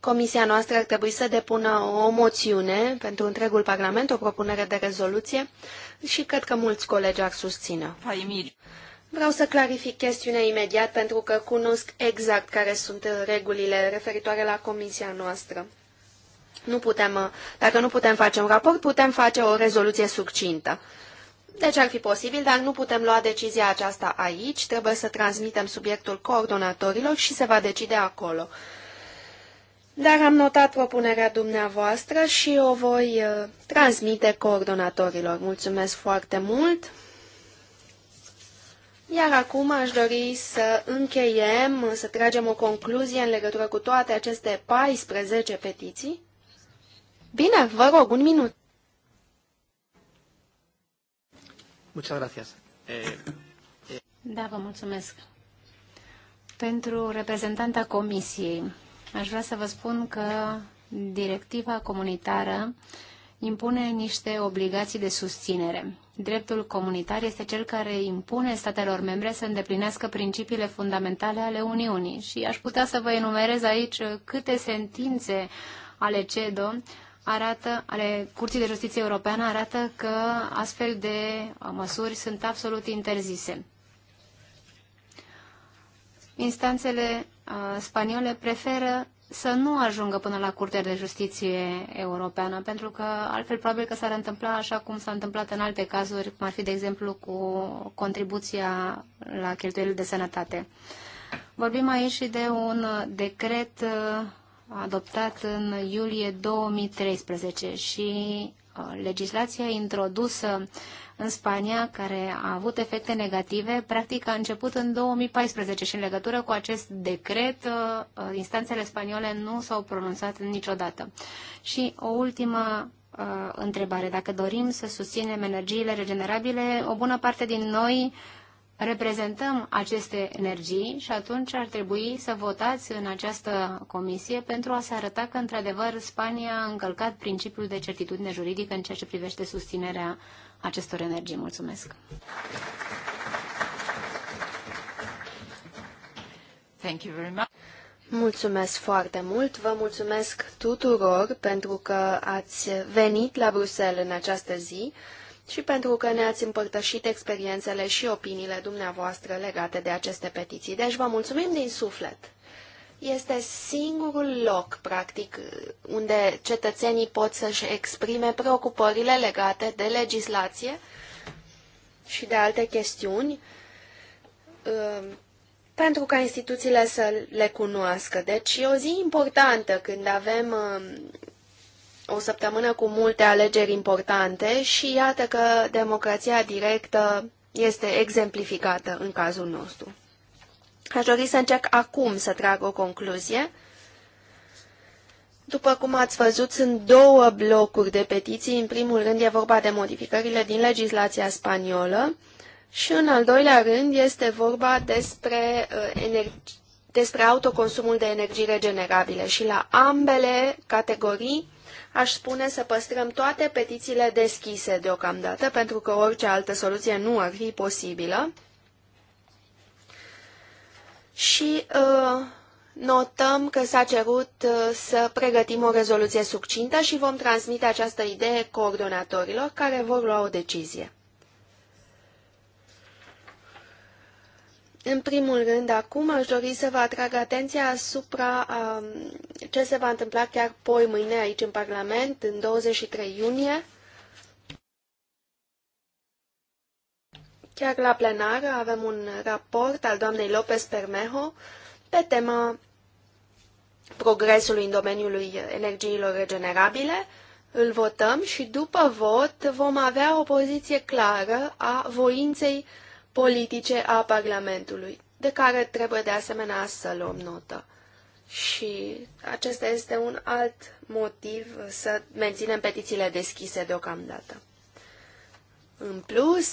comisia noastră ar trebui să depună o moțiune pentru întregul Parlament, o propunere de rezoluție și cred că mulți colegi ar susține. Paimir. Vreau să clarific chestiunea imediat pentru că cunosc exact care sunt regulile referitoare la comisia noastră. Nu putem, uh, dacă nu putem face un raport, putem face o rezoluție succintă. Deci ar fi posibil, dar nu putem lua decizia aceasta aici, trebuie să transmitem subiectul coordonatorilor și se va decide acolo. Dar am notat propunerea dumneavoastră și o voi uh, transmite coordonatorilor. Mulțumesc foarte mult! Iar acum aș dori să încheiem, să tragem o concluzie în legătură cu toate aceste 14 petiții. Bine, vă rog, un minut. Muchas gracias. Eh, eh. Da, vă mulțumesc. Pentru reprezentanta Comisiei, aș vrea să vă spun că directiva comunitară impune niște obligații de susținere. Dreptul comunitar este cel care impune statelor membre să îndeplinească principiile fundamentale ale Uniunii și aș putea să vă enumerez aici câte sentințe ale CEDO arată, ale Curții de Justiție Europeană arată că astfel de măsuri sunt absolut interzise. Instanțele uh, spaniole preferă să nu ajungă până la Curtea de Justiție Europeană, pentru că altfel probabil că s-ar întâmpla așa cum s-a întâmplat în alte cazuri, cum ar fi, de exemplu, cu contribuția la cheltuielile de sănătate. Vorbim aici și de un decret uh, adoptat în iulie 2013 și legislația introdusă în Spania, care a avut efecte negative, practic a început în 2014 și în legătură cu acest decret, uh, uh, instanțele spaniole nu s-au pronunțat niciodată. Și o ultimă uh, întrebare. Dacă dorim să susținem energiile regenerabile, o bună parte din noi reprezentăm aceste energii și atunci ar trebui să votați în această comisie pentru a se arăta că, într-adevăr, Spania a încălcat principiul de certitudine juridică în ceea ce privește susținerea acestor energii. Mulțumesc! Thank you very much. Mulțumesc foarte mult, vă mulțumesc tuturor pentru că ați venit la Bruxelles în această zi și pentru că ne-ați împărtășit experiențele și opiniile dumneavoastră legate de aceste petiții. Deci vă mulțumim din suflet! Este singurul loc, practic, unde cetățenii pot să-și exprime preocupările legate de legislație și de alte chestiuni uh, pentru ca instituțiile să le cunoască. Deci e o zi importantă când avem uh, o săptămână cu multe alegeri importante și iată că democrația directă este exemplificată în cazul nostru. Aș dori să încerc acum să trag o concluzie. După cum ați văzut, sunt două blocuri de petiții. În primul rând e vorba de modificările din legislația spaniolă și în al doilea rând este vorba despre, uh, despre autoconsumul de energii regenerabile. Și la ambele categorii Aș spune să păstrăm toate petițiile deschise deocamdată, pentru că orice altă soluție nu ar fi posibilă. Și uh, notăm că s-a cerut uh, să pregătim o rezoluție succintă și vom transmite această idee coordonatorilor care vor lua o decizie. În primul rând, acum aș dori să vă atrag atenția asupra a, um, ce se va întâmpla chiar poi mâine aici în Parlament, în 23 iunie. Chiar la plenar avem un raport al doamnei López Permejo pe tema progresului în domeniul energiilor regenerabile. Îl votăm și după vot vom avea o poziție clară a voinței uh, politice a Parlamentului, de care trebuie de asemenea să luăm notă. Și acesta este un alt motiv să menținem petițiile deschise deocamdată. În plus,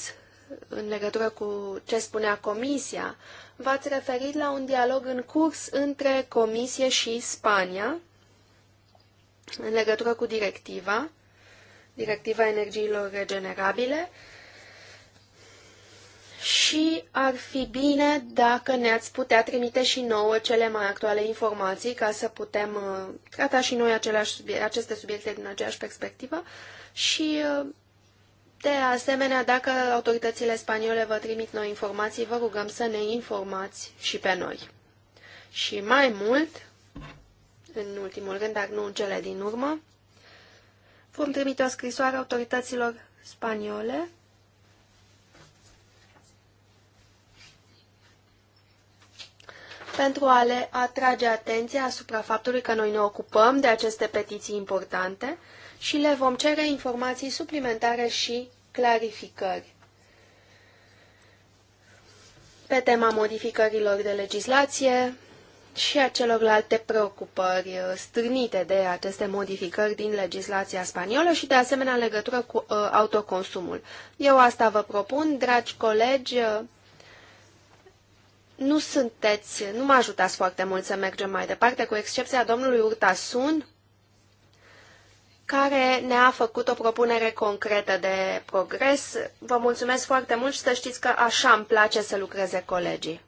în legătură cu ce spunea Comisia, v-ați referit la un dialog în curs între Comisie și Spania în legătură cu directiva, directiva energiilor regenerabile și ar fi bine dacă ne-ați putea trimite și nouă cele mai actuale informații ca să putem uh, trata și noi aceleași aceste subiecte din aceeași perspectivă și uh, de asemenea, dacă autoritățile spaniole vă trimit noi informații, vă rugăm să ne informați și pe noi. Și mai mult, în ultimul rând, dar nu în cele din urmă, vom trimite o scrisoare autorităților spaniole pentru a le atrage atenția asupra faptului că noi ne ocupăm de aceste petiții importante și le vom cere informații suplimentare și clarificări. Pe tema modificărilor de legislație și a celorlalte preocupări uh, strânite de aceste modificări din legislația spaniolă și de asemenea legătură cu uh, autoconsumul. Eu asta vă propun, dragi colegi, uh, nu sunteți, nu mă ajutați foarte mult să mergem mai departe, cu excepția domnului Urtasun, care ne-a făcut o propunere concretă de progres. Vă mulțumesc foarte mult și să știți că așa îmi place să lucreze colegii.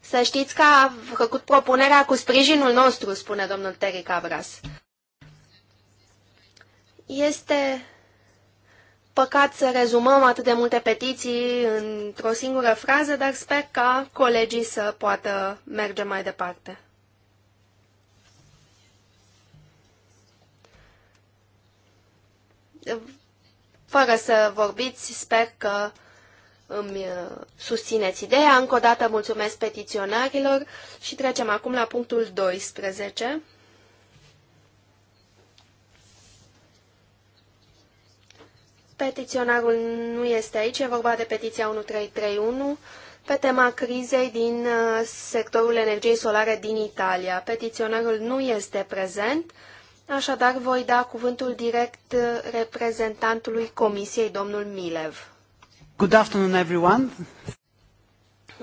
Să știți că a făcut propunerea cu sprijinul nostru, spune domnul Terry Cabras. Este păcat să rezumăm atât de multe petiții într-o singură frază, dar sper ca colegii să poată merge mai departe. Fără să vorbiți, sper că îmi uh, susțineți ideea. Încă o dată mulțumesc petiționarilor și trecem acum la punctul 12. Petiționarul nu este aici, e vorba de petiția 1331 pe tema crizei din uh, sectorul energiei solare din Italia. Petiționarul nu este prezent, așadar voi da cuvântul direct uh, reprezentantului Comisiei, domnul Milev. Good afternoon, everyone.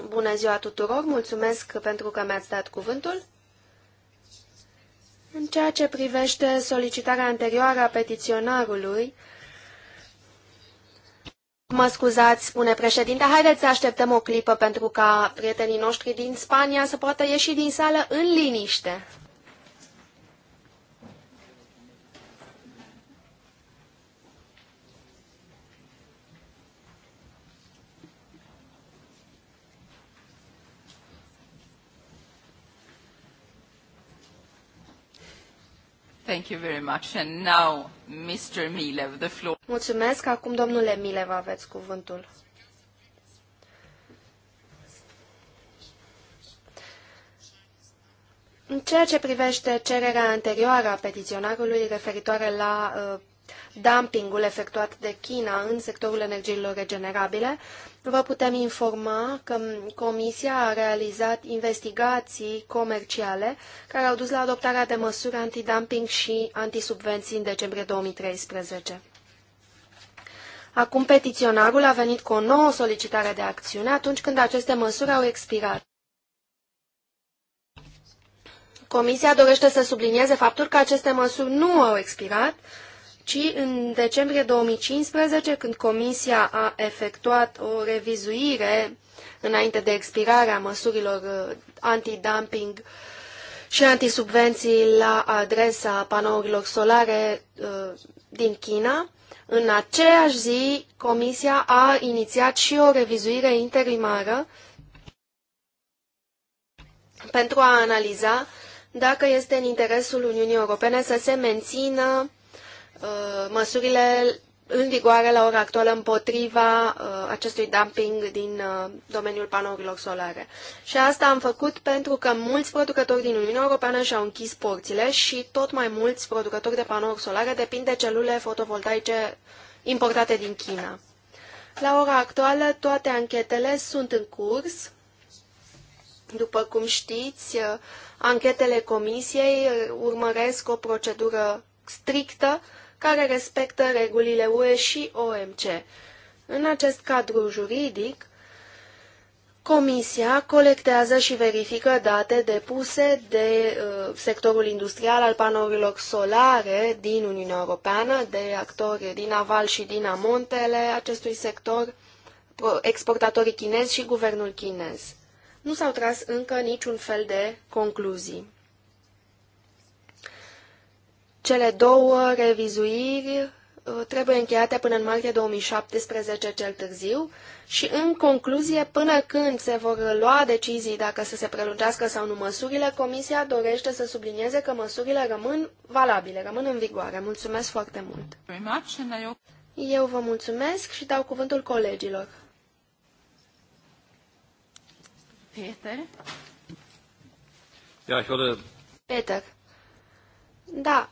Bună ziua tuturor, mulțumesc pentru că mi-ați dat cuvântul. În ceea ce privește solicitarea anterioară a petiționarului, Mă scuzați, spune președinte, haideți să așteptăm o clipă pentru ca prietenii noștri din Spania să poată ieși din sală în liniște. Thank you very much. And now, Mr. Milev, the floor. Mulțumesc. Acum, domnule Milev, aveți cuvântul. În ceea ce privește cererea anterioară a petiționarului referitoare la uh, dumpingul efectuat de China în sectorul energiilor regenerabile, vă putem informa că Comisia a realizat investigații comerciale care au dus la adoptarea de măsuri antidumping și antisubvenții în decembrie 2013. Acum petiționarul a venit cu o nouă solicitare de acțiune atunci când aceste măsuri au expirat. Comisia dorește să sublinieze faptul că aceste măsuri nu au expirat ci în decembrie 2015, când Comisia a efectuat o revizuire înainte de expirarea măsurilor uh, antidumping și antisubvenții la adresa panourilor solare uh, din China, în aceeași zi, Comisia a inițiat și o revizuire interimară pentru a analiza dacă este în interesul Uniunii Europene să se mențină Uh, măsurile în vigoare la ora actuală împotriva uh, acestui dumping din uh, domeniul panourilor solare. Și asta am făcut pentru că mulți producători din Uniunea Europeană și-au închis porțile și tot mai mulți producători de panouri solare depind de celule fotovoltaice importate din China. La ora actuală, toate anchetele sunt în curs. După cum știți, anchetele comisiei urmăresc o procedură strictă care respectă regulile UE și OMC. În acest cadru juridic, Comisia colectează și verifică date depuse de uh, sectorul industrial al panourilor solare din Uniunea Europeană, de actori din aval și din amontele acestui sector, uh, exportatorii chinezi și guvernul chinez. Nu s-au tras încă niciun fel de concluzii. Cele două revizuiri uh, trebuie încheiate până în martie 2017 cel târziu și în concluzie, până când se vor lua decizii dacă să se prelungească sau nu măsurile, Comisia dorește să sublinieze că măsurile rămân valabile, rămân în vigoare. Mulțumesc foarte mult! Eu vă mulțumesc și dau cuvântul colegilor. Peter? Peter. Da,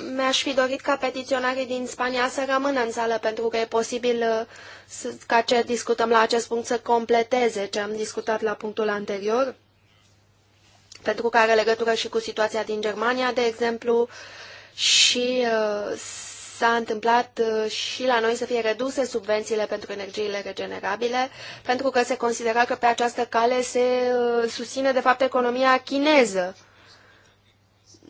mi-aș fi dorit ca petiționarii din Spania să rămână în sală, pentru că e posibil uh, să, ca ce discutăm la acest punct să completeze ce am discutat la punctul anterior, pentru că are legătură și cu situația din Germania, de exemplu, și uh, s-a întâmplat uh, și la noi să fie reduse subvențiile pentru energiile regenerabile, pentru că se considera că pe această cale se uh, susține, de fapt, economia chineză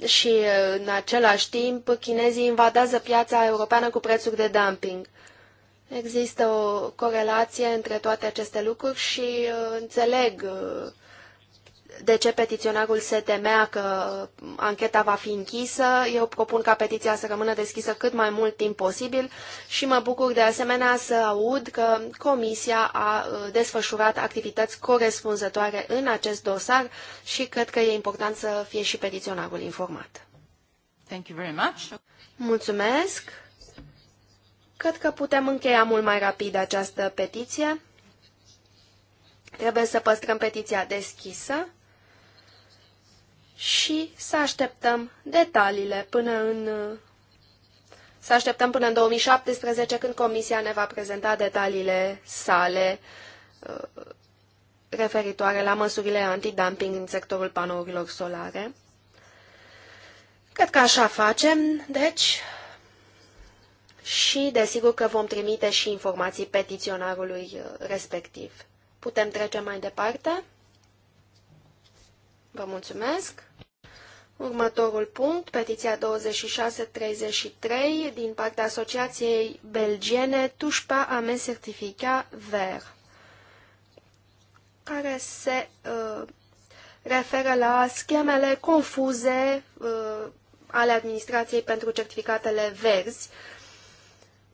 și uh, în același timp chinezii invadează piața europeană cu prețuri de dumping. Există o corelație între toate aceste lucruri și uh, înțeleg uh, de ce petiționarul se temea că uh, ancheta va fi închisă. Eu propun ca petiția să rămână deschisă cât mai mult timp posibil și mă bucur de asemenea să aud că Comisia a uh, desfășurat activități corespunzătoare în acest dosar și cred că e important să fie și petiționarul informat. Thank you very much. Mulțumesc! Cred că putem încheia mult mai rapid această petiție. Trebuie să păstrăm petiția deschisă și să așteptăm detaliile până în... Să așteptăm până în 2017 când Comisia ne va prezenta detaliile sale uh, referitoare la măsurile antidumping în sectorul panourilor solare. Cred că așa facem, deci, și desigur că vom trimite și informații petiționarului uh, respectiv. Putem trece mai departe? Vă mulțumesc. Următorul punct, petiția 2633 din partea Asociației Belgiene Tușpa Ame Certifica Ver, care se uh, referă la schemele confuze uh, ale administrației pentru certificatele verzi.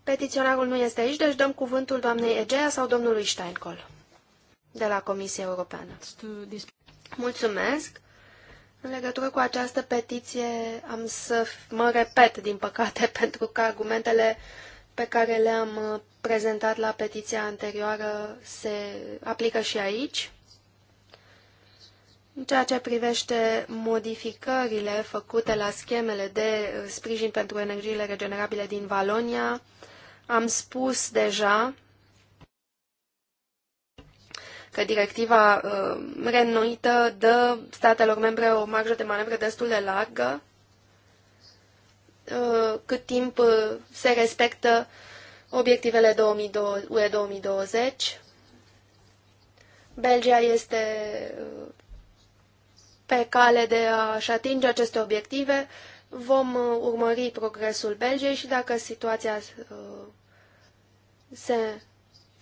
Petiționarul nu este aici, deci dăm cuvântul doamnei Egea sau domnului Steinkol de la Comisia Europeană. Mulțumesc. În legătură cu această petiție am să mă repet, din păcate, pentru că argumentele pe care le-am uh, prezentat la petiția anterioară se aplică și aici. În ceea ce privește modificările făcute la schemele de uh, sprijin pentru energiile regenerabile din Valonia, am spus deja că directiva uh, reînnoită dă statelor membre o marjă de manevră destul de largă, uh, cât timp uh, se respectă obiectivele 2020, UE 2020. Belgia este uh, pe cale de a-și atinge aceste obiective. Vom uh, urmări progresul Belgiei și dacă situația uh, se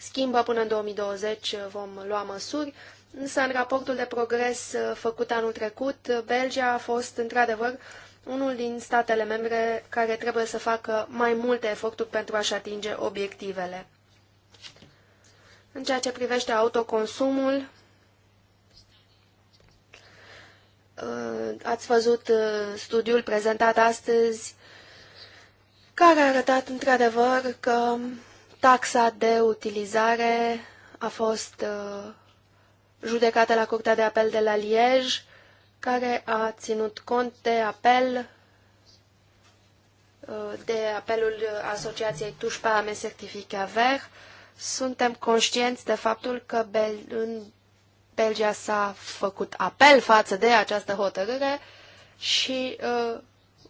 schimbă până în 2020, vom lua măsuri, însă în raportul de progres uh, făcut anul trecut, Belgia a fost într-adevăr unul din statele membre care trebuie să facă mai multe eforturi pentru a-și atinge obiectivele. În ceea ce privește autoconsumul, uh, ați văzut uh, studiul prezentat astăzi, care a arătat într-adevăr că Taxa de utilizare a fost uh, judecată la Curtea de Apel de la Liej, care a ținut cont de apel uh, de apelul Asociației Tușpa Ame Certifica Ver. Suntem conștienți de faptul că Bel- în Belgia s-a făcut apel față de această hotărâre și uh,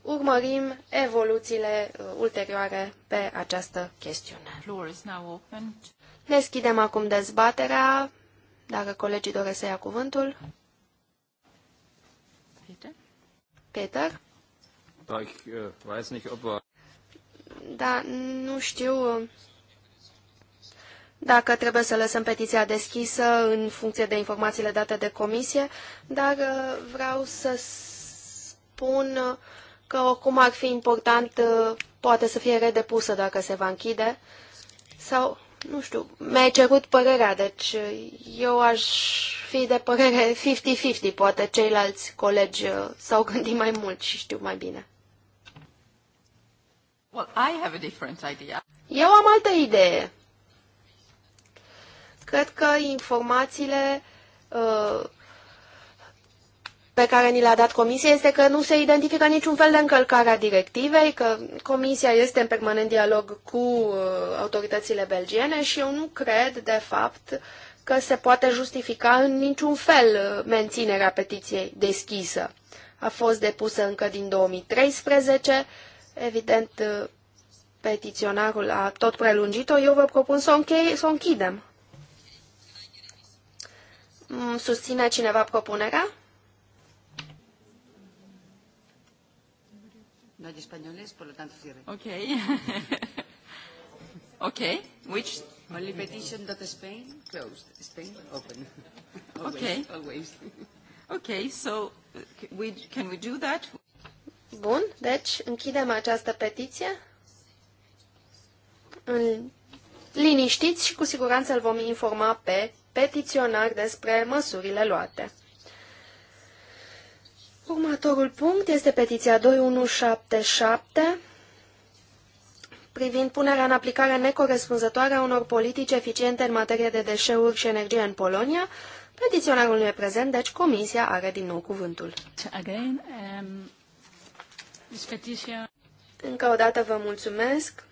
urmărim evoluțiile uh, ulterioare pe această chestiune. Deschidem acum dezbaterea. Dacă colegii doresc să ia cuvântul. Peter? Da, eh, da, nu știu uh, dacă trebuie să lăsăm petiția deschisă în funcție de informațiile date de comisie, dar uh, vreau să spun că oricum ar fi important, uh, poate să fie redepusă dacă se va închide. Sau, nu știu, mi-ai cerut părerea, deci uh, eu aș fi de părere 50-50, poate ceilalți colegi uh, s-au gândit mai mult și știu mai bine. Well, I have a different idea. Eu am altă idee. Cred că informațiile uh, pe care ni le-a dat Comisia este că nu se identifică niciun fel de încălcare a directivei, că Comisia este în permanent dialog cu uh, autoritățile belgiene și eu nu cred, de fapt, că se poate justifica în niciun fel uh, menținerea petiției deschisă. A fost depusă încă din 2013, evident uh, petiționarul a tot prelungit-o, eu vă propun să o, închei, să o închidem. Mm, susține cineva propunerea? No hay españoles, por lo tanto cierre. Ok. ok. Which? Only petition that Spain closed. Spain open. always, okay. Always. okay, so we, can we do that? Bun, deci închidem această petiție în liniștiți și cu siguranță îl vom informa pe petiționar despre măsurile luate. Următorul punct este petiția 2177 privind punerea în aplicare necorespunzătoare a unor politici eficiente în materie de deșeuri și energie în Polonia. Petiționarul nu e prezent, deci comisia are din nou cuvântul. Again, um, petition... Încă o dată vă mulțumesc.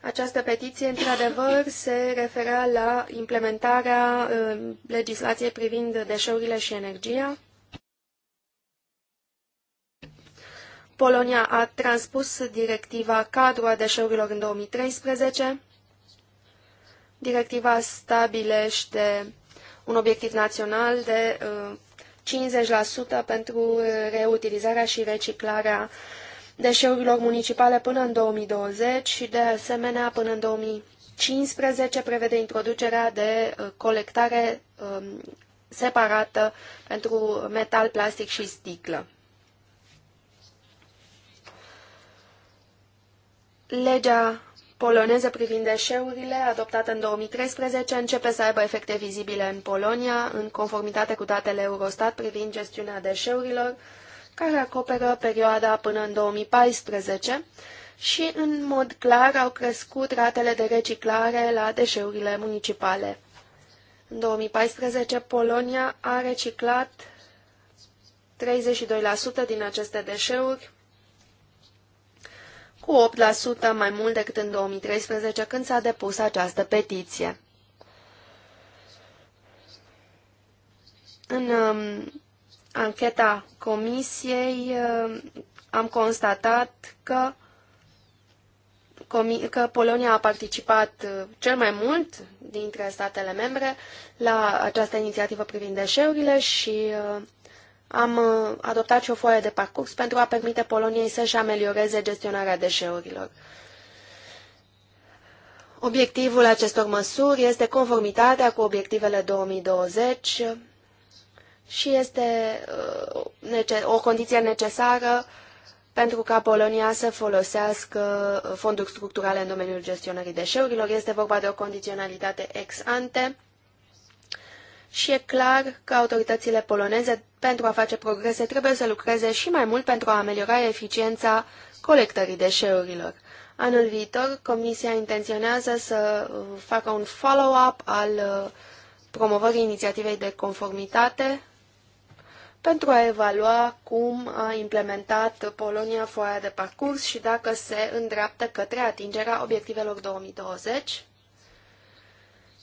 Această petiție, într-adevăr, se referea la implementarea uh, legislației privind deșeurile și energia. Polonia a transpus directiva cadru a deșeurilor în 2013. Directiva stabilește un obiectiv național de 50% uh, pentru uh, reutilizarea și reciclarea deșeurilor municipale până în 2020 și de asemenea până în 2015 prevede introducerea de uh, colectare um, separată pentru metal, plastic și sticlă. Legea poloneză privind deșeurile, adoptată în 2013, începe să aibă efecte vizibile în Polonia, în conformitate cu datele Eurostat privind gestiunea deșeurilor, care acoperă perioada până în 2014 și, în mod clar, au crescut ratele de reciclare la deșeurile municipale. În 2014, Polonia a reciclat 32% din aceste deșeuri, cu 8% mai mult decât în 2013 când s-a depus această petiție. În um, ancheta comisiei um, am constatat că, că Polonia a participat uh, cel mai mult dintre statele membre la această inițiativă privind deșeurile și uh, am uh, adoptat și o foaie de parcurs pentru a permite Poloniei să-și amelioreze gestionarea deșeurilor. Obiectivul acestor măsuri este conformitatea cu obiectivele 2020 și este uh, o condiție necesară pentru ca Polonia să folosească fonduri structurale în domeniul gestionării deșeurilor. Este vorba de o condiționalitate ex ante și e clar că autoritățile poloneze, pentru a face progrese, trebuie să lucreze și mai mult pentru a ameliora eficiența colectării deșeurilor. Anul viitor, Comisia intenționează să facă un follow-up al uh, promovării inițiativei de conformitate pentru a evalua cum a implementat Polonia foaia de parcurs și dacă se îndreaptă către atingerea obiectivelor 2020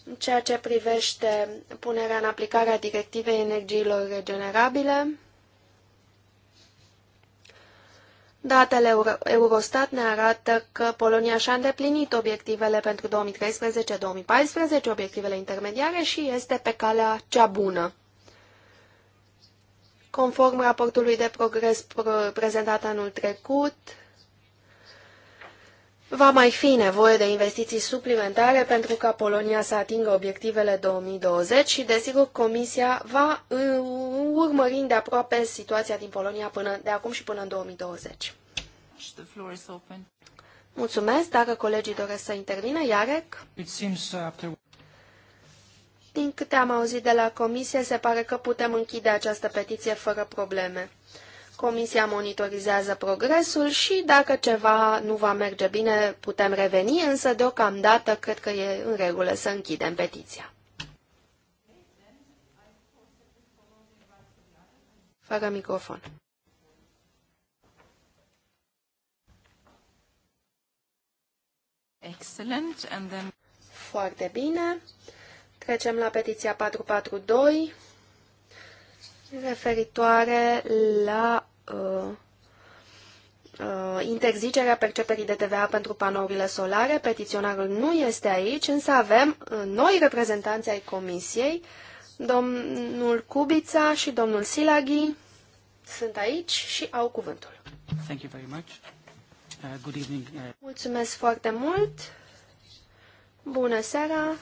în ceea ce privește punerea în aplicare a directivei energiilor regenerabile, Datele Eurostat ne arată că Polonia și-a îndeplinit obiectivele pentru 2013-2014, obiectivele intermediare și este pe calea cea bună. Conform raportului de progres prezentat anul trecut, Va mai fi nevoie de investiții suplimentare pentru ca Polonia să atingă obiectivele 2020 și, desigur, Comisia va uh, urmări de aproape situația din Polonia până de acum și până în 2020. Mulțumesc. Dacă colegii doresc să intervină, Iarec? Uh, din câte am auzit de la Comisie, se pare că putem închide această petiție fără probleme. Comisia monitorizează progresul și dacă ceva nu va merge bine, putem reveni, însă deocamdată cred că e în regulă să închidem petiția. Fără microfon. Excellent. And then... Foarte bine. Trecem la petiția 442 referitoare la uh, uh, interzicerea perceperii de TVA pentru panourile solare. Petiționarul nu este aici, însă avem uh, noi reprezentanți ai comisiei, domnul Cubița și domnul Silaghi sunt aici și au cuvântul. Thank you very much. Uh, good evening. Uh. Mulțumesc foarte mult. Bună seara.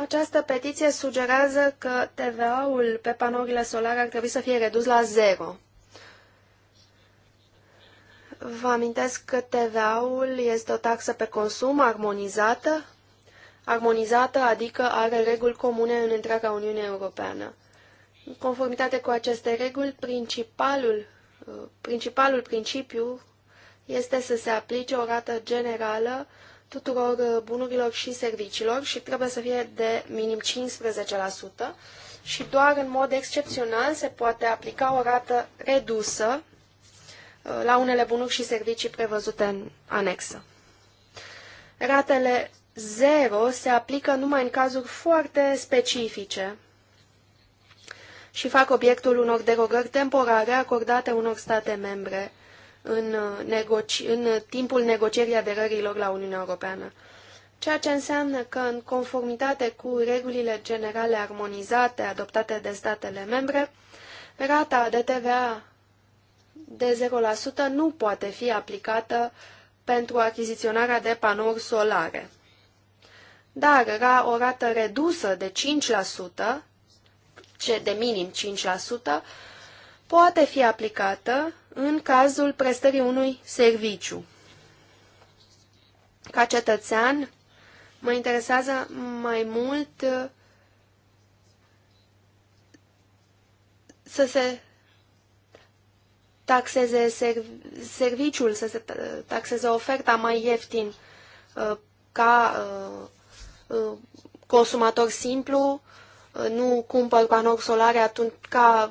Această petiție sugerează că TVA-ul pe panourile solare ar trebui să fie redus la zero. Vă amintesc că TVA-ul este o taxă pe consum armonizată, armonizată adică are reguli comune în întreaga Uniune Europeană. În conformitate cu aceste reguli, principalul, principalul principiu este să se aplice o rată generală tuturor uh, bunurilor și serviciilor și trebuie să fie de minim 15% și doar în mod excepțional se poate aplica o rată redusă uh, la unele bunuri și servicii prevăzute în anexă. Ratele 0 se aplică numai în cazuri foarte specifice și fac obiectul unor derogări temporare acordate unor state membre în, uh, negoci- în uh, timpul negocierii aderărilor la Uniunea Europeană. Ceea ce înseamnă că, în conformitate cu regulile generale armonizate adoptate de statele membre, rata de TVA de 0% nu poate fi aplicată pentru achiziționarea de panouri solare. Dar o rată redusă de 5%, ce de minim poate fi aplicată în cazul prestării unui serviciu. Ca cetățean, mă interesează mai mult uh, să se taxeze serviciul, să se taxeze oferta mai ieftin uh, ca uh, consumator simplu, nu cumpăr panouri solare atunci ca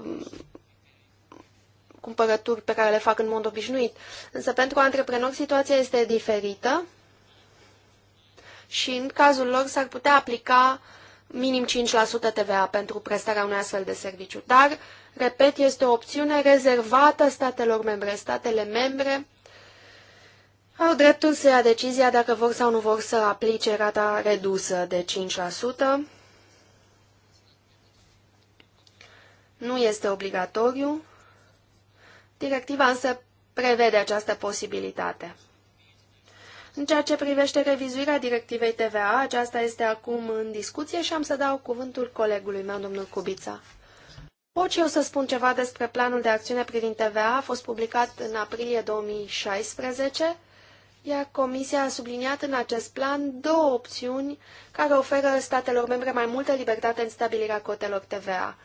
cumpărături pe care le fac în mod obișnuit. Însă pentru antreprenori situația este diferită și în cazul lor s-ar putea aplica minim 5% TVA pentru prestarea unui astfel de serviciu. Dar, repet, este o opțiune rezervată statelor membre. Statele membre au dreptul să ia decizia dacă vor sau nu vor să aplice rata redusă de 5%. Nu este obligatoriu. Directiva însă prevede această posibilitate. În ceea ce privește revizuirea directivei TVA, aceasta este acum în discuție și am să dau cuvântul colegului meu, domnul Cubița. Pot eu să spun ceva despre planul de acțiune privind TVA, a fost publicat în aprilie 2016, iar Comisia a subliniat în acest plan două opțiuni care oferă statelor membre mai multă libertate în stabilirea cotelor TVA.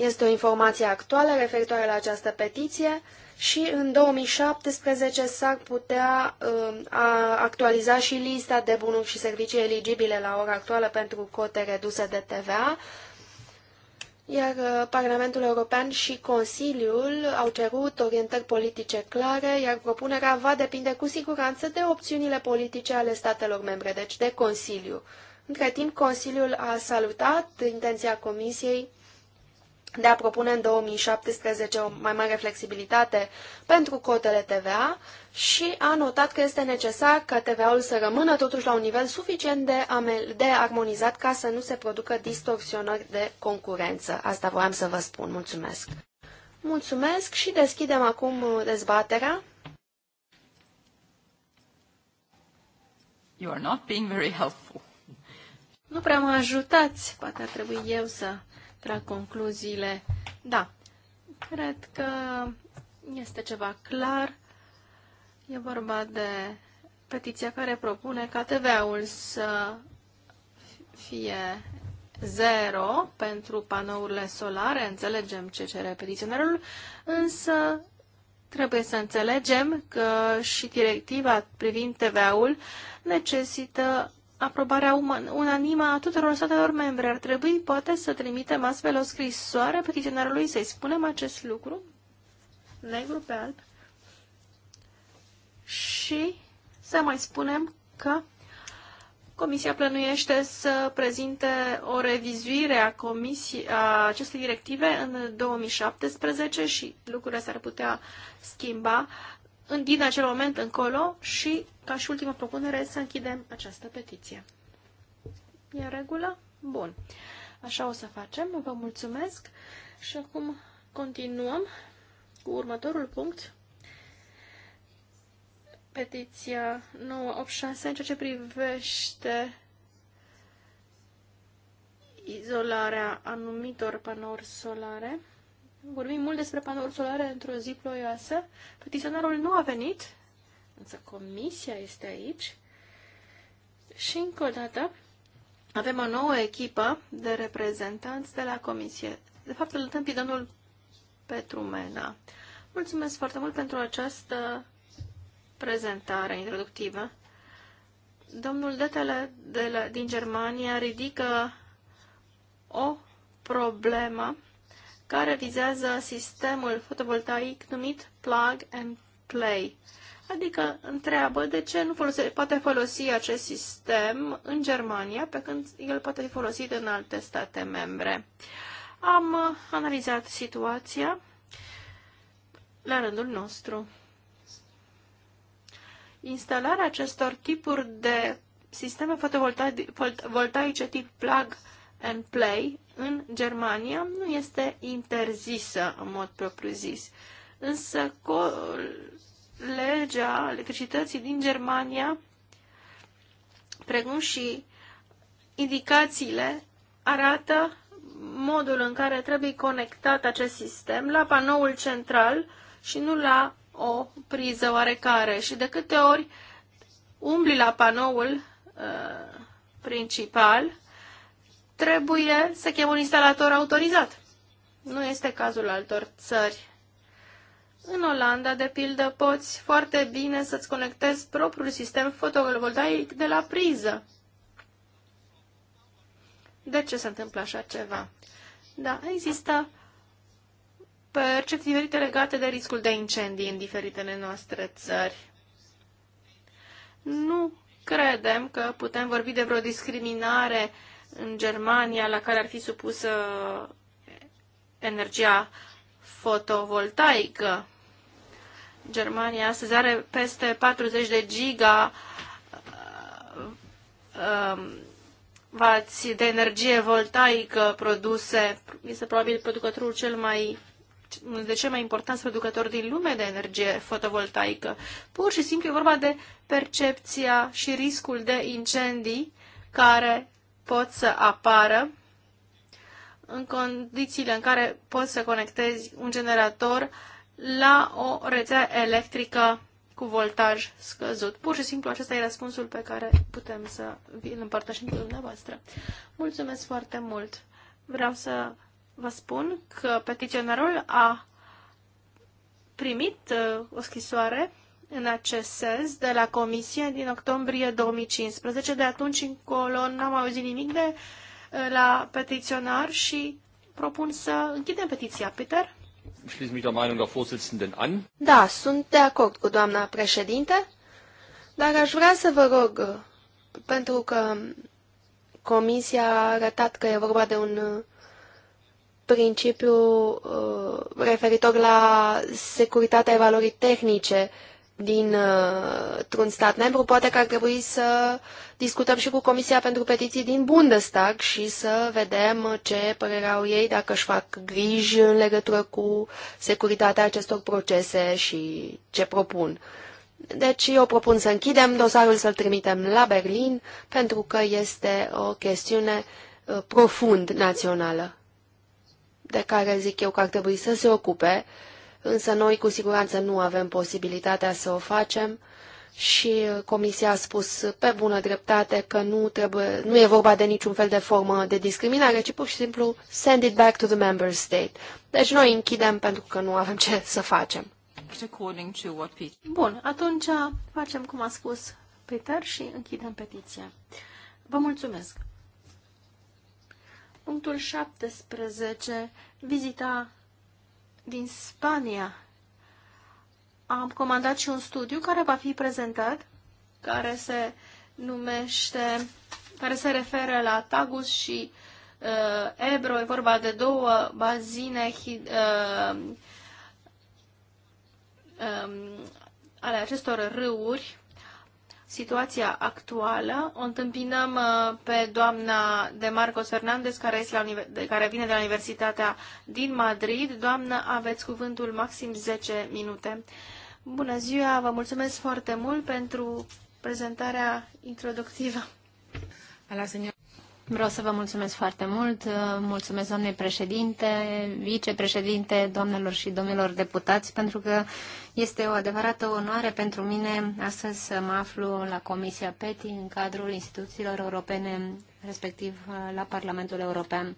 Este o informație actuală referitoare la această petiție și în 2017 s-ar putea uh, actualiza și lista de bunuri și servicii eligibile la ora actuală pentru cote reduse de TVA, iar uh, Parlamentul European și Consiliul au cerut orientări politice clare, iar propunerea va depinde cu siguranță de opțiunile politice ale statelor membre, deci de Consiliu. Între timp, Consiliul a salutat intenția Comisiei de a propune în 2017 o mai mare flexibilitate pentru cotele TVA și a notat că este necesar ca TVA-ul să rămână totuși la un nivel suficient de, de armonizat ca să nu se producă distorsionări de concurență. Asta voiam să vă spun. Mulțumesc! Mulțumesc și deschidem acum dezbaterea. You are not being very helpful. Nu prea mă ajutați, poate ar trebui eu să trag concluziile. Da, cred că este ceva clar. E vorba de petiția care propune ca TVA-ul să fie zero pentru panourile solare, înțelegem ce cere petiționarul, însă trebuie să înțelegem că și directiva privind TVA-ul necesită aprobarea unanimă a tuturor statelor membre. Ar trebui, poate, să trimitem astfel o scrisoare petiționarului să-i spunem acest lucru, negru pe alb, și să mai spunem că Comisia plănuiește să prezinte o revizuire a, comisii, a acestei directive în 2017 și lucrurile s-ar putea schimba în, din acel moment încolo și, ca și ultimă propunere, să închidem această petiție. E în regulă? Bun. Așa o să facem. Vă mulțumesc. Și acum continuăm cu următorul punct. Petiția 986 în ceea ce privește izolarea anumitor panouri solare vorbim mult despre panouri solare într-o zi ploioasă. Petiționarul nu a venit, însă comisia este aici. Și încă o dată avem o nouă echipă de reprezentanți de la comisie. De fapt, îl întâmpi domnul Mena. Mulțumesc foarte mult pentru această prezentare introductivă. Domnul Detele de la, din Germania ridică o problemă care vizează sistemul fotovoltaic numit Plug and Play. Adică întreabă de ce nu folose, poate folosi acest sistem în Germania, pe când el poate fi folosit în alte state membre. Am analizat situația la rândul nostru. Instalarea acestor tipuri de sisteme fotovoltaice tip plug and play în Germania nu este interzisă în mod propriu-zis. Însă legea electricității din Germania, precum și indicațiile, arată modul în care trebuie conectat acest sistem la panoul central și nu la o priză oarecare. Și de câte ori umbli la panoul uh, principal, trebuie să chem un instalator autorizat. Nu este cazul altor țări. În Olanda, de pildă, poți foarte bine să-ți conectezi propriul sistem fotovoltaic de la priză. De ce se întâmplă așa ceva? Da, există percepții diferite legate de riscul de incendii în diferitele noastre țări. Nu credem că putem vorbi de vreo discriminare uh, în Germania la care ar fi supusă energia fotovoltaică. Germania astăzi are peste 40 de giga vați um, de energie voltaică produse. Este probabil producătorul cel mai unul de ce mai important producător din lume de energie fotovoltaică. Pur și simplu e vorba de percepția și riscul de incendii care pot să apară în condițiile în care poți să conectezi un generator la o rețea electrică cu voltaj scăzut. Pur și simplu acesta e răspunsul pe care putem să îl împărtășim cu dumneavoastră. Mulțumesc foarte mult! Vreau să vă spun că peticionerul a primit uh, o scrisoare în acest sens de la Comisie din octombrie 2015. De atunci încolo n-am auzit nimic de uh, la petiționar și propun să închidem petiția. Peter? Da, sunt de acord cu doamna președinte, dar aș vrea să vă rog, uh, pentru că Comisia a arătat că e vorba de un uh, principiu referitor la securitatea evaluării tehnice dintr-un uh, stat membru, poate că ar trebui să discutăm și cu Comisia pentru Petiții din Bundestag și să vedem ce părere au ei, dacă își fac griji în legătură cu securitatea acestor procese și ce propun. Deci eu propun să închidem dosarul, să-l trimitem la Berlin, pentru că este o chestiune uh, profund națională, de care zic eu că ar trebui să se ocupe uh, însă noi cu siguranță nu avem posibilitatea să o facem și Comisia a spus pe bună dreptate că nu, trebuie, nu e vorba de niciun fel de formă de discriminare, ci pur și simplu send it back to the member state. Deci noi închidem pentru că nu avem ce să facem. Bun, atunci facem cum a spus Peter și închidem petiția. Vă mulțumesc! Punctul 17. Vizita din Spania. Am comandat și un studiu care va fi prezentat, care se numește, care se referă la Tagus și uh, Ebro. E vorba de două bazine uh, um, ale acestor râuri situația actuală. O întâmpinăm uh, pe doamna de Marcos Fernandez, care, este la, care vine de la Universitatea din Madrid. Doamnă, aveți cuvântul maxim 10 minute. Bună ziua, vă mulțumesc foarte mult pentru prezentarea introductivă. La senior... Vreau să vă mulțumesc foarte mult. Mulțumesc doamnei președinte, vicepreședinte, doamnelor și domnilor deputați, pentru că este o adevărată onoare pentru mine astăzi să mă aflu la Comisia PETI în cadrul instituțiilor europene, respectiv la Parlamentul European.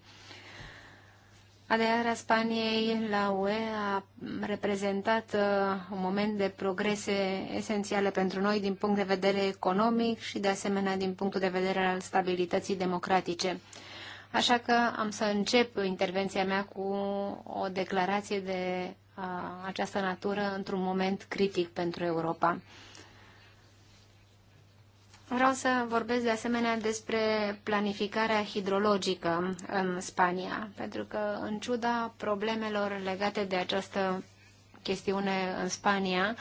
Aderarea Spaniei la UE a reprezentat uh, un moment de progrese esențiale pentru noi din punct de vedere economic și de asemenea din punctul de vedere al stabilității democratice. Așa că am să încep intervenția mea cu o declarație de uh, această natură într-un moment critic pentru Europa. Vreau să vorbesc de asemenea despre planificarea hidrologică în Spania, pentru că în ciuda problemelor legate de această chestiune în Spania, uh,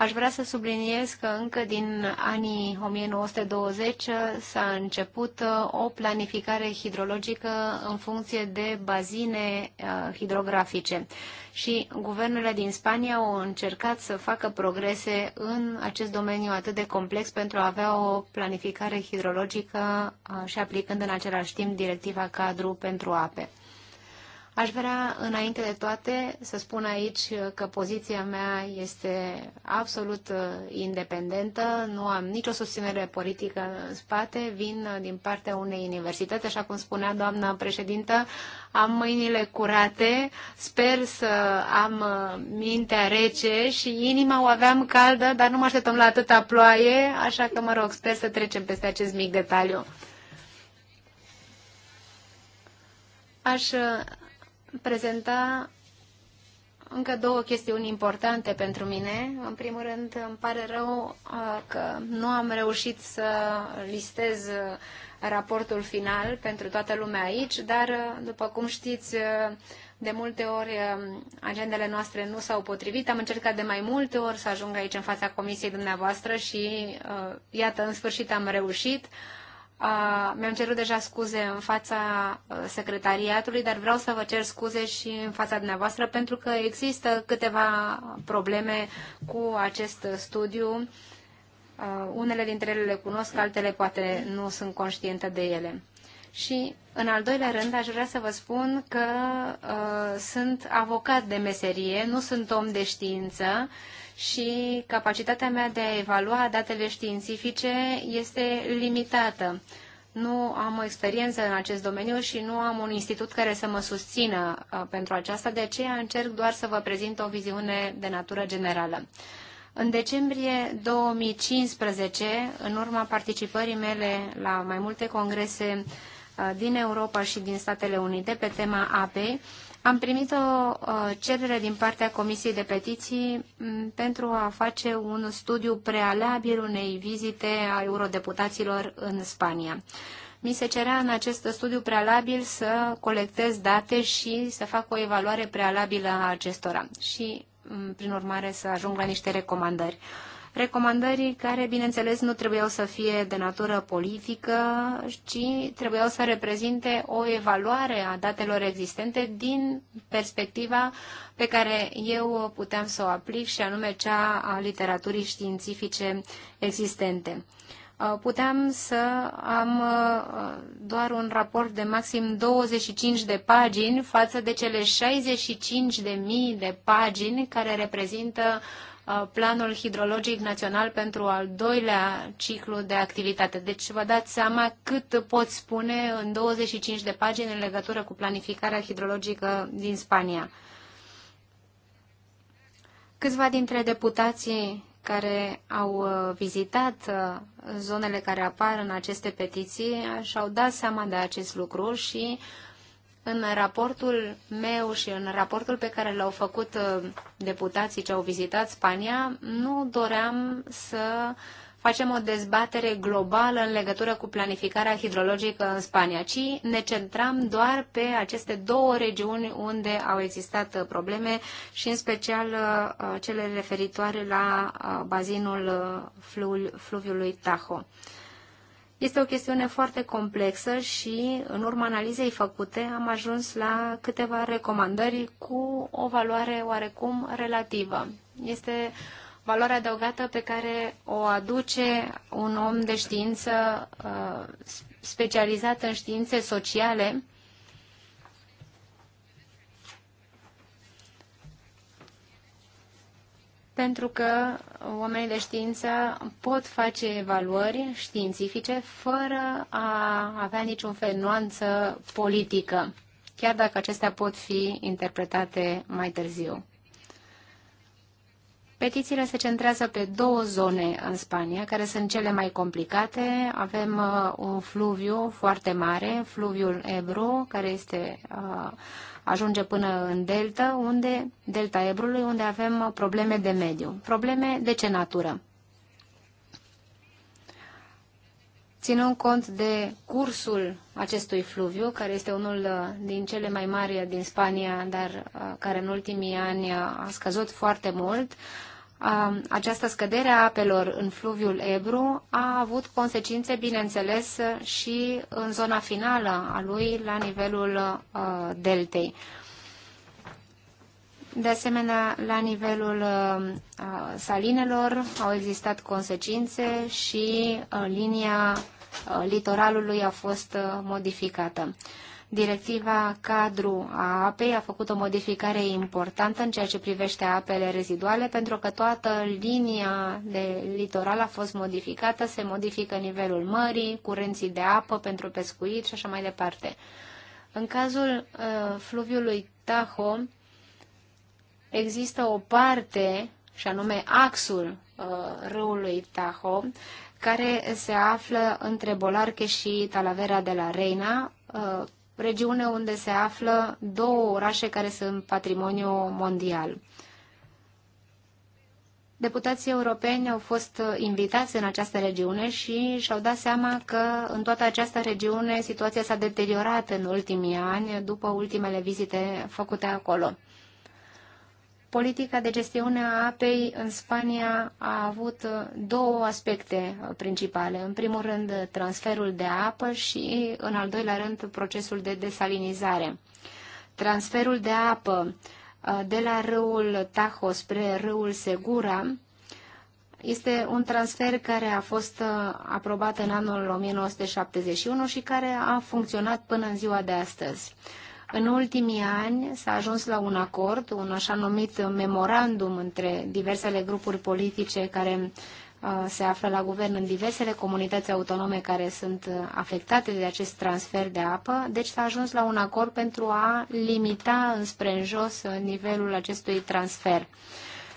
Aș vrea să subliniez că încă din anii 1920 s-a început uh, o planificare hidrologică în funcție de bazine uh, hidrografice și guvernele din Spania au încercat să facă progrese în acest domeniu atât de complex pentru a avea o planificare hidrologică uh, și aplicând în același timp directiva cadru pentru ape. Aș vrea, înainte de toate, să spun aici că poziția mea este absolut uh, independentă, nu am nicio susținere politică în spate, vin uh, din partea unei universități, așa cum spunea doamna președintă, am mâinile curate, sper să am uh, mintea rece și inima o aveam caldă, dar nu mă așteptăm la atâta ploaie, așa că, mă rog, sper să trecem peste acest mic detaliu. Aș prezenta încă două chestiuni importante pentru mine. În primul rând, îmi pare rău uh, că nu am reușit să listez uh, raportul final pentru toată lumea aici, dar, uh, după cum știți, de multe ori agendele noastre nu s-au potrivit. Am încercat de mai multe ori să ajung aici în fața comisiei dumneavoastră și, iată, în sfârșit am reușit. Uh, mi-am cerut deja scuze în fața uh, secretariatului, dar vreau să vă cer scuze și în fața dumneavoastră pentru că există câteva probleme cu acest studiu. Uh, unele dintre ele le cunosc, altele poate nu sunt conștientă de ele. Și, în al doilea rând, aș vrea să vă spun că uh, sunt avocat de meserie, nu sunt om de știință și capacitatea mea de a evalua datele științifice este limitată. Nu am o experiență în acest domeniu și nu am un institut care să mă susțină uh, pentru aceasta, de aceea încerc doar să vă prezint o viziune de natură generală. În decembrie 2015, în urma participării mele la mai multe congrese uh, din Europa și din Statele Unite pe tema apei, am primit o cerere din partea Comisiei de Petiții pentru a face un studiu prealabil unei vizite a eurodeputaților în Spania. Mi se cerea în acest studiu prealabil să colectez date și să fac o evaluare prealabilă a acestora și, prin urmare, să ajung la niște recomandări recomandări care, bineînțeles, nu trebuiau să fie de natură politică, ci trebuiau să reprezinte o evaluare a datelor existente din perspectiva pe care eu puteam să o aplic și anume cea a literaturii științifice existente uh, puteam să am uh, doar un raport de maxim 25 de pagini față de cele 65 de mii de pagini care reprezintă Uh, planul hidrologic național pentru al doilea ciclu de activitate. Deci vă dați seama cât pot spune în 25 de pagini în legătură cu planificarea hidrologică din Spania. Câțiva dintre deputații care au uh, vizitat uh, zonele care apar în aceste petiții și-au dat seama de acest lucru și uh, în raportul meu și în raportul pe care l-au făcut uh, deputații ce au vizitat Spania, nu doream să facem o dezbatere globală în legătură cu planificarea hidrologică în Spania, ci ne centram doar pe aceste două regiuni unde au existat uh, probleme și în special uh, cele referitoare la bazinul flu fluviului Tahoe. Este o chestiune foarte complexă și, în urma analizei făcute, am ajuns la câteva recomandări cu o valoare oarecum relativă. Este valoarea adăugată pe care o aduce un om de știință uh, specializat în științe sociale pentru că oamenii de știință pot face evaluări științifice fără a avea niciun fel nuanță politică, chiar dacă acestea pot fi interpretate mai târziu. Petițiile se centrează pe două zone în Spania, care sunt cele mai complicate. Avem uh, un fluviu foarte mare, fluviul Ebro, care este uh, ajunge până în delta, unde, delta Ebrului, unde avem probleme de mediu. Probleme de ce natură? Ținând cont de cursul acestui fluviu, care este unul uh, din cele mai mari din Spania, dar uh, care în ultimii ani uh, a scăzut foarte mult, Um, această scădere a apelor în fluviul Ebru a avut consecințe, bineînțeles, și în zona finală a lui, la nivelul uh, deltei. De asemenea, la nivelul uh, salinelor au existat consecințe și uh, linia litoralului a fost modificată. Directiva cadru a apei a făcut o modificare importantă în ceea ce privește apele reziduale, pentru că toată linia de litoral a fost modificată, se modifică nivelul mării, curenții de apă pentru pescuit și așa mai departe. În cazul uh, fluviului Taho, există o parte, și anume axul uh, râului Taho, care se află între Bolarche și Talavera de la Reina, uh, regiune unde se află două orașe care sunt patrimoniu mondial. Deputații europeni au fost invitați în această regiune și și-au dat seama că în toată această regiune situația s-a deteriorat în ultimii ani după ultimele vizite făcute acolo. Politica de gestiune a apei în Spania a avut uh, două aspecte uh, principale. În primul rând, uh, transferul de apă și, în al doilea rând, procesul de desalinizare. Transferul de apă de la râul Tajo spre râul Segura este un transfer care a fost aprobat în anul 1971 și care a funcționat până în ziua de astăzi. În ultimii ani s-a ajuns la un acord, un așa numit memorandum între diversele grupuri politice care uh, se află la guvern în diversele comunități autonome care sunt uh, afectate de acest transfer de apă, deci s-a ajuns la un acord pentru a limita înspre în jos nivelul acestui transfer.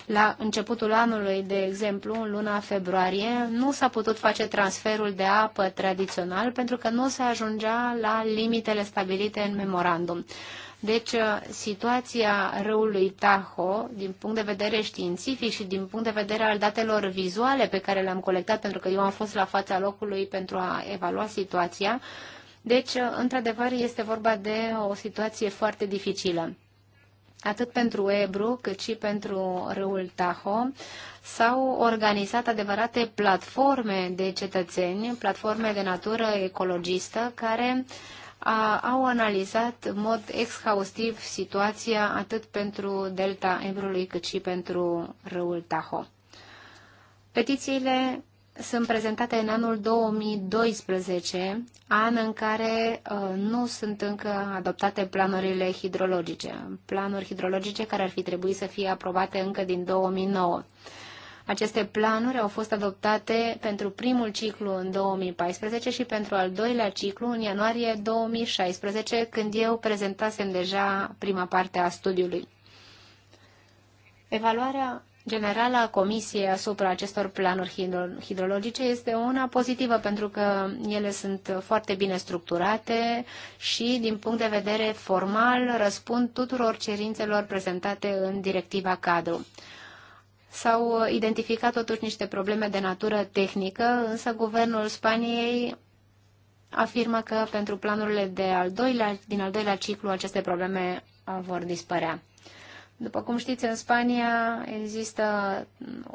La începutul anului, de exemplu, în luna februarie, nu s-a putut face transferul de apă tradițional pentru că nu se ajungea la limitele stabilite în memorandum. Deci, uh, situația râului Taho din punct de vedere științific și din punct de vedere al datelor vizuale pe care le-am colectat, pentru că eu am fost la fața locului pentru a evalua situația, deci, uh, într-adevăr, este vorba de o situație foarte dificilă atât pentru Ebru cât și pentru râul Taho, s-au organizat adevărate platforme de cetățeni, platforme de natură ecologistă, care a, au analizat în mod exhaustiv situația atât pentru delta Ebrului cât și pentru râul Taho. Petițiile sunt prezentate în anul 2012, an în care uh, nu sunt încă adoptate planurile hidrologice, planuri hidrologice care ar fi trebuit să fie aprobate încă din 2009. Aceste planuri au fost adoptate pentru primul ciclu în 2014 și pentru al doilea ciclu în ianuarie 2016, când eu prezentasem deja prima parte a studiului. Evaluarea generală a Comisiei asupra acestor planuri hidrologice este una pozitivă pentru că ele sunt foarte bine structurate și din punct de vedere formal răspund tuturor cerințelor prezentate în directiva cadru. S-au identificat totuși niște probleme de natură tehnică, însă guvernul Spaniei afirmă că pentru planurile de al doilea, din al doilea ciclu aceste probleme vor dispărea. După cum știți, în Spania există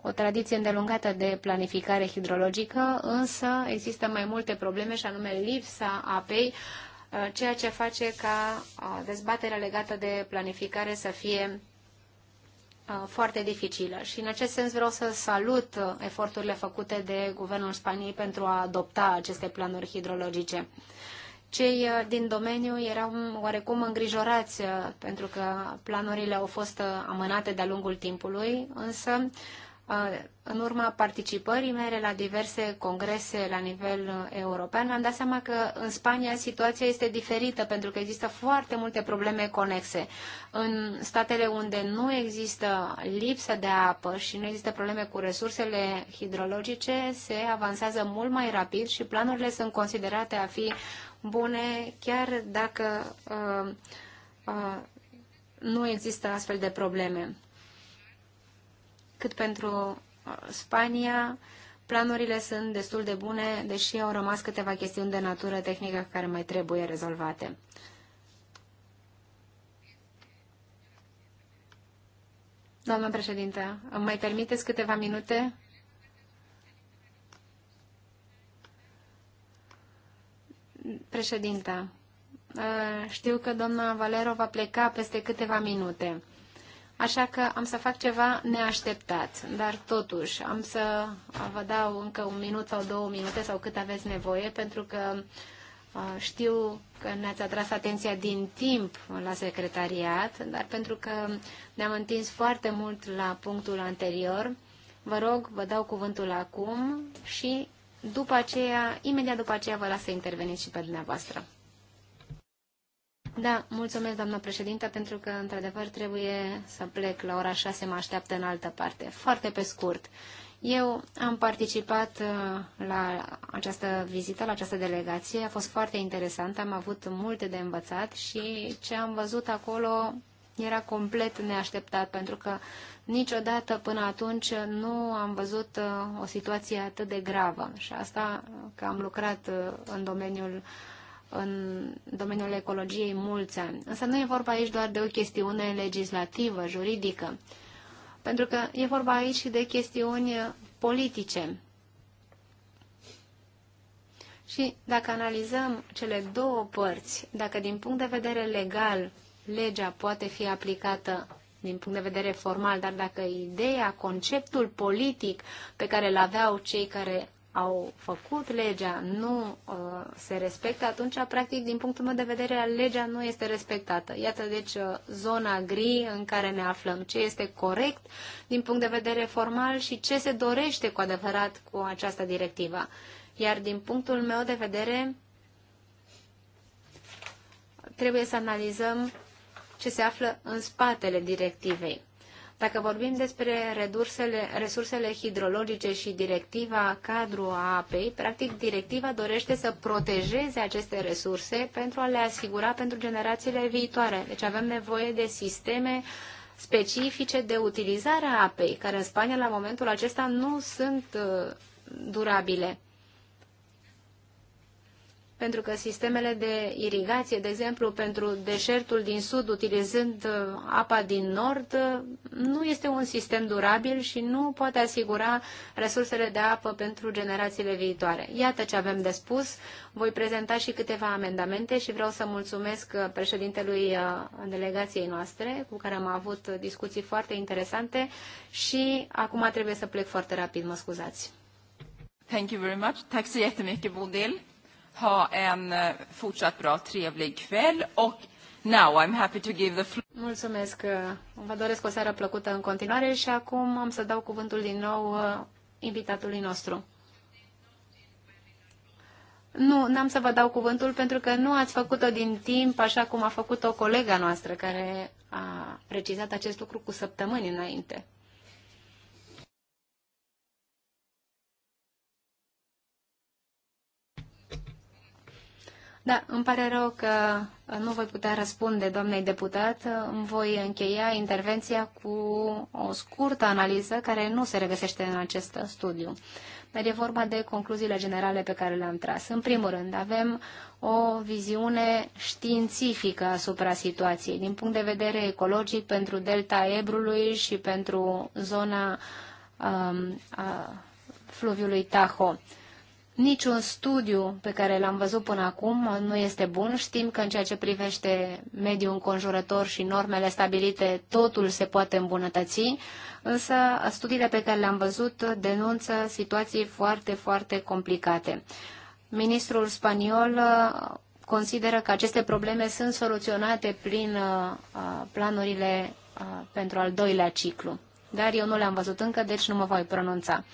o tradiție îndelungată de planificare hidrologică, însă există mai multe probleme și anume lipsa apei, ceea ce face ca dezbaterea legată de planificare să fie foarte dificilă. Și în acest sens vreau să salut eforturile făcute de Guvernul Spaniei pentru a adopta aceste planuri hidrologice. Cei uh, din domeniu erau oarecum îngrijorați uh, pentru că planurile au fost uh, amânate de-a lungul timpului, însă în urma participării mele la diverse congrese la nivel european, am dat seama că în Spania situația este diferită pentru că există foarte multe probleme conexe. În statele unde nu există lipsă de apă și nu există probleme cu resursele hidrologice, se avansează mult mai rapid și planurile sunt considerate a fi bune, chiar dacă uh, uh, nu există astfel de probleme. Cât pentru uh, Spania, planurile sunt destul de bune, deși au rămas câteva chestiuni de natură tehnică care mai trebuie rezolvate. Doamna președintă, îmi mai permiteți câteva minute? Președinta, uh, știu că doamna Valero va pleca peste câteva minute, așa că am să fac ceva neașteptat, dar totuși am să vă dau încă un minut sau două minute sau cât aveți nevoie, pentru că uh, știu că ne-ați atras atenția din timp la secretariat, dar pentru că ne-am întins foarte mult la punctul anterior, vă rog, vă dau cuvântul acum și după aceea, imediat după aceea vă las să interveniți și pe dumneavoastră. Da, mulțumesc, doamna președintă, pentru că, într-adevăr, trebuie să plec la ora 6, mă așteaptă în altă parte. Foarte pe scurt. Eu am participat uh, la această vizită, la această delegație, a fost foarte interesant, am avut multe de învățat și ce am văzut acolo era complet neașteptat, pentru că niciodată până atunci nu am văzut uh, o situație atât de gravă. Și asta uh, că am lucrat uh, în domeniul în domeniul ecologiei mulți ani. Însă nu e vorba aici doar de o chestiune legislativă, juridică, pentru că e vorba aici și de chestiuni politice. Și dacă analizăm cele două părți, dacă din punct de vedere legal legea poate fi aplicată din punct de vedere formal, dar dacă ideea, conceptul politic pe care îl aveau cei care au făcut legea nu uh, se respectă, atunci, practic, din punctul meu de vedere, legea nu este respectată. Iată, deci, uh, zona gri în care ne aflăm, ce este corect din punct de vedere formal și ce se dorește cu adevărat cu această directivă. Iar din punctul meu de vedere, trebuie să analizăm ce se află în spatele directivei. Dacă vorbim despre redursele, resursele hidrologice și directiva cadru a apei, practic directiva dorește să protejeze aceste resurse pentru a le asigura pentru generațiile viitoare. Deci avem nevoie de sisteme specifice de utilizare a apei, care în Spania la momentul acesta nu sunt uh, durabile pentru că sistemele de irigație, de exemplu, pentru deșertul din sud, utilizând uh, apa din nord, uh, nu este un sistem durabil și nu poate asigura resursele de apă pentru generațiile viitoare. Iată ce avem de spus. Voi prezenta și câteva amendamente și vreau să mulțumesc uh, președintelui delegației noastre, cu care am avut discuții foarte interesante și acum trebuie să plec foarte rapid, mă scuzați. Thank you very much. Tack ha en eh, fortsatt bra, trevlig kväll och now I'm happy to give the floor. Mulțumesc. Eh, vă doresc o seară plăcută în continuare și acum am să dau cuvântul din nou eh, invitatului nostru. Nu, n-am să vă dau cuvântul pentru că nu ați făcut-o din timp, așa cum a făcut-o colega noastră care a precizat acest lucru cu săptămâni înainte. Da, îmi pare rău că uh, nu voi putea răspunde doamnei deputat. Uh, îmi voi încheia intervenția cu o scurtă analiză care nu se regăsește în acest studiu. Dar e vorba de concluziile generale pe care le-am tras. În primul rând, avem o viziune științifică asupra situației, din punct de vedere ecologic pentru delta Ebrului și pentru zona um, a, fluviului Tahoe Niciun studiu pe care l-am văzut până acum nu este bun. Știm că în ceea ce privește mediul înconjurător și normele stabilite, totul se poate îmbunătăți, însă studiile pe care le-am văzut denunță situații foarte, foarte complicate. Ministrul spaniol uh, consideră că aceste probleme sunt soluționate prin uh, planurile uh, pentru al doilea ciclu, dar eu nu le-am văzut încă, deci nu mă voi pronunța.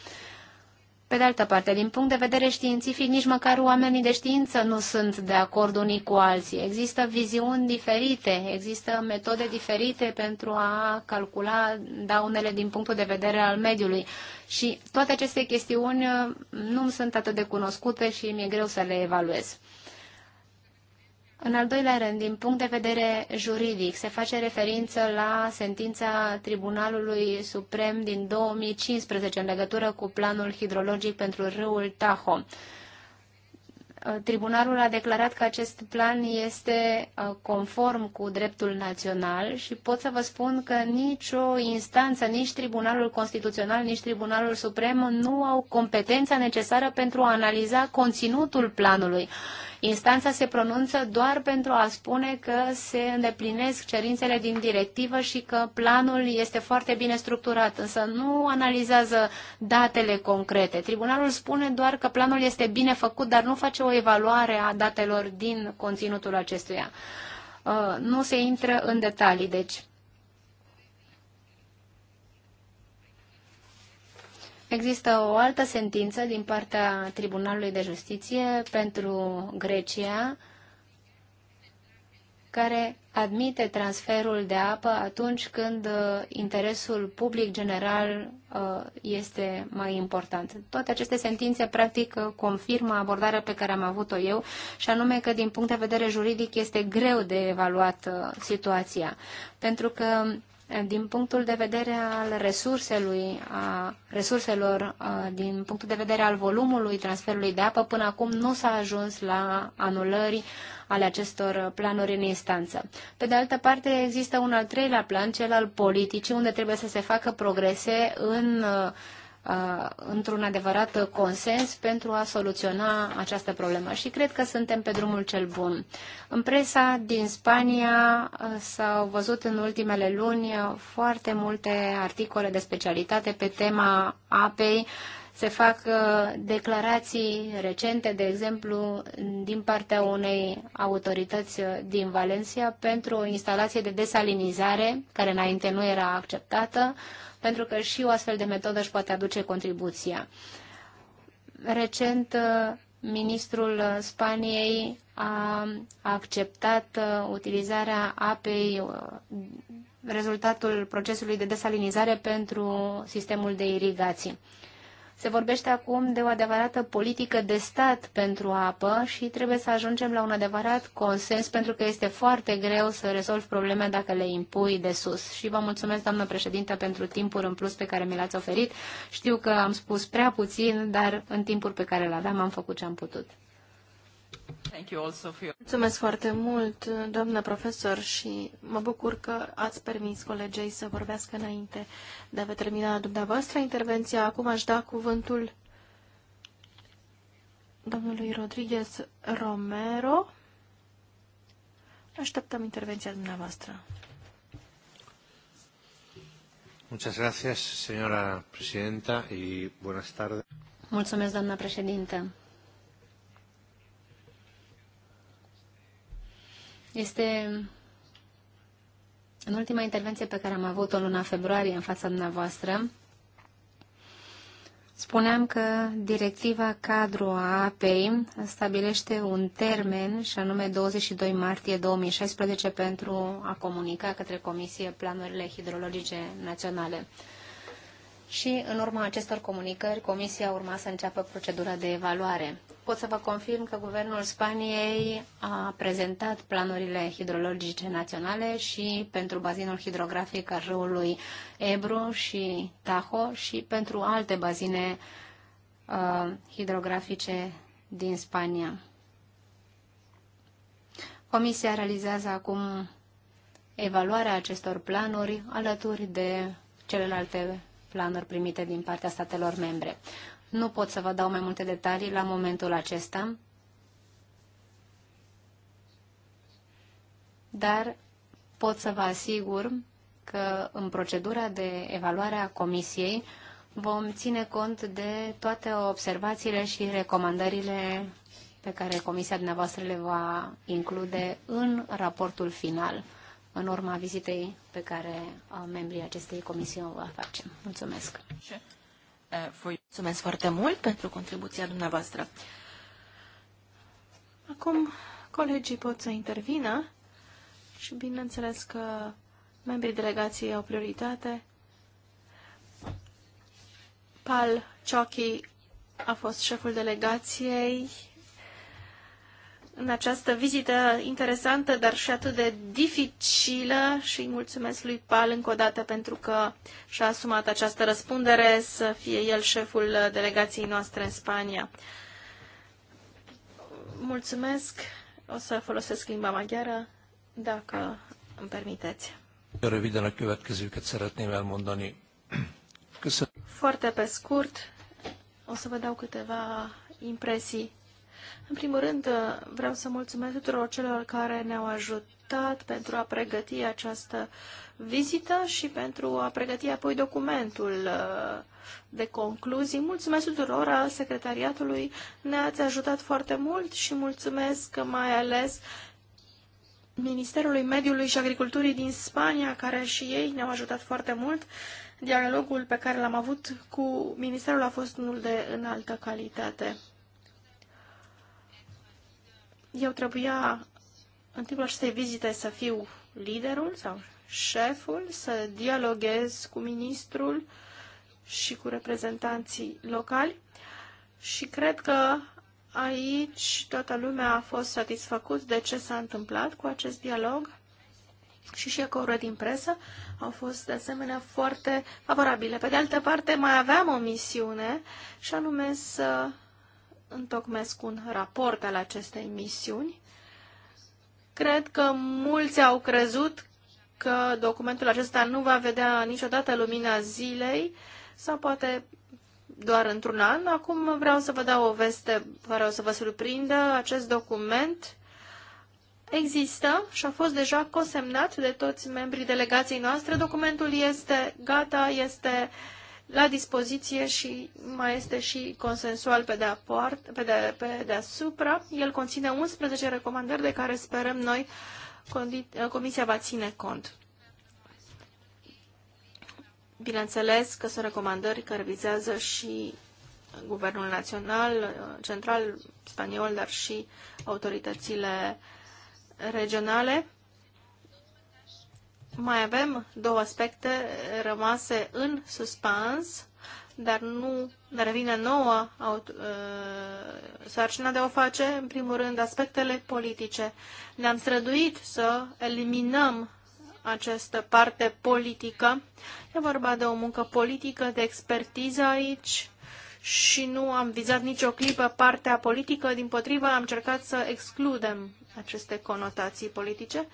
Pe de altă parte, din punct de vedere științific, nici măcar oamenii de știință nu sunt de acord unii cu alții. Există viziuni diferite, există metode diferite pentru a calcula daunele din punctul de vedere al mediului. Și toate aceste chestiuni uh, nu sunt atât de cunoscute și mi-e greu să le evaluez. În al doilea rând, din punct de vedere juridic, se face referință la sentința Tribunalului Suprem din 2015 în legătură cu planul hidrologic pentru râul Tahoe. Tribunalul a declarat că acest plan este uh, conform cu dreptul național și pot să vă spun că nicio instanță, nici Tribunalul Constituțional, nici Tribunalul Suprem nu au competența necesară pentru a analiza conținutul planului Instanța se pronunță doar pentru a spune că se îndeplinesc cerințele din directivă și că planul este foarte bine structurat, însă nu analizează datele concrete. Tribunalul spune doar că planul este bine făcut, dar nu face o evaluare a datelor din conținutul acestuia. Uh, nu se intră în detalii, deci Există o altă sentință din partea Tribunalului de Justiție pentru Grecia care admite transferul de apă atunci când uh, interesul public general uh, este mai important. Toate aceste sentințe, practic, uh, confirmă abordarea pe care am avut-o eu, și anume că, din punct de vedere juridic, este greu de evaluat situația. Pentru că din punctul de vedere al resurselui, a resurselor, din punctul de vedere al volumului transferului de apă, până acum nu s-a ajuns la anulări ale acestor planuri în instanță. Pe de altă parte, există un al treilea plan, cel al politicii, unde trebuie să se facă progrese în uh, într-un adevărat consens pentru a soluționa această problemă și cred că suntem pe drumul cel bun. În presa din Spania s-au văzut în ultimele luni foarte multe articole de specialitate pe tema apei se fac uh, declarații recente, de exemplu, din partea unei autorități uh, din Valencia pentru o instalație de desalinizare, care înainte nu era acceptată, pentru că și o astfel de metodă își poate aduce contribuția. Recent, uh, ministrul Spaniei a acceptat utilizarea apei, rezultatul procesului de desalinizare pentru sistemul de irigații. Se vorbește acum de o adevărată politică de stat pentru apă și trebuie să ajungem la un adevărat consens pentru că este foarte greu să rezolvi probleme dacă le impui de sus. Și vă mulțumesc, doamnă președinte, pentru timpul în plus pe care mi l-ați oferit. Știu că am spus prea puțin, dar în timpul pe care l aveam am făcut ce am putut. Mulțumesc foarte mult, doamnă profesor, și mă bucur că ați permis colegei să vorbească înainte de a vă termina dumneavoastră intervenția. Acum aș da cuvântul domnului Rodriguez Romero. Așteptăm intervenția dumneavoastră. Muchas gracias, señora presidenta, y buenas tardes. Mulțumesc, doamnă președintă. Este în ultima intervenție pe care am avut-o luna februarie în fața dumneavoastră, Spuneam că directiva cadru a APEI stabilește un termen, și anume 22 martie 2016, pentru a comunica către Comisie planurile hidrologice naționale și în urma acestor comunicări Comisia urma să înceapă procedura de evaluare. Pot să vă confirm că Guvernul Spaniei a prezentat planurile hidrologice naționale și pentru bazinul hidrografic al râului Ebru și Tajo și pentru alte bazine uh, hidrografice din Spania. Comisia realizează acum evaluarea acestor planuri alături de celelalte planuri primite din partea statelor membre. Nu pot să vă dau mai multe detalii la momentul acesta, dar pot să vă asigur că în procedura de evaluare a Comisiei vom ține cont de toate observațiile și recomandările pe care Comisia dumneavoastră le va include în raportul final în urma vizitei pe care uh, membrii acestei comisii o va face. Mulțumesc! Mulțumesc foarte mult pentru contribuția dumneavoastră. Acum colegii pot să intervină și bineînțeles că membrii delegației au prioritate. Pal Ciochi a fost șeful delegației în această vizită interesantă, dar și atât de dificilă și îi mulțumesc lui Pal încă o dată pentru că și-a asumat această răspundere să fie el șeful delegației noastre în Spania. Mulțumesc, o să folosesc limba maghiară, dacă îmi permiteți. Röviden elmondani. Foarte pe scurt, o să vă dau câteva impresii în primul rând, uh, vreau să mulțumesc tuturor celor care ne-au ajutat pentru a pregăti această vizită și pentru a pregăti apoi documentul uh, de concluzii. Mulțumesc tuturor al secretariatului, ne-ați ajutat foarte mult și mulțumesc mai ales Ministerului Mediului și Agriculturii din Spania, care și ei ne-au ajutat foarte mult. Dialogul pe care l-am avut cu Ministerul a fost unul de înaltă calitate eu trebuia în timpul acestei vizite să fiu liderul sau șeful, să dialoghez cu ministrul și cu reprezentanții locali și cred că aici toată lumea a fost satisfăcut de ce s-a întâmplat cu acest dialog și și acolo din presă au fost de asemenea foarte favorabile. Pe de altă parte, mai aveam o misiune și anume să întocmesc un raport al acestei misiuni. Cred că mulți au crezut că documentul acesta nu va vedea niciodată lumina zilei sau poate doar într-un an. Acum vreau să vă dau o veste care o să vă surprindă. Acest document există și a fost deja consemnat de toți membrii delegației noastre. Documentul este gata, este uh, la dispoziție și mai este și consensual pe, deaport, pe, de, pe deasupra. El conține 11 recomandări de care sperăm noi Comisia va ține cont. Bineînțeles că sunt recomandări care vizează și Guvernul Național, Central Spaniol, dar și autoritățile regionale. Mai avem două aspecte rămase în suspans, dar nu dar revine nouă aut, uh, sarcina de a o face, în primul rând, aspectele politice. Ne-am străduit să eliminăm această parte politică. E vorba de o muncă politică, de expertiză aici și nu am vizat nicio clipă partea politică, din potrivă am încercat să excludem aceste conotații politice.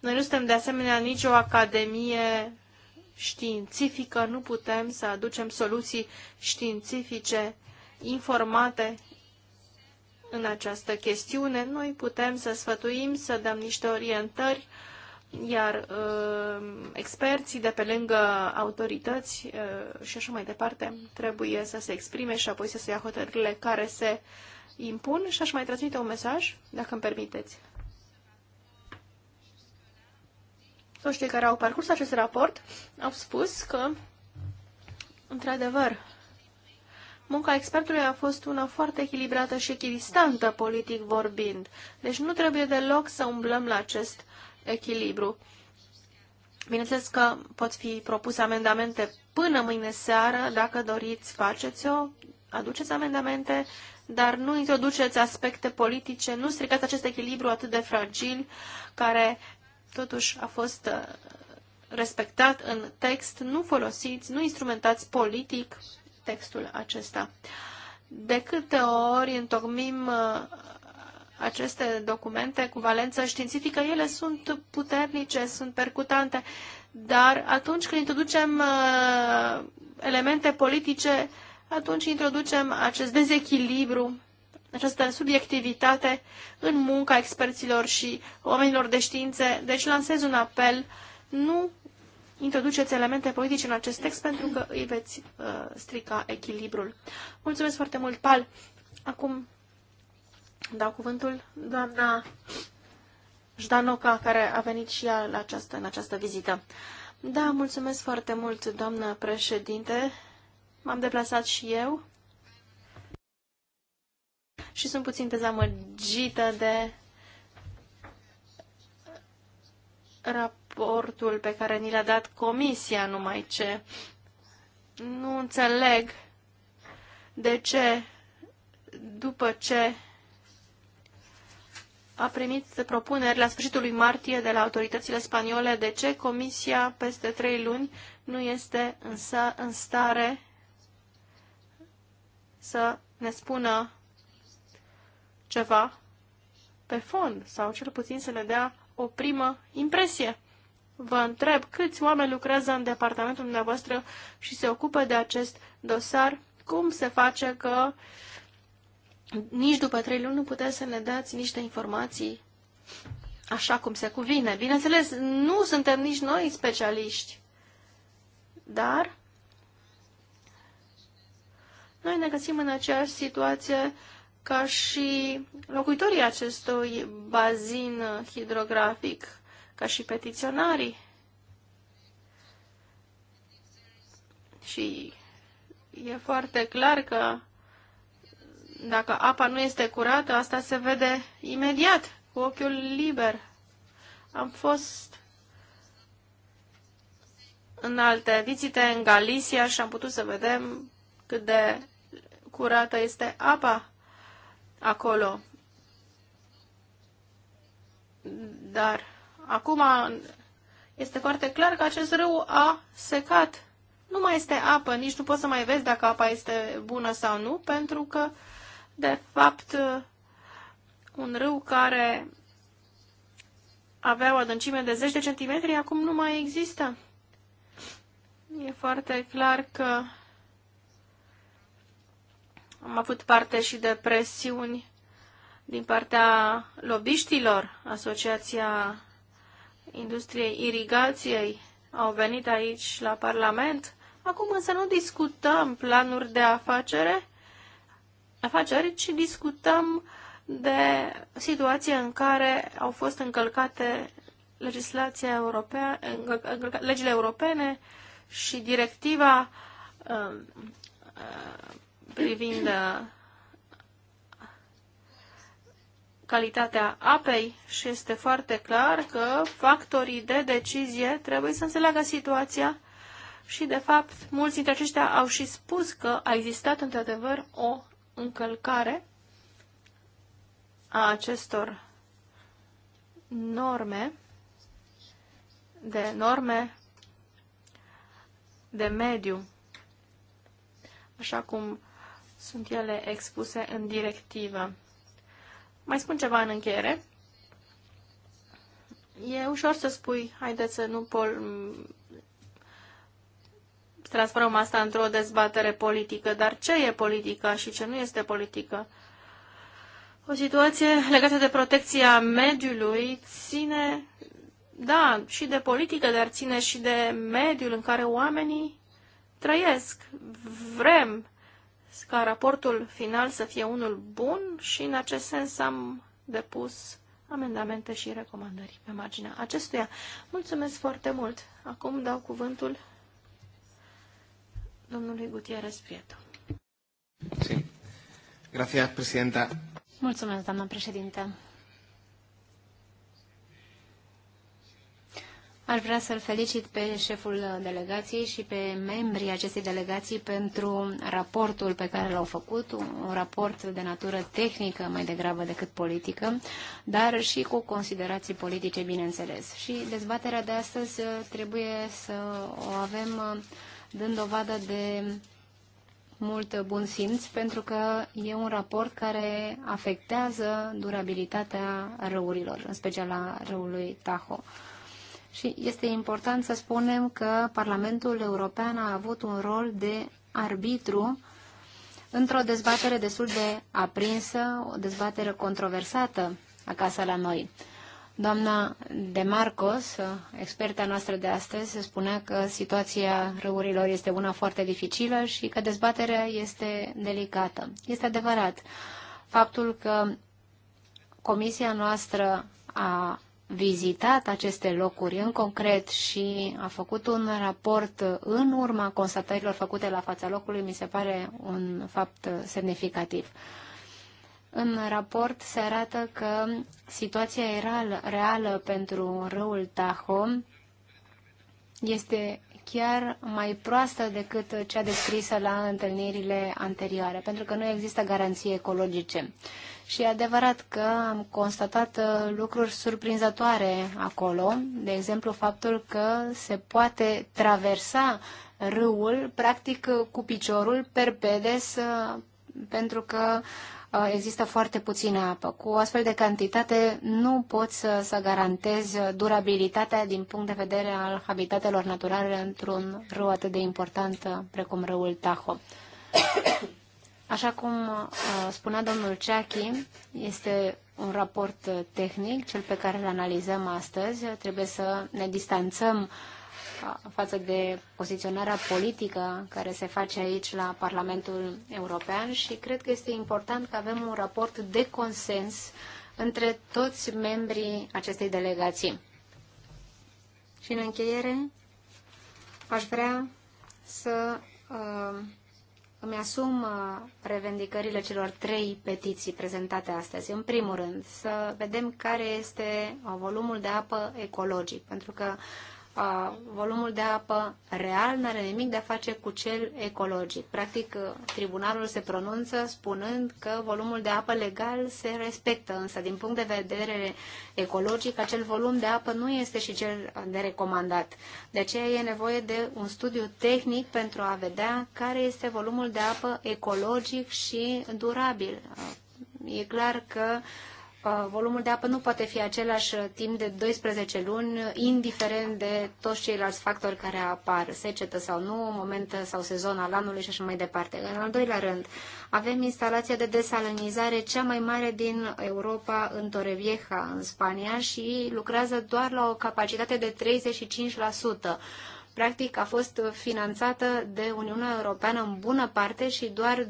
Noi nu suntem de asemenea nicio academie științifică, nu putem să aducem soluții științifice informate în această chestiune. Noi putem să sfătuim, să dăm niște orientări, iar uh, experții de pe lângă autorități uh, și așa mai departe trebuie să se exprime și apoi să se ia hotărârile care se uh, impun și aș mai transmite un mesaj, dacă îmi permiteți. Toți cei care au parcurs acest raport au spus că, într-adevăr, munca expertului a fost una foarte echilibrată și echidistantă politic vorbind. Deci nu trebuie deloc să umblăm la acest echilibru. Bineînțeles că pot fi propuse amendamente până mâine seară, dacă doriți, faceți-o aduceți amendamente, dar nu introduceți aspecte politice, nu stricați acest echilibru atât de fragil, care totuși a fost uh, respectat în text, nu folosiți, nu instrumentați politic textul acesta. De câte ori întocmim uh, aceste documente cu valență științifică, ele sunt puternice, sunt percutante, dar atunci când introducem uh, elemente politice, atunci introducem acest dezechilibru, această subiectivitate în munca experților și oamenilor de științe. Deci lansez un apel, nu introduceți elemente politice în acest text pentru că îi veți uh, strica echilibrul. Mulțumesc foarte mult, Pal. Acum dau cuvântul doamna Jdanoca, care a venit și ea la această, în această vizită. Da, mulțumesc foarte mult, doamnă președinte. M-am deplasat și eu și sunt puțin dezamăgită de raportul pe care ni l-a dat comisia numai ce. Nu înțeleg de ce, după ce a primit propuneri la sfârșitul lui martie de la autoritățile spaniole, de ce comisia peste trei luni nu este însă în stare să ne spună ceva pe fond sau cel puțin să ne dea o primă impresie. Vă întreb câți oameni lucrează în departamentul dumneavoastră și se ocupă de acest dosar? Cum se face că nici după trei luni nu puteți să ne dați niște informații așa cum se cuvine? Bineînțeles, nu suntem nici noi specialiști, dar noi ne găsim în aceeași situație ca și locuitorii acestui bazin hidrografic, ca și petiționarii. Și e foarte clar că dacă apa nu este curată, asta se vede imediat, cu ochiul liber. Am fost în alte vizite în Galicia și am putut să vedem cât de curată este apa acolo. Dar acum este foarte clar că acest râu a secat. Nu mai este apă, nici nu poți să mai vezi dacă apa este bună sau nu, pentru că, de fapt, un râu care avea o adâncime de 10 de centimetri, acum nu mai există. E foarte clar că am avut parte și de presiuni din partea lobiștilor, Asociația Industriei Irigației au venit aici la Parlament. Acum însă nu discutăm planuri de afacere, afaceri, ci discutăm de situația în care au fost încălcate legislația europeană, legile europene și directiva um, uh, privind uh, calitatea apei și este foarte clar că factorii de decizie trebuie să înțeleagă situația și, de fapt, mulți dintre aceștia au și spus că a existat, într-adevăr, o încălcare a acestor norme, de norme de mediu, așa cum sunt ele expuse în directivă. Mai spun ceva în încheiere. E ușor să spui, haideți să nu pol... transformăm asta într-o dezbatere politică, dar ce e politica și ce nu este politică? O situație legată de protecția mediului ține, da, și de politică, dar ține și de mediul în care oamenii trăiesc. Vrem ca raportul final să fie unul bun și în acest sens am depus amendamente și recomandări pe marginea acestuia. Mulțumesc foarte mult! Acum dau cuvântul domnului Gutierrez Prieto. Sí. Gracias, presidenta. Mulțumesc, doamna președinte. Aș vrea să-l felicit pe șeful delegației și pe membrii acestei delegații pentru raportul pe care l-au făcut, un raport de natură tehnică mai degrabă decât politică, dar și cu considerații politice, bineînțeles. Și dezbaterea de astăzi uh, trebuie să o avem uh, dând dovadă de mult bun simț, pentru că e un raport care afectează durabilitatea răurilor, în special a răului Tahoe. Și este important să spunem că Parlamentul European a avut un rol de arbitru într-o dezbatere destul de aprinsă, o dezbatere controversată acasă la noi. Doamna De Marcos, experta noastră de astăzi, spunea că situația râurilor este una foarte dificilă și că dezbaterea este delicată. Este adevărat. Faptul că comisia noastră a vizitat aceste locuri în concret și a făcut un raport în urma constatărilor făcute la fața locului, mi se pare un fapt semnificativ. În raport se arată că situația reală, reală pentru râul Tahoe este chiar mai proastă decât cea descrisă la întâlnirile anterioare, pentru că nu există garanții ecologice. Și e adevărat că am constatat uh, lucruri surprinzătoare acolo, de exemplu faptul că se poate traversa râul, practic uh, cu piciorul, perpedes, uh, pentru că există foarte puțină apă. Cu o astfel de cantitate nu poți să, să garantezi durabilitatea din punct de vedere al habitatelor naturale într-un râu atât de important precum râul Tahoe. Așa cum uh, spunea domnul Ceachi, este un raport uh, tehnic, cel pe care îl analizăm astăzi. Trebuie să ne distanțăm uh, față de poziționarea politică care se face aici la Parlamentul European și cred că este important că avem un raport de consens între toți membrii acestei delegații. Și în încheiere, aș vrea să uh, îmi asum uh, revendicările celor trei petiții prezentate astăzi. În primul rând, să vedem care este uh, volumul de apă ecologic, pentru că volumul de apă real nu are nimic de a face cu cel ecologic. Practic, uh, tribunalul se pronunță spunând că volumul de apă legal se respectă, însă din punct de vedere ecologic, acel volum de apă nu este și cel de recomandat. De aceea e nevoie de un studiu tehnic pentru a vedea care este volumul de apă ecologic și durabil. Uh, e clar că uh, Uh, volumul de apă nu poate fi același uh, timp de 12 luni, indiferent de toți ceilalți factori care apar, secetă sau nu, moment sau sezon al anului și așa mai departe. În al doilea rând, avem instalația de desalinizare cea mai mare din Europa, în Torrevieja, în Spania, și lucrează doar la o capacitate de 35% practic a fost finanțată de Uniunea Europeană în bună parte și doar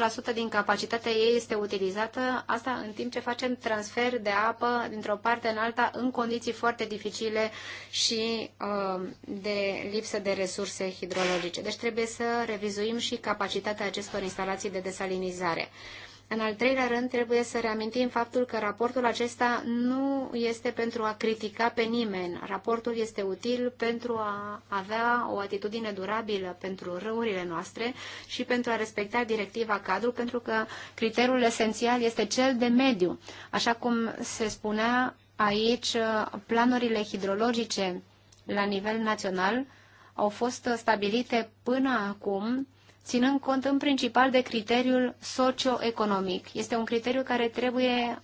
20% din capacitatea ei este utilizată, asta în timp ce facem transfer de apă dintr-o parte în alta în condiții foarte dificile și uh, de lipsă de resurse hidrologice. Deci trebuie să revizuim și capacitatea acestor instalații de desalinizare. În al treilea rând, trebuie să reamintim faptul că raportul acesta nu este pentru a critica pe nimeni. Raportul este util pentru a avea o atitudine durabilă pentru râurile noastre și pentru a respecta directiva cadru, pentru că criteriul esențial este cel de mediu. Așa cum se spunea aici, planurile hidrologice la nivel național au fost stabilite până acum ținând cont în principal de criteriul socioeconomic. Este un criteriu care trebuie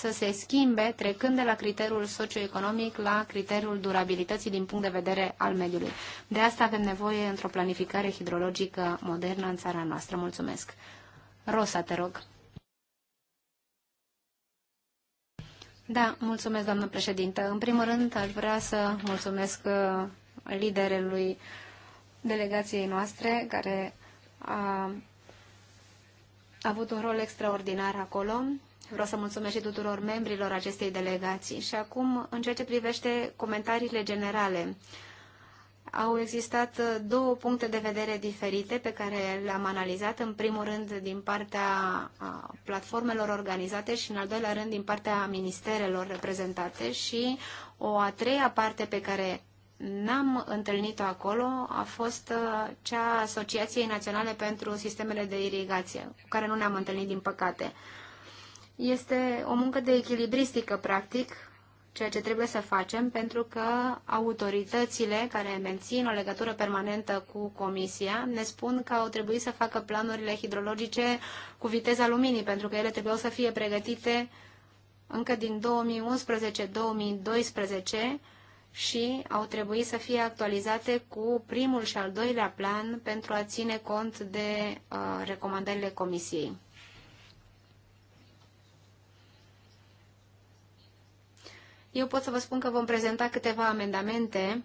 să se schimbe trecând de la criteriul socioeconomic la criteriul durabilității din punct de vedere al mediului. De asta avem nevoie într-o planificare hidrologică modernă în țara noastră. Mulțumesc. Rosa, te rog. Da, mulțumesc, doamnă președintă. În primul rând, aș vrea să mulțumesc uh, liderului delegației noastre, care a avut un rol extraordinar acolo. Vreau să mulțumesc și tuturor membrilor acestei delegații. Și acum, în ceea ce privește comentariile generale, au existat două puncte de vedere diferite pe care le-am analizat, în primul rând din partea platformelor organizate și în al doilea rând din partea ministerelor reprezentate și o a treia parte pe care n-am întâlnit-o acolo a fost uh, cea Asociației Naționale pentru Sistemele de Irigație, cu care nu ne-am întâlnit, din păcate. Este o muncă de echilibristică, practic, ceea ce trebuie să facem, pentru că autoritățile care mențin o legătură permanentă cu Comisia ne spun că au trebuit să facă planurile hidrologice cu viteza luminii, pentru că ele trebuiau să fie pregătite încă din 2011-2012 și au trebuit să fie actualizate cu primul și al doilea plan pentru a ține cont de uh, recomandările Comisiei. Eu pot să vă spun că vom prezenta câteva amendamente,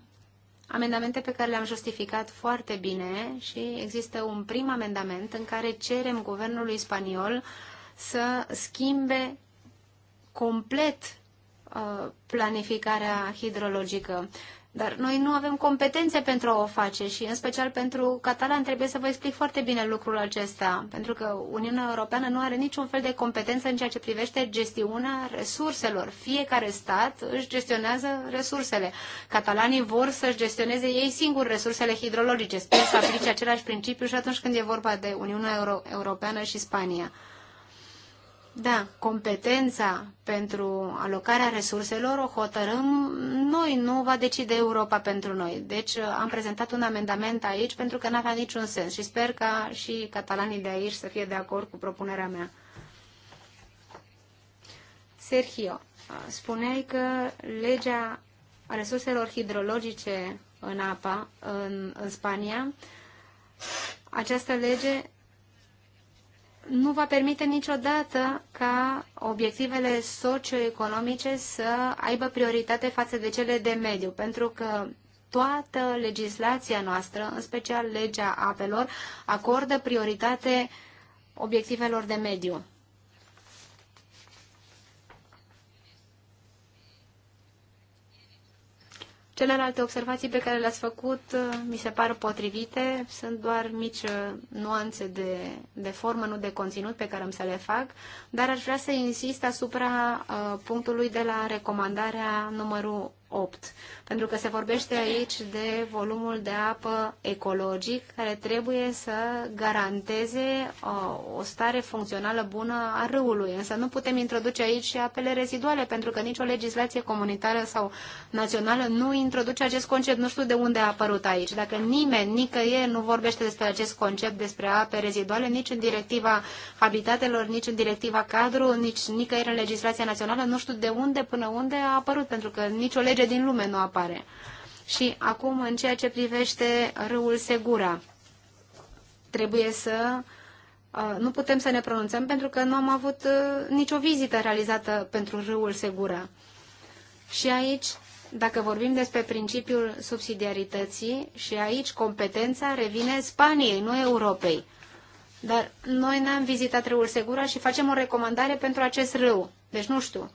amendamente pe care le-am justificat foarte bine și există un prim amendament în care cerem guvernului spaniol să schimbe complet Uh, planificarea hidrologică. Dar noi nu avem competențe pentru a o face și în special pentru catalan trebuie să vă explic foarte bine lucrul acesta, pentru că Uniunea Europeană nu are niciun fel de competență în ceea ce privește gestiunea resurselor. Fiecare stat își gestionează resursele. Catalanii vor să-și gestioneze ei singuri resursele hidrologice. Sper să aplice același principiu și atunci când e vorba de Uniunea Euro- Europeană și Spania. Da, competența pentru alocarea resurselor o hotărâm noi, nu va decide Europa pentru noi. Deci uh, am prezentat un amendament aici pentru că n-avea niciun sens și sper ca și catalanii de aici să fie de acord cu propunerea mea. Sergio, uh, spuneai că legea resurselor hidrologice în apa în, în Spania această lege nu va permite niciodată ca obiectivele socioeconomice să aibă prioritate față de cele de mediu, pentru că toată legislația noastră, în special legea apelor, acordă prioritate obiectivelor de mediu. Celelalte observații pe care le-ați făcut uh, mi se par potrivite, sunt doar mici uh, nuanțe de, de formă, nu de conținut pe care am să le fac, dar aș vrea să insist asupra uh, punctului de la recomandarea numărul 8, pentru că se vorbește aici de volumul de apă ecologic care trebuie să garanteze uh, o stare funcțională bună a râului, însă nu putem introduce aici și apele reziduale, pentru că nicio legislație comunitară sau națională nu introduce acest concept, nu știu de unde a apărut aici. Dacă nimeni, nicăieri nu vorbește despre acest concept, despre ape reziduale, nici în directiva habitatelor, nici în directiva cadru, nici nicăieri în legislația națională, nu știu de unde până unde a apărut, pentru că nicio legislație lege din lume nu apare. Și acum, în ceea ce privește râul Segura, trebuie să uh, nu putem să ne pronunțăm pentru că nu am avut uh, nicio vizită realizată pentru râul Segura. Și aici, dacă vorbim despre principiul subsidiarității, și aici competența revine Spaniei, nu Europei. Dar noi n-am vizitat râul Segura și facem o recomandare pentru acest râu. Deci nu știu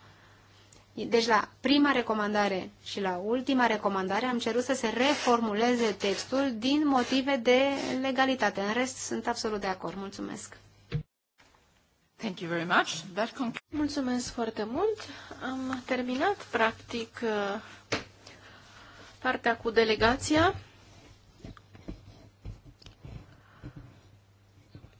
deci la prima recomandare și la ultima recomandare am cerut să se reformuleze textul din motive de legalitate. În rest sunt absolut de acord. Mulțumesc. Thank you very much. That Mulțumesc foarte mult. Am terminat practic uh, partea cu delegația.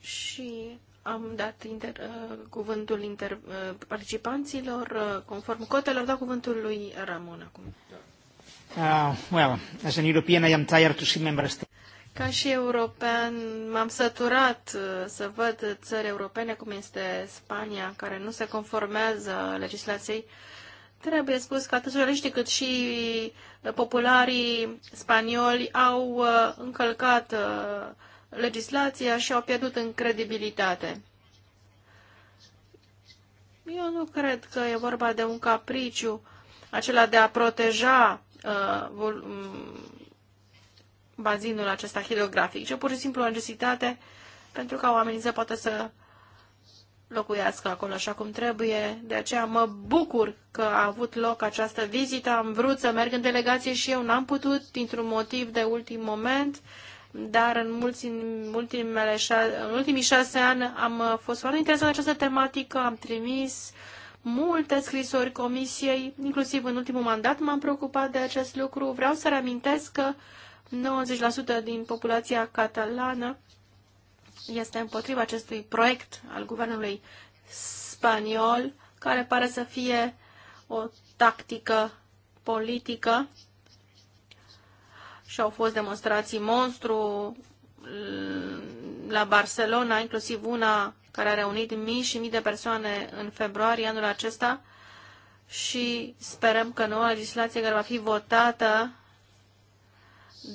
Și am dat inter, uh, cuvântul inter, uh, participanților uh, conform cotelor, dau cuvântul lui Ramon acum. Uh, well, as an European, I am tired to see member states. Ca și european, m-am săturat să văd țări europene, cum este Spania, care nu se conformează legislației. Trebuie spus că atât jurnaliștii cât și popularii spanioli au încălcat uh, legislația și au pierdut în credibilitate. Eu nu cred că e vorba de un capriciu acela de a proteja uh, mm, bazinul acesta hidrografic, ci pur și simplu o necesitate pentru ca oamenii să poată să locuiască acolo așa cum trebuie. De aceea mă bucur că a avut loc această vizită. Am vrut să merg în delegație și eu n-am putut dintr-un motiv de ultim moment. Uh, dar în, mulți, în, ultimele șa- în ultimii șase ani am uh, fost foarte interesat de această tematică, am trimis multe scrisori comisiei, inclusiv în ultimul mandat m-am preocupat de acest lucru. Vreau să reamintesc că 90% din populația catalană este împotriva acestui proiect al guvernului spaniol, care pare să fie o tactică politică și au fost demonstrații monstru la Barcelona, inclusiv una care a reunit mii și mii de persoane în februarie anul acesta și sperăm că noua legislație care va fi votată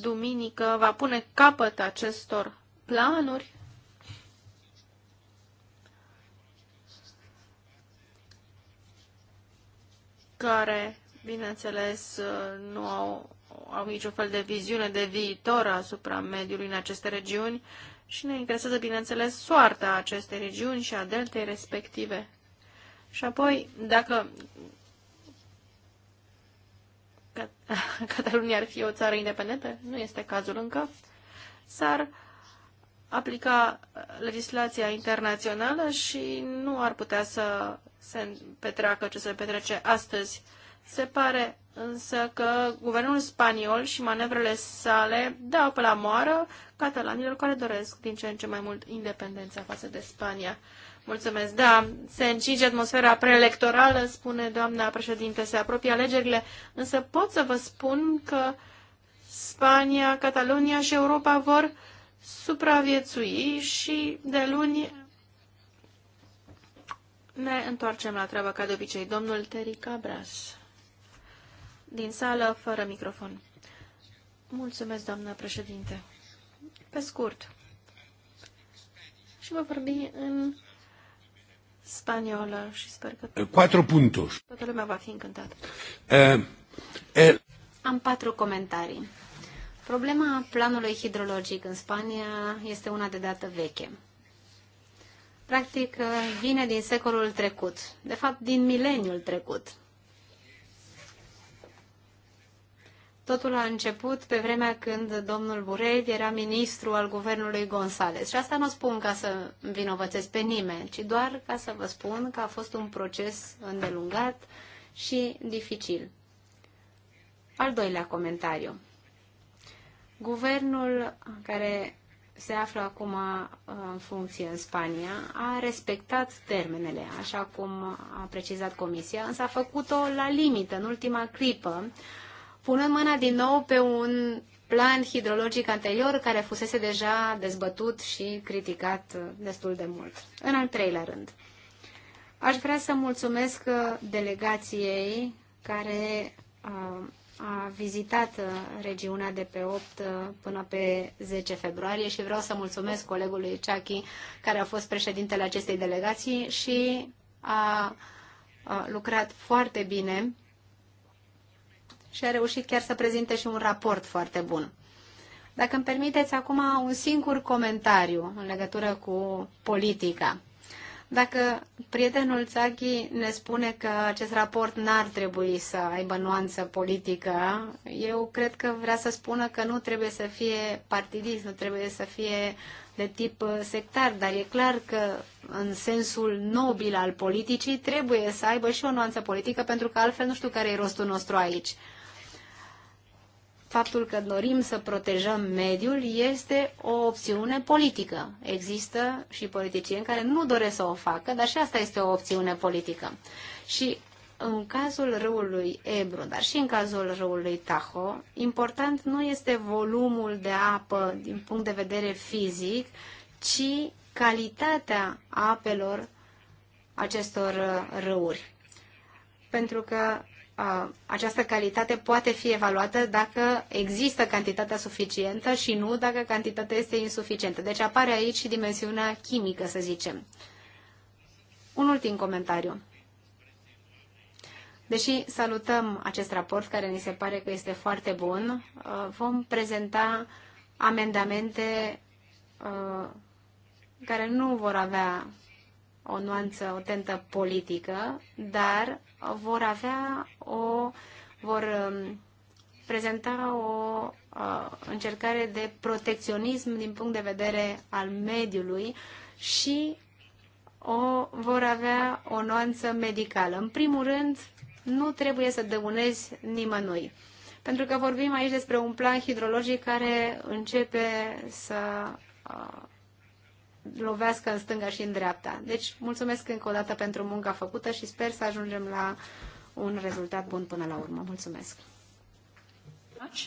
duminică va pune capăt acestor planuri. care, bineînțeles, nu au au niciun fel de viziune de viitor asupra mediului în aceste regiuni și ne interesează, bineînțeles, soarta acestei regiuni și a deltei respective. Și apoi, dacă Catalunia ar fi o țară independentă, nu este cazul încă, s-ar aplica legislația internațională și nu ar putea să se petreacă ce se petrece astăzi se pare însă că guvernul spaniol și manevrele sale dau pe la moară catalanilor care doresc din ce în ce mai mult independența față de Spania. Mulțumesc. Da, se încinge atmosfera preelectorală, spune doamna președinte, se apropie alegerile, însă pot să vă spun că Spania, catalonia și Europa vor supraviețui și de luni ne întoarcem la treaba ca de obicei. Domnul Terry Cabras din sală, fără microfon. Mulțumesc, doamnă președinte. Pe scurt. Și vă vorbi în spaniolă și sper că... Patru eh, puncturi. Toată lumea va fi încântată. Uh, uh. Am patru comentarii. Problema planului hidrologic în Spania este una de dată veche. Practic, vine din secolul trecut, de fapt din mileniul trecut. Totul a început pe vremea când domnul Burel era ministru al guvernului Gonzales. Și asta nu spun ca să vinovățesc pe nimeni, ci doar ca să vă spun că a fost un proces îndelungat și dificil. Al doilea comentariu. Guvernul care se află acum uh, în funcție în Spania a respectat termenele, așa cum a precizat Comisia, însă a făcut-o la limită, în ultima clipă, punând mâna din nou pe un plan hidrologic anterior care fusese deja dezbătut și criticat destul de mult. În al treilea rând, aș vrea să mulțumesc delegației care a vizitat regiunea de pe 8 până pe 10 februarie și vreau să mulțumesc colegului Ceachi, care a fost președintele acestei delegații și a lucrat foarte bine și a reușit chiar să prezinte și un raport foarte bun. Dacă îmi permiteți acum un singur comentariu în legătură cu politica. Dacă prietenul Țachi ne spune că acest raport n-ar trebui să aibă nuanță politică, eu cred că vrea să spună că nu trebuie să fie partidist, nu trebuie să fie de tip sectar, dar e clar că în sensul nobil al politicii trebuie să aibă și o nuanță politică, pentru că altfel nu știu care e rostul nostru aici faptul că dorim să protejăm mediul este o opțiune politică. Există și politicieni care nu doresc să o facă, dar și asta este o opțiune politică. Și în cazul râului Ebru, dar și în cazul râului Taho, important nu este volumul de apă din punct de vedere fizic, ci calitatea apelor acestor râuri. Pentru că această calitate poate fi evaluată dacă există cantitatea suficientă și nu dacă cantitatea este insuficientă. Deci apare aici și dimensiunea chimică, să zicem. Un ultim comentariu. Deși salutăm acest raport, care ni se pare că este foarte bun, uh, vom prezenta amendamente uh, care nu vor avea o nuanță, o tentă politică, dar vor avea o vor um, prezenta o uh, încercare de protecționism din punct de vedere al mediului și o vor avea o nuanță medicală. În primul rând, nu trebuie să dăunezi nimănui. Pentru că vorbim aici despre un plan hidrologic care începe să uh, lovească în stânga și în dreapta. Deci, mulțumesc încă o dată pentru munca făcută și sper să ajungem la un rezultat bun până la urmă. Mulțumesc!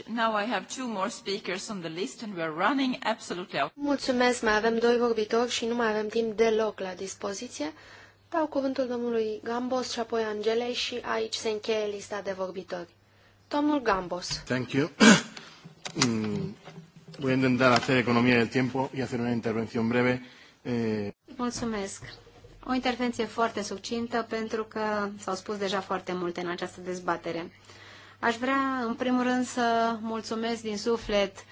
Now I have two more speakers on the list and we're running absolutely out. Mulțumesc, mai avem doi vorbitori și nu mai avem timp deloc la dispoziție. Dau cuvântul domnului Gambos și apoi Angelei și aici se încheie lista de vorbitori. Domnul Gambos. Thank you. Mm, Voy a intentar hacer economía del tiempo y hacer una intervención breve. Eh... Mulțumesc. O intervenție foarte succintă pentru că s-au spus deja foarte multe în această dezbatere. Aș vrea, în primul rând, să mulțumesc din suflet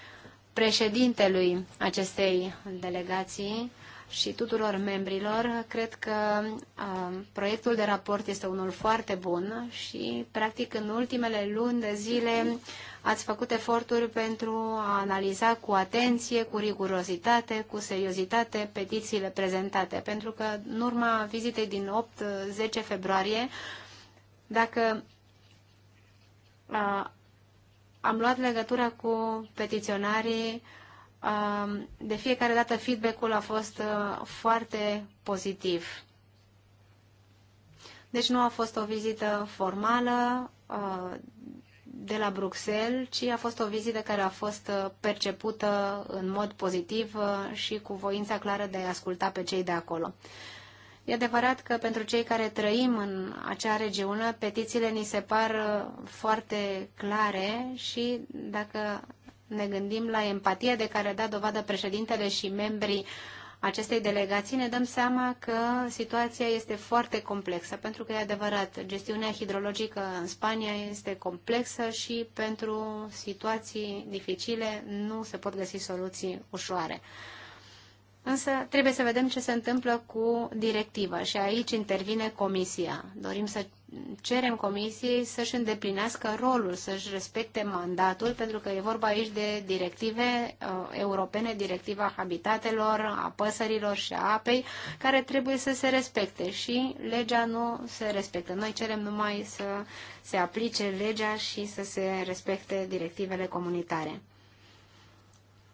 președintelui acestei delegații, și tuturor membrilor. Cred că uh, proiectul de raport este unul foarte bun și, practic, în ultimele luni de zile ați făcut eforturi pentru a analiza cu atenție, cu rigurozitate, cu seriozitate petițiile prezentate, pentru că în urma vizitei din 8-10 februarie, dacă uh, am luat legătura cu petiționarii, Um, de fiecare dată feedback-ul a fost uh, foarte pozitiv. Deci nu a fost o vizită formală uh, de la Bruxelles, ci a fost o vizită care a fost uh, percepută în mod pozitiv și cu voința clară de a asculta pe cei de acolo. E adevărat că pentru cei care trăim în acea regiune, petițiile ni se par foarte clare și dacă ne gândim la empatie de care a dat dovadă președintele și membrii acestei delegații, ne dăm seama că situația este foarte complexă, pentru că e adevărat, gestiunea hidrologică în Spania este complexă și pentru situații dificile nu se pot găsi soluții ușoare. Însă trebuie să vedem ce se întâmplă cu directiva și aici intervine comisia. Dorim să cerem comisiei să-și îndeplinească rolul, să-și respecte mandatul, pentru că e vorba aici de directive uh, europene, directiva habitatelor, a păsărilor și a apei, care trebuie să se respecte și legea nu se respectă. Noi cerem numai să se aplice legea și să se respecte directivele comunitare.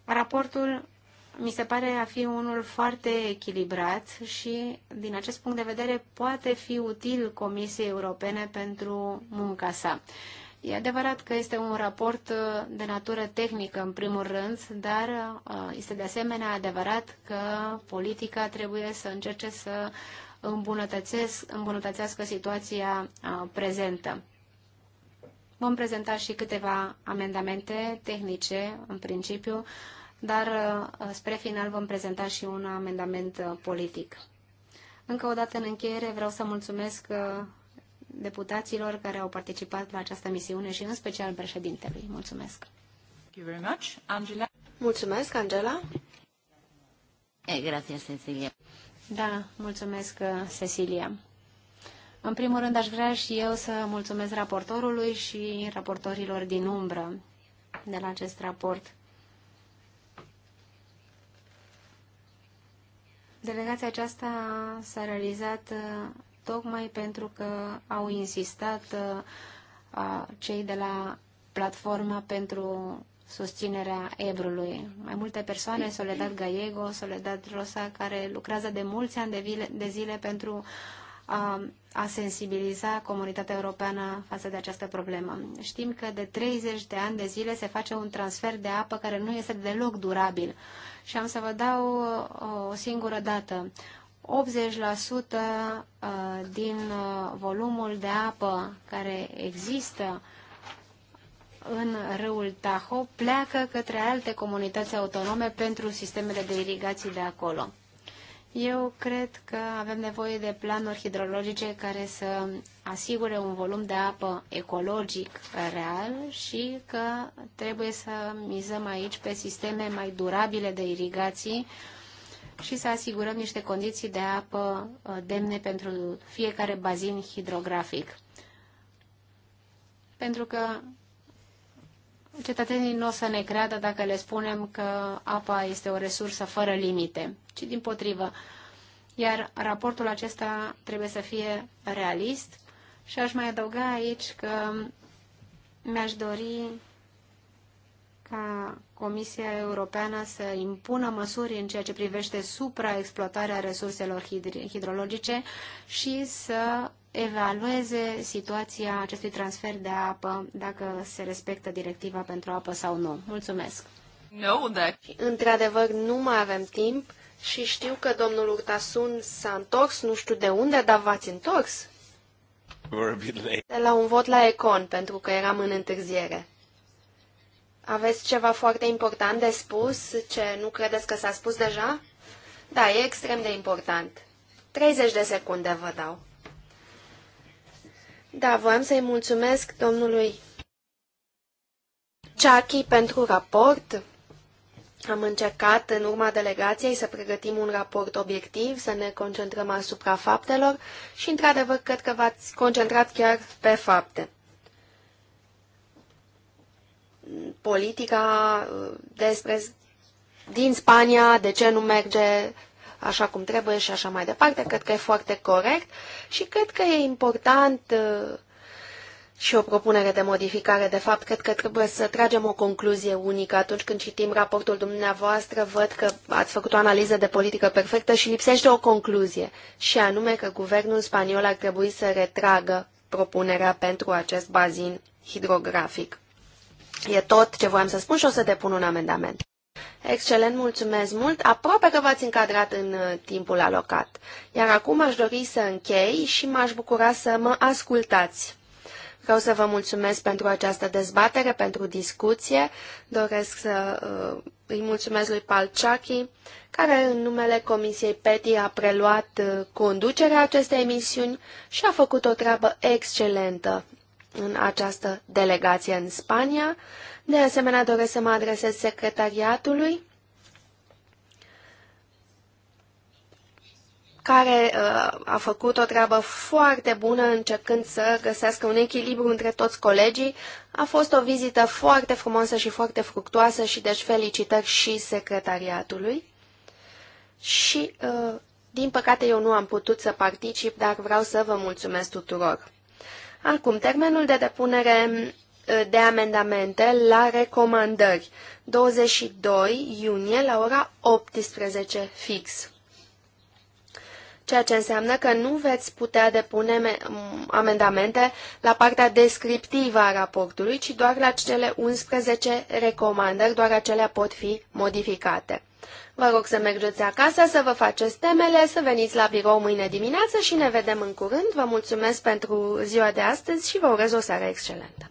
Raportul mi se pare a fi unul foarte echilibrat și, din acest punct de vedere, poate fi util Comisiei Europene pentru munca sa. E adevărat că este un raport uh, de natură tehnică, în primul rând, dar uh, este de asemenea adevărat că politica trebuie să încerce să îmbunătățească situația uh, prezentă. Vom prezenta și câteva amendamente tehnice, în principiu, dar uh, spre final vom prezenta și un amendament uh, politic. Încă o dată, în încheiere, vreau să mulțumesc uh, deputaților care au participat la această misiune și în special președintelui. Mulțumesc! Thank you very much. Angela. Mulțumesc, Angela! E, eh, grazie, Cecilia! Da, mulțumesc, Cecilia! În primul rând, aș vrea și eu să mulțumesc raportorului și raportorilor din umbră de la acest raport. Delegația aceasta s-a realizat uh, tocmai pentru că au insistat uh, cei de la platforma pentru susținerea Ebrului. Mai multe persoane, Soledad Gallego, Soledad Rosa, care lucrează de mulți ani de, zile pentru a, a sensibiliza comunitatea europeană față de această problemă. Știm că de 30 de ani de zile se face un transfer de apă care nu este deloc durabil și am să vă dau uh, o singură dată. 80% uh, din uh, volumul de apă care există în râul Tahoe pleacă către alte comunități autonome pentru sistemele de irigații de acolo. Eu cred că avem nevoie de planuri hidrologice care să asigure un volum de apă ecologic real și că trebuie să mizăm aici pe sisteme mai durabile de irigații și să asigurăm niște condiții de apă uh, demne pentru fiecare bazin hidrografic. Pentru că cetățenii nu o să ne creadă dacă le spunem că apa este o resursă fără limite, ci din potrivă. Iar raportul acesta trebuie să fie realist și aș mai adăuga aici că mi-aș dori ca Comisia Europeană să impună măsuri în ceea ce privește supraexploatarea resurselor hidrologice și să evalueze situația acestui transfer de apă, dacă se respectă directiva pentru apă sau nu. Mulțumesc! No, that... Într-adevăr, nu mai avem timp și știu că domnul Urtasun s-a întors, nu știu de unde, dar v-ați întors. De la un vot la Econ, pentru că eram în întârziere. Aveți ceva foarte important de spus, ce nu credeți că s-a spus deja? Da, e extrem de important. 30 de secunde vă dau. Da, voiam să-i mulțumesc domnului Ceachi pentru raport. Am încercat în urma delegației să pregătim un raport obiectiv, să ne concentrăm asupra faptelor și, într-adevăr, cred că v-ați concentrat chiar pe fapte. Politica uh, despre din Spania, de ce nu merge așa cum trebuie și așa mai departe. Cred că e foarte corect și cred că e important uh, și o propunere de modificare. De fapt, cred că trebuie să tragem o concluzie unică. Atunci când citim raportul dumneavoastră, văd că ați făcut o analiză de politică perfectă și lipsește o concluzie, și anume că guvernul spaniol ar trebui să retragă propunerea pentru acest bazin hidrografic. E tot ce voiam să spun și o să depun un amendament. Excelent, mulțumesc mult. Aproape că v-ați încadrat în uh, timpul alocat. Iar acum aș dori să închei și m-aș bucura să mă ascultați. Vreau să vă mulțumesc pentru această dezbatere, pentru discuție. Doresc să uh, îi mulțumesc lui Palciachi, care în numele Comisiei PETI a preluat uh, conducerea acestei emisiuni și a făcut o treabă excelentă în această delegație în Spania. De asemenea, doresc să mă adresez secretariatului, care uh, a făcut o treabă foarte bună încercând să găsească un echilibru între toți colegii. A fost o vizită foarte frumoasă și foarte fructoasă și deci felicitări și secretariatului. Și, uh, din păcate, eu nu am putut să particip, dar vreau să vă mulțumesc tuturor. Acum, termenul de depunere Uh, de amendamente la recomandări. 22 iunie la ora 18 fix. Ceea ce înseamnă că nu veți putea depune amendamente la partea descriptivă a raportului, ci doar la cele 11 recomandări, doar acelea pot fi modificate. Vă rog să mergeți acasă, să vă faceți temele, să veniți la birou mâine dimineață și ne vedem în curând. Vă mulțumesc pentru ziua de astăzi și vă urez o seară excelentă.